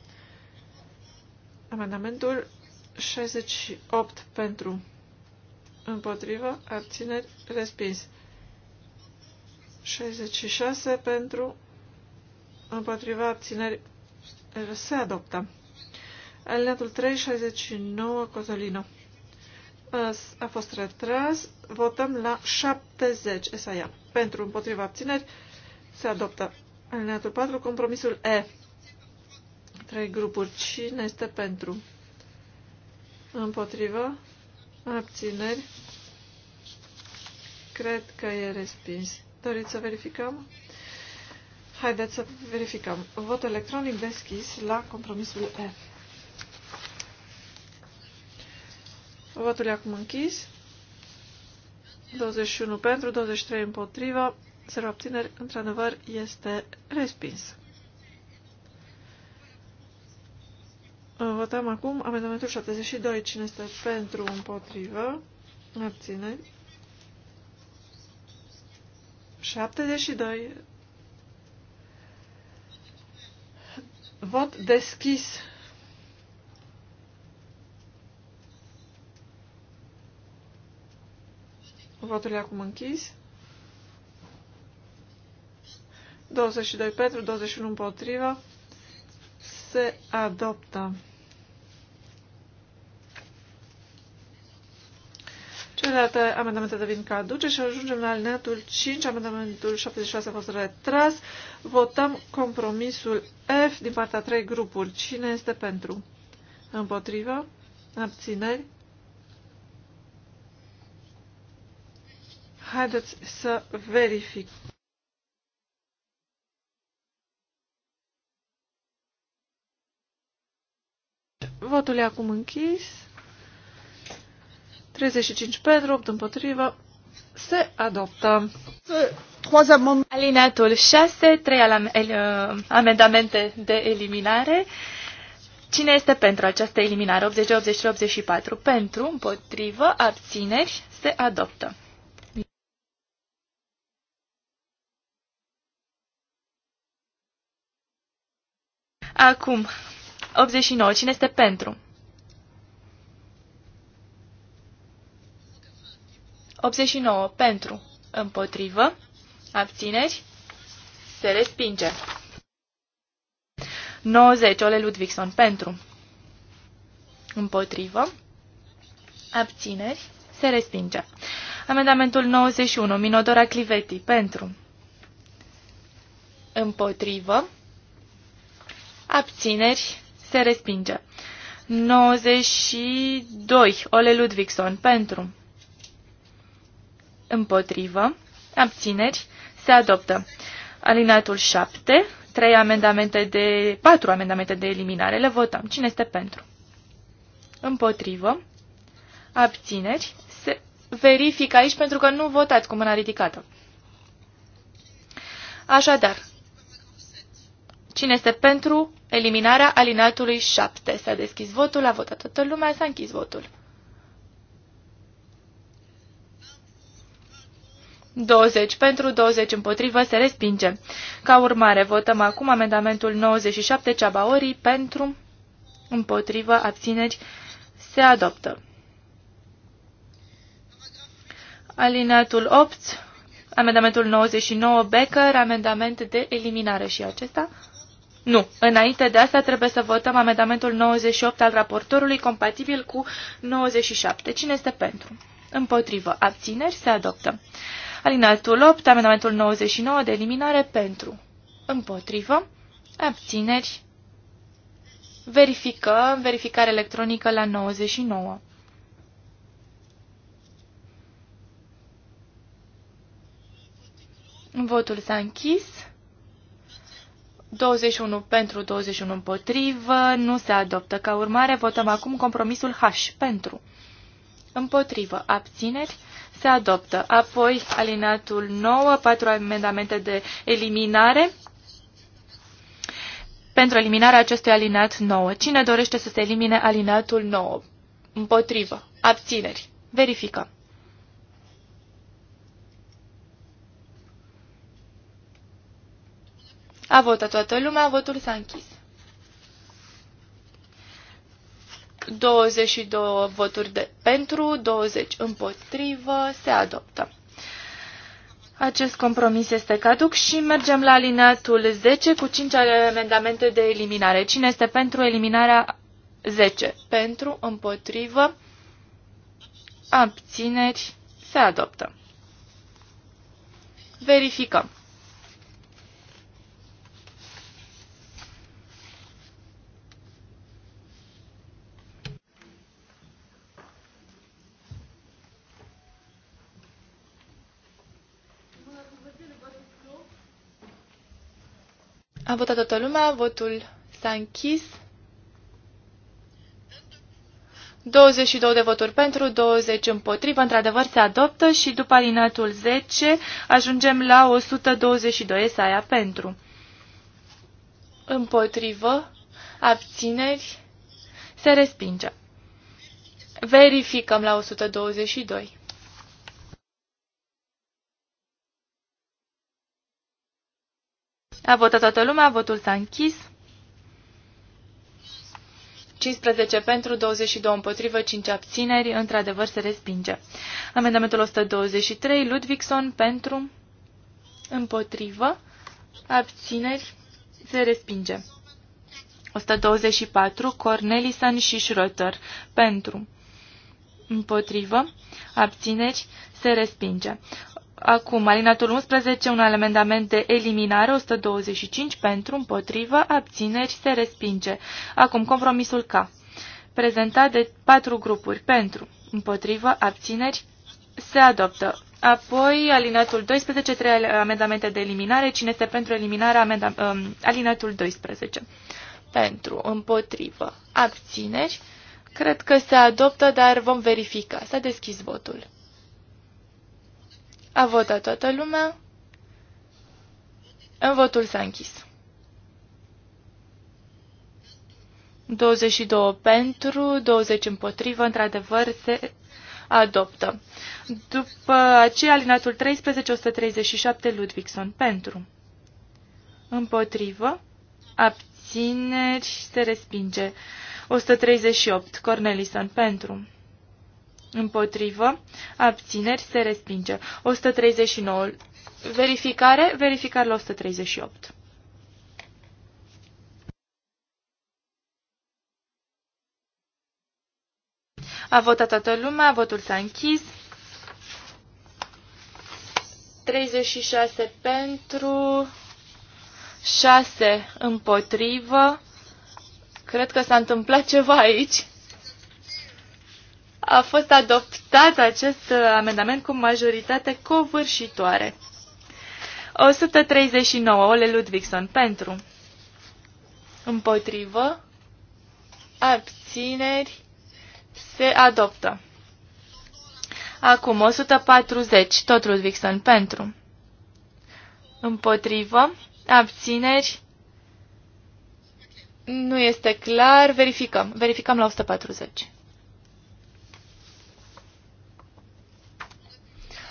Amendamentul 68 pentru împotrivă, abțineri, respins. 66 pentru împotrivă, abțineri se adoptă. Alineatul 369 Cotolino a fost retras. Votăm la 70 Esaia. Pentru împotriva abțineri se adoptă. Alineatul 4 compromisul E. Trei grupuri. Cine este pentru? Împotrivă. Abțineri. Cred că e respins. Doriți să verificăm? Haideți să verificăm. Vot electronic deschis la compromisul F. Votul e acum închis. 21 pentru, 23 împotrivă, 0 abțineri, într-adevăr, este respins. Uh, votăm acum amendamentul 72. Cine este pentru, împotrivă? Abține. 72. Vot deschis. Votul e acum închis. 22 pentru, 21 împotrivă. Se adoptă. Celelalte vin devin caduce și ajungem la alineatul 5, amendamentul 76 a fost retras. Votăm compromisul F din partea 3 grupuri. Cine este pentru? Împotrivă? Abțineri? Haideți să verific. Votul e acum închis. 35 pentru, 8 împotrivă. Se adoptă. Alineatul 6, 3 amendamente de eliminare. Cine este pentru această eliminare? 80, 80 84. Pentru, împotrivă, abțineri, se adoptă. Acum, 89. Cine este pentru? 89 pentru, împotrivă, abțineri, se respinge. 90 Ole Ludvigson pentru, împotrivă, abțineri, se respinge. Amendamentul 91 Minodora Cliveti pentru, împotrivă, abțineri, se respinge. 92 Ole Ludvigson pentru, împotrivă, abțineri, se adoptă. Alinatul 7, trei amendamente de, patru amendamente de eliminare, le votăm. Cine este pentru? Împotrivă, abțineri, se verifică aici pentru că nu votați cu mâna ridicată. Așadar, cine este pentru eliminarea alinatului 7? S-a deschis votul, a votat toată lumea, s-a închis votul. 20 pentru, 20 împotrivă, se respinge. Ca urmare, votăm acum amendamentul 97 Ceabaorii pentru, împotrivă, abțineri, se adoptă. Alineatul 8, amendamentul 99 Becker, amendament de eliminare și acesta. Nu. Înainte de asta trebuie să votăm amendamentul 98 al raportorului compatibil cu 97. Cine este pentru? Împotrivă. Abțineri se adoptă. Alinatul 8, amendamentul 99 de eliminare pentru. Împotrivă. Abțineri. Verifică Verificare electronică la 99. Votul s-a închis. 21 pentru, 21 împotrivă, nu se adoptă. Ca urmare, votăm acum compromisul H pentru. Împotrivă, abțineri, se adoptă. Apoi, alinatul 9, patru amendamente de eliminare. Pentru eliminarea acestui alinat 9. Cine dorește să se elimine alinatul 9? Împotrivă. Abțineri. Verificăm. A votat toată lumea, votul s-a închis. 22 voturi de pentru, 20 împotrivă, se adoptă. Acest compromis este caduc și mergem la alineatul 10 cu 5 amendamente de eliminare. Cine este pentru eliminarea 10? Pentru, împotrivă, abțineri, se adoptă. Verificăm. A votat toată lumea, votul s-a închis. 22 de voturi pentru, 20 împotrivă, într-adevăr se adoptă și după alinatul 10 ajungem la 122 saia pentru. Împotrivă, abțineri, se respinge. Verificăm la 122. A votat toată lumea, votul s-a închis. 15 pentru, 22 împotrivă, 5 abțineri, într-adevăr se respinge. Amendamentul 123, Ludvigson pentru, împotrivă, abțineri, se respinge. 124, Cornelison și Schröter pentru, împotrivă, abțineri, se respinge. Acum, alinatul 11, un amendament de eliminare, 125 pentru, împotrivă, abțineri, se respinge. Acum, compromisul K, prezentat de patru grupuri, pentru, împotrivă, abțineri, se adoptă. Apoi, alinatul 12, trei amendamente de eliminare, cine este pentru eliminarea um, alinatul 12. Pentru, împotrivă, abțineri, cred că se adoptă, dar vom verifica. S-a deschis votul. A votat toată lumea. În votul s-a închis. 22 pentru, 20 împotrivă, într-adevăr se adoptă. După aceea, alinatul 13, 137, Ludvigson, pentru. Împotrivă, abțineri, se respinge. 138, Cornelison, pentru. Împotrivă. Abțineri. Se respinge. 139. Verificare. Verificare la 138. A votat toată lumea, votul s-a închis. 36 pentru, 6 împotrivă. Cred că s-a întâmplat ceva aici a fost adoptat acest uh, amendament cu majoritate covârșitoare. 139. Ole Ludvigson pentru. Împotrivă. Abțineri. Se adoptă. Acum 140. Tot Ludvigson pentru. Împotrivă. Abțineri. Nu este clar. Verificăm. Verificăm la 140.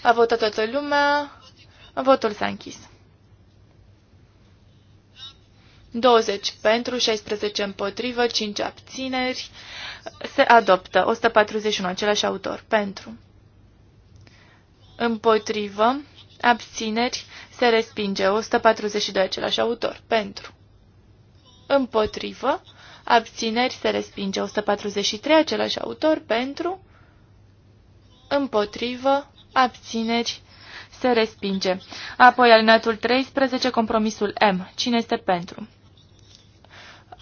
A votat toată lumea. Votul s-a închis. 20 pentru, 16 împotrivă, 5 abțineri. Se adoptă. 141, același autor. Pentru. Împotrivă, abțineri, se respinge. 142, același autor. Pentru. Împotrivă, abțineri, se respinge. 143, același autor. Pentru. Împotrivă, abțineri, se respinge. Apoi alineatul 13, compromisul M. Cine este pentru?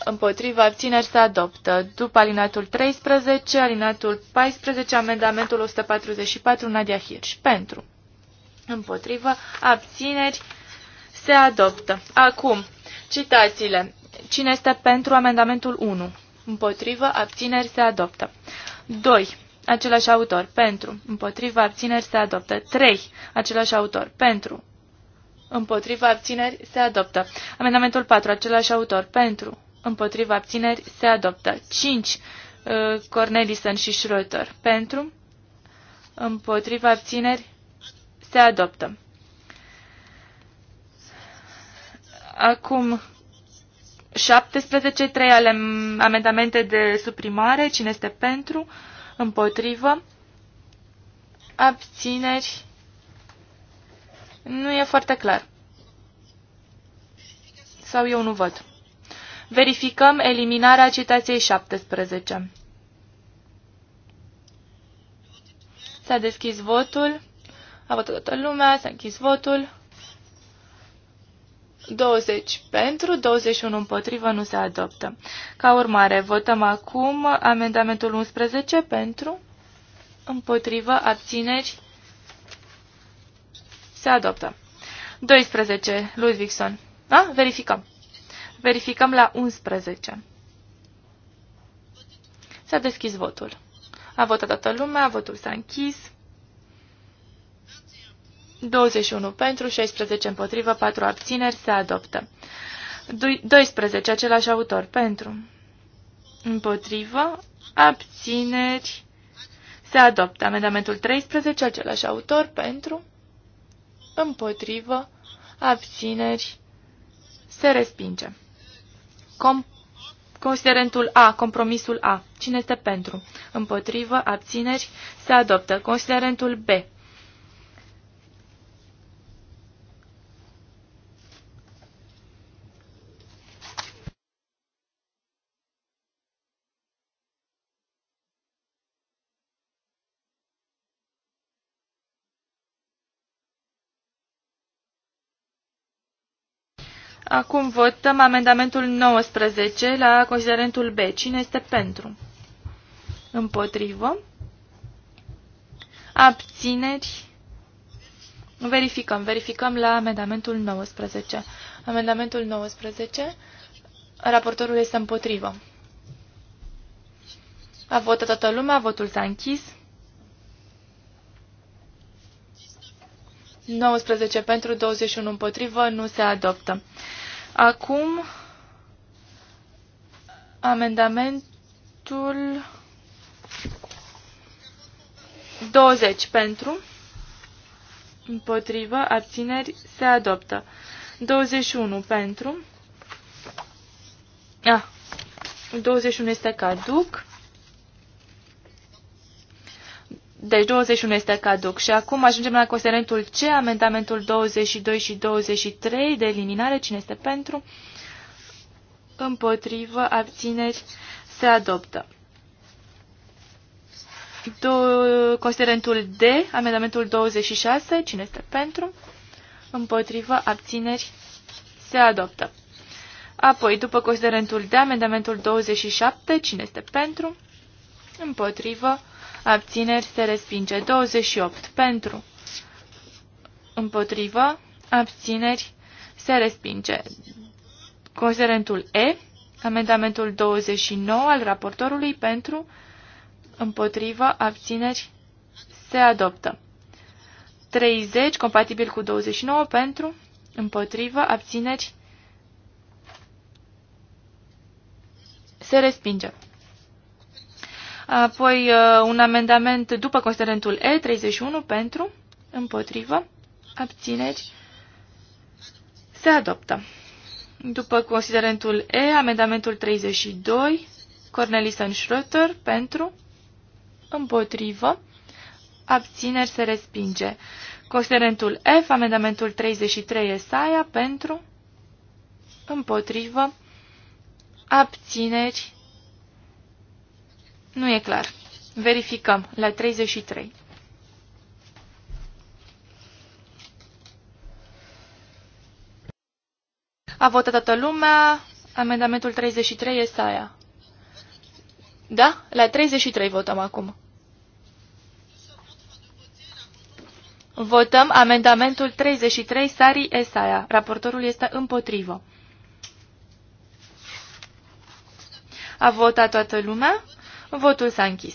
Împotriva abțineri se adoptă. După alineatul 13, alineatul 14, amendamentul 144, Nadia Hirsch. Pentru. Împotriva abțineri se adoptă. Acum, citațiile. Cine este pentru amendamentul 1? Împotrivă, abțineri se adoptă. 2 același autor, pentru, împotriva abțineri se adoptă. 3. Același autor, pentru, împotriva abțineri se adoptă. Amendamentul 4, același autor, pentru, împotriva abțineri se adoptă. 5. Uh, Cornelison și Schroeter, pentru, împotriva abțineri se adoptă. Acum 17, 3 ale amendamente de suprimare, cine este pentru, împotrivă, abțineri, nu e foarte clar. Sau eu nu văd. Verificăm eliminarea citației 17. S-a deschis votul. A votat toată lumea, s-a închis votul. 20 pentru, 21 împotrivă, nu se adoptă. Ca urmare, votăm acum amendamentul 11 pentru, împotrivă, abțineri, se adoptă. 12, Ludvigson. A? Verificăm. Verificăm la 11. S-a deschis votul. A votat toată lumea, votul s-a închis. 21 pentru, 16 împotrivă, 4 abțineri, se adoptă. 12, același autor, pentru, împotrivă, abțineri, se adoptă. Amendamentul 13, același autor, pentru, împotrivă, abțineri, se respinge. Com Considerentul A, compromisul A. Cine este pentru? Împotrivă, abțineri, se adoptă. Considerentul B, Acum votăm amendamentul 19 la considerentul B. Cine este pentru? Împotrivă. Abțineri. Verificăm. Verificăm la amendamentul 19. Amendamentul 19. Raportorul este împotrivă. A votat toată lumea, votul s-a închis. 19 pentru, 21 împotrivă, nu se adoptă. Acum, amendamentul 20 pentru, împotrivă, abțineri, se adoptă. 21 pentru, a, 21 este caduc, Deci 21 este caduc. Și acum ajungem la considerentul C, amendamentul 22 și 23 de eliminare. Cine este pentru? Împotrivă, abțineri, se adoptă. Do- considerentul D, amendamentul 26. Cine este pentru? Împotrivă, abțineri, se adoptă. Apoi, după considerentul D, amendamentul 27. Cine este pentru? Împotrivă, abțineri abțineri, se respinge. 28 pentru, împotrivă, abțineri, se respinge. Considerentul E, amendamentul 29 al raportorului pentru, împotrivă, abțineri, se adoptă. 30, compatibil cu 29, pentru, împotrivă, abțineri, se respinge. Apoi uh, un amendament după considerentul E31 pentru, împotrivă, abțineri, se adoptă. După considerentul E, amendamentul 32, Cornelison Schröter pentru, împotrivă, abțineri se respinge. Considerentul F, amendamentul 33, Esaia pentru, împotrivă, abțineri nu e clar. Verificăm la 33. A votat toată lumea. Amendamentul 33 este aia. Da? La 33 votăm acum. Votăm amendamentul 33, Sari Esaia. Raportorul este împotrivă. A votat toată lumea? Votul s-a închis.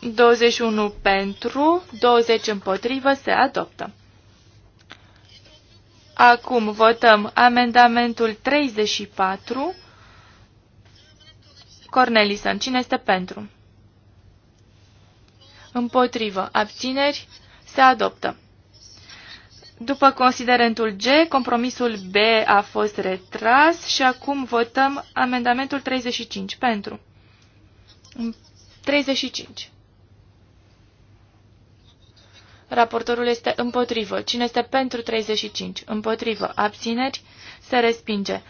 Douăzeci unu pentru, douăzeci împotrivă, se adoptă. Acum votăm amendamentul 34. Cornelison, cine este pentru? Împotrivă. Abțineri? Se adoptă. După considerentul G, compromisul B a fost retras și acum votăm amendamentul 35 pentru. 35. Raportorul este împotrivă. Cine este pentru 35? Împotrivă. Abțineri? Se respinge.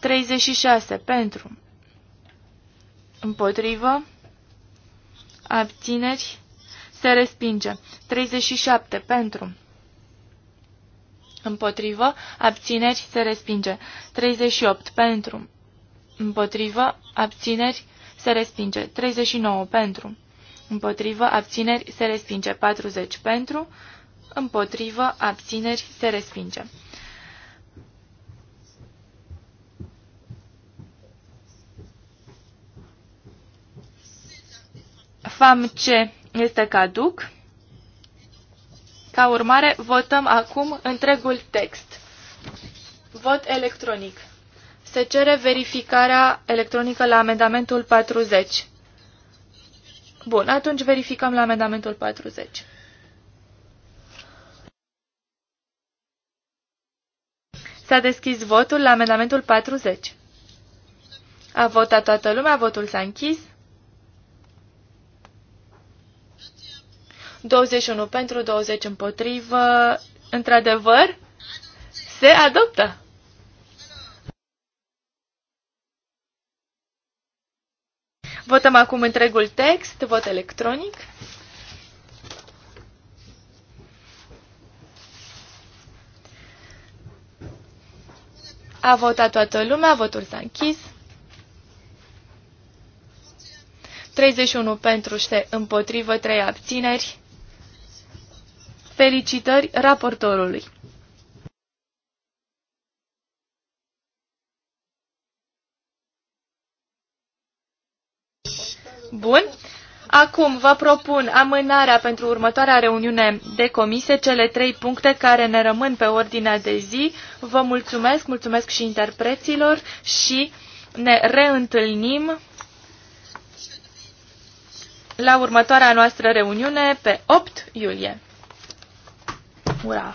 36. Pentru. Împotrivă. Abțineri? Se respinge. 37. Pentru. Împotrivă, abțineri, se respinge. 38. Pentru. Împotrivă, abțineri, se respinge. 39. Pentru. Împotrivă, abțineri, se respinge. 40. Pentru. Împotrivă, abțineri, se respinge. ce este caduc. Ca urmare, votăm acum întregul text. Vot electronic. Se cere verificarea electronică la amendamentul 40. Bun, atunci verificăm la amendamentul 40. S-a deschis votul la amendamentul 40. A votat toată lumea, votul s-a închis. 21 pentru, 20 împotrivă. Într-adevăr, se adoptă. Votăm acum întregul text, vot electronic. A votat toată lumea, votul s-a închis. 31 pentru, 3 împotrivă, 3 abțineri. Felicitări raportorului! Bun. Acum vă propun amânarea pentru următoarea reuniune de comise, cele trei puncte care ne rămân pe ordinea de zi. Vă mulțumesc, mulțumesc și interpreților și ne reîntâlnim la următoarea noastră reuniune pe 8 iulie. Ura!